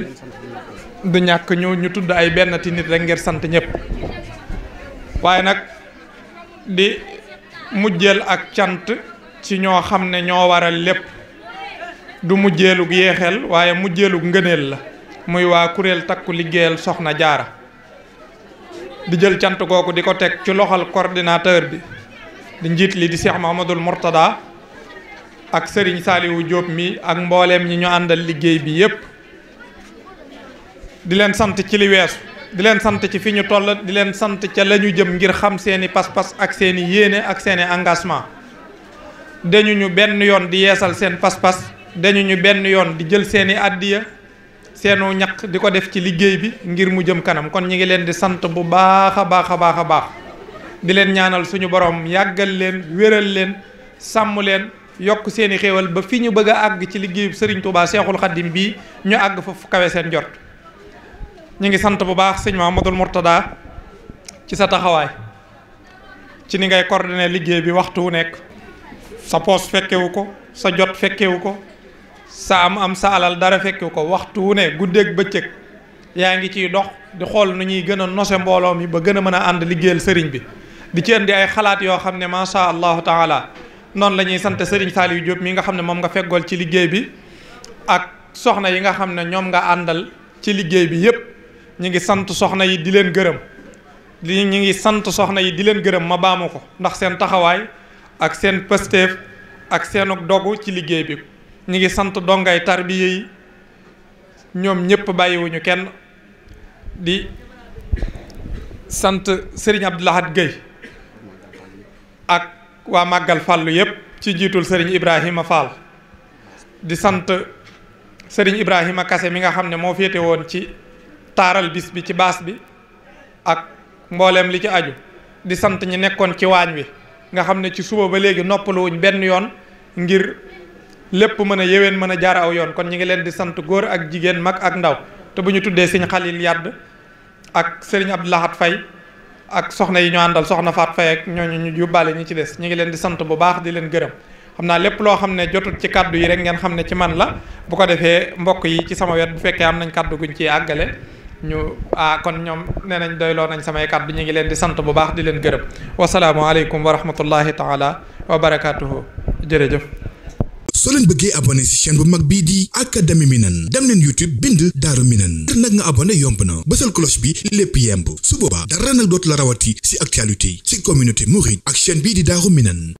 du ñàkk ñu ñu tudd ay benn ti nit rek ngir sant ñëpp waaye nag di mujjeel ak cant ci ñoo xam ne ñoo waral lépp du mujjeelug yeexeel waaye mujjeelug ngëneel la muy waa kuréel takku liggéeyal soxna jaara di jël cant kooku di ko teg ci loxal coordinateur bi di njiit li di Cheikh Mahamadul Mourtada ak sëriñ Saliou Diop mi ak mbooleem ñi ñu àndal liggéey bi yépp di leen sant ci li weesu di leen sant ci fi ñu toll di leen sant ca lañu jëm ngir xam seeni pas-pas ak seeni yéene ak seeni engagement dañu ñu benn yoon di yeesal seen pas-pas dañu ñu benn yoon di jël seeni àddiya seenu ñaq di ko def ci liggéey bi ngir mu jëm kanam kon ñu ngi leen di sant bu baax a baax a baax a baax di leen ñaanal suñu borom yàggal leen wéral leen sàmm leen yokk seeni i xéewal ba fi ñu bëgg a àgg ci liggéeyu sëriñ Touba Seexul Xaddim bii ñu àgg fa fu kawe seen jot ñu ngi sant bu baax sëñ Mamadou Mourtada ci sa taxawaay ci ni ngay coordonné liggéey bi waxtu wu nekk sa poos fekkewu ko sa jot fekkewu ko sa am am sa alal dara fekkewu ko waxtu wu ne guddeeg bëccëg yaa ngi ciy dox di xool nu ñuy gën a nose mbooloo mi ba gën a mën a ànd liggéeyal sëriñ bi di ci indi ay xalaat yoo xam ne macha allahu taala noonu la ñuy sant Serigne Saliou Diop mi nga xam ne moom nga feggool ci liggéey bi ak soxna yi nga xam ne ñoom nga àndal ci liggéey bi yépp ñu ngi sant soxna yi di leen gërëm li ñu ngi sant soxna yi di leen gërëm ma baamu ko ndax seen taxawaay ak seen pësteef ak seenug dogu ci liggéey bi ñu ngi sant dongay tarbiye yi ñoom ñëpp bàyyiwuñu kenn di sant Serigne Abdoulahad Gueye ak waa màggal fàllu yépp ci jiitul sëriñ Ibrahima Fall di sant sëriñ Ibrahima Kase mi nga xam ne moo féete woon ci taaral bis bi ci baas bi ak mbooleem li ci aju di sant ñi nekkoon ci waañ wi nga xam ne ci suba ba léegi noppaluwuñ benn yoon ngir lépp mën a yeween mën a jaar aw yoon kon ñi ngi leen di sant góor ak jigéen mag ak ndaw te bu ñu tuddee sëñ Xalil Yàdd ak sëriñ Abdoulahat Fay ak soxna yi ñu àndal soxna Faat Faye ak ñooñu ñu yóbbaale ñi ci des ñu ngi leen di sant bu baax di leen gërëm xam naa lépp loo xam ne jotut ci kàddu yi rek ngeen xam ne ci man la bu ko defee mbokk yi ci sama wet bu fekkee am nañ kàddu guñ ci àggale ñu ah kon ñoom nee nañ doyloo nañ samay kàddu ñu ngi leen di sant bu baax di leen gërëm wasalaamualeykum wa rahmatullahi taala wa barakaatuhu jërëjëf soo leen bëggee abone ci chaîne bu mag bii di académie Minane dem leen YouTube bind Daaru Minane ngir nag nga abonné yomb na bësal cloche bi lépp yemb su boobaa dara nag dootu la rawati si actualité ci communauté mouride ak chaîne bii di Daaru Minane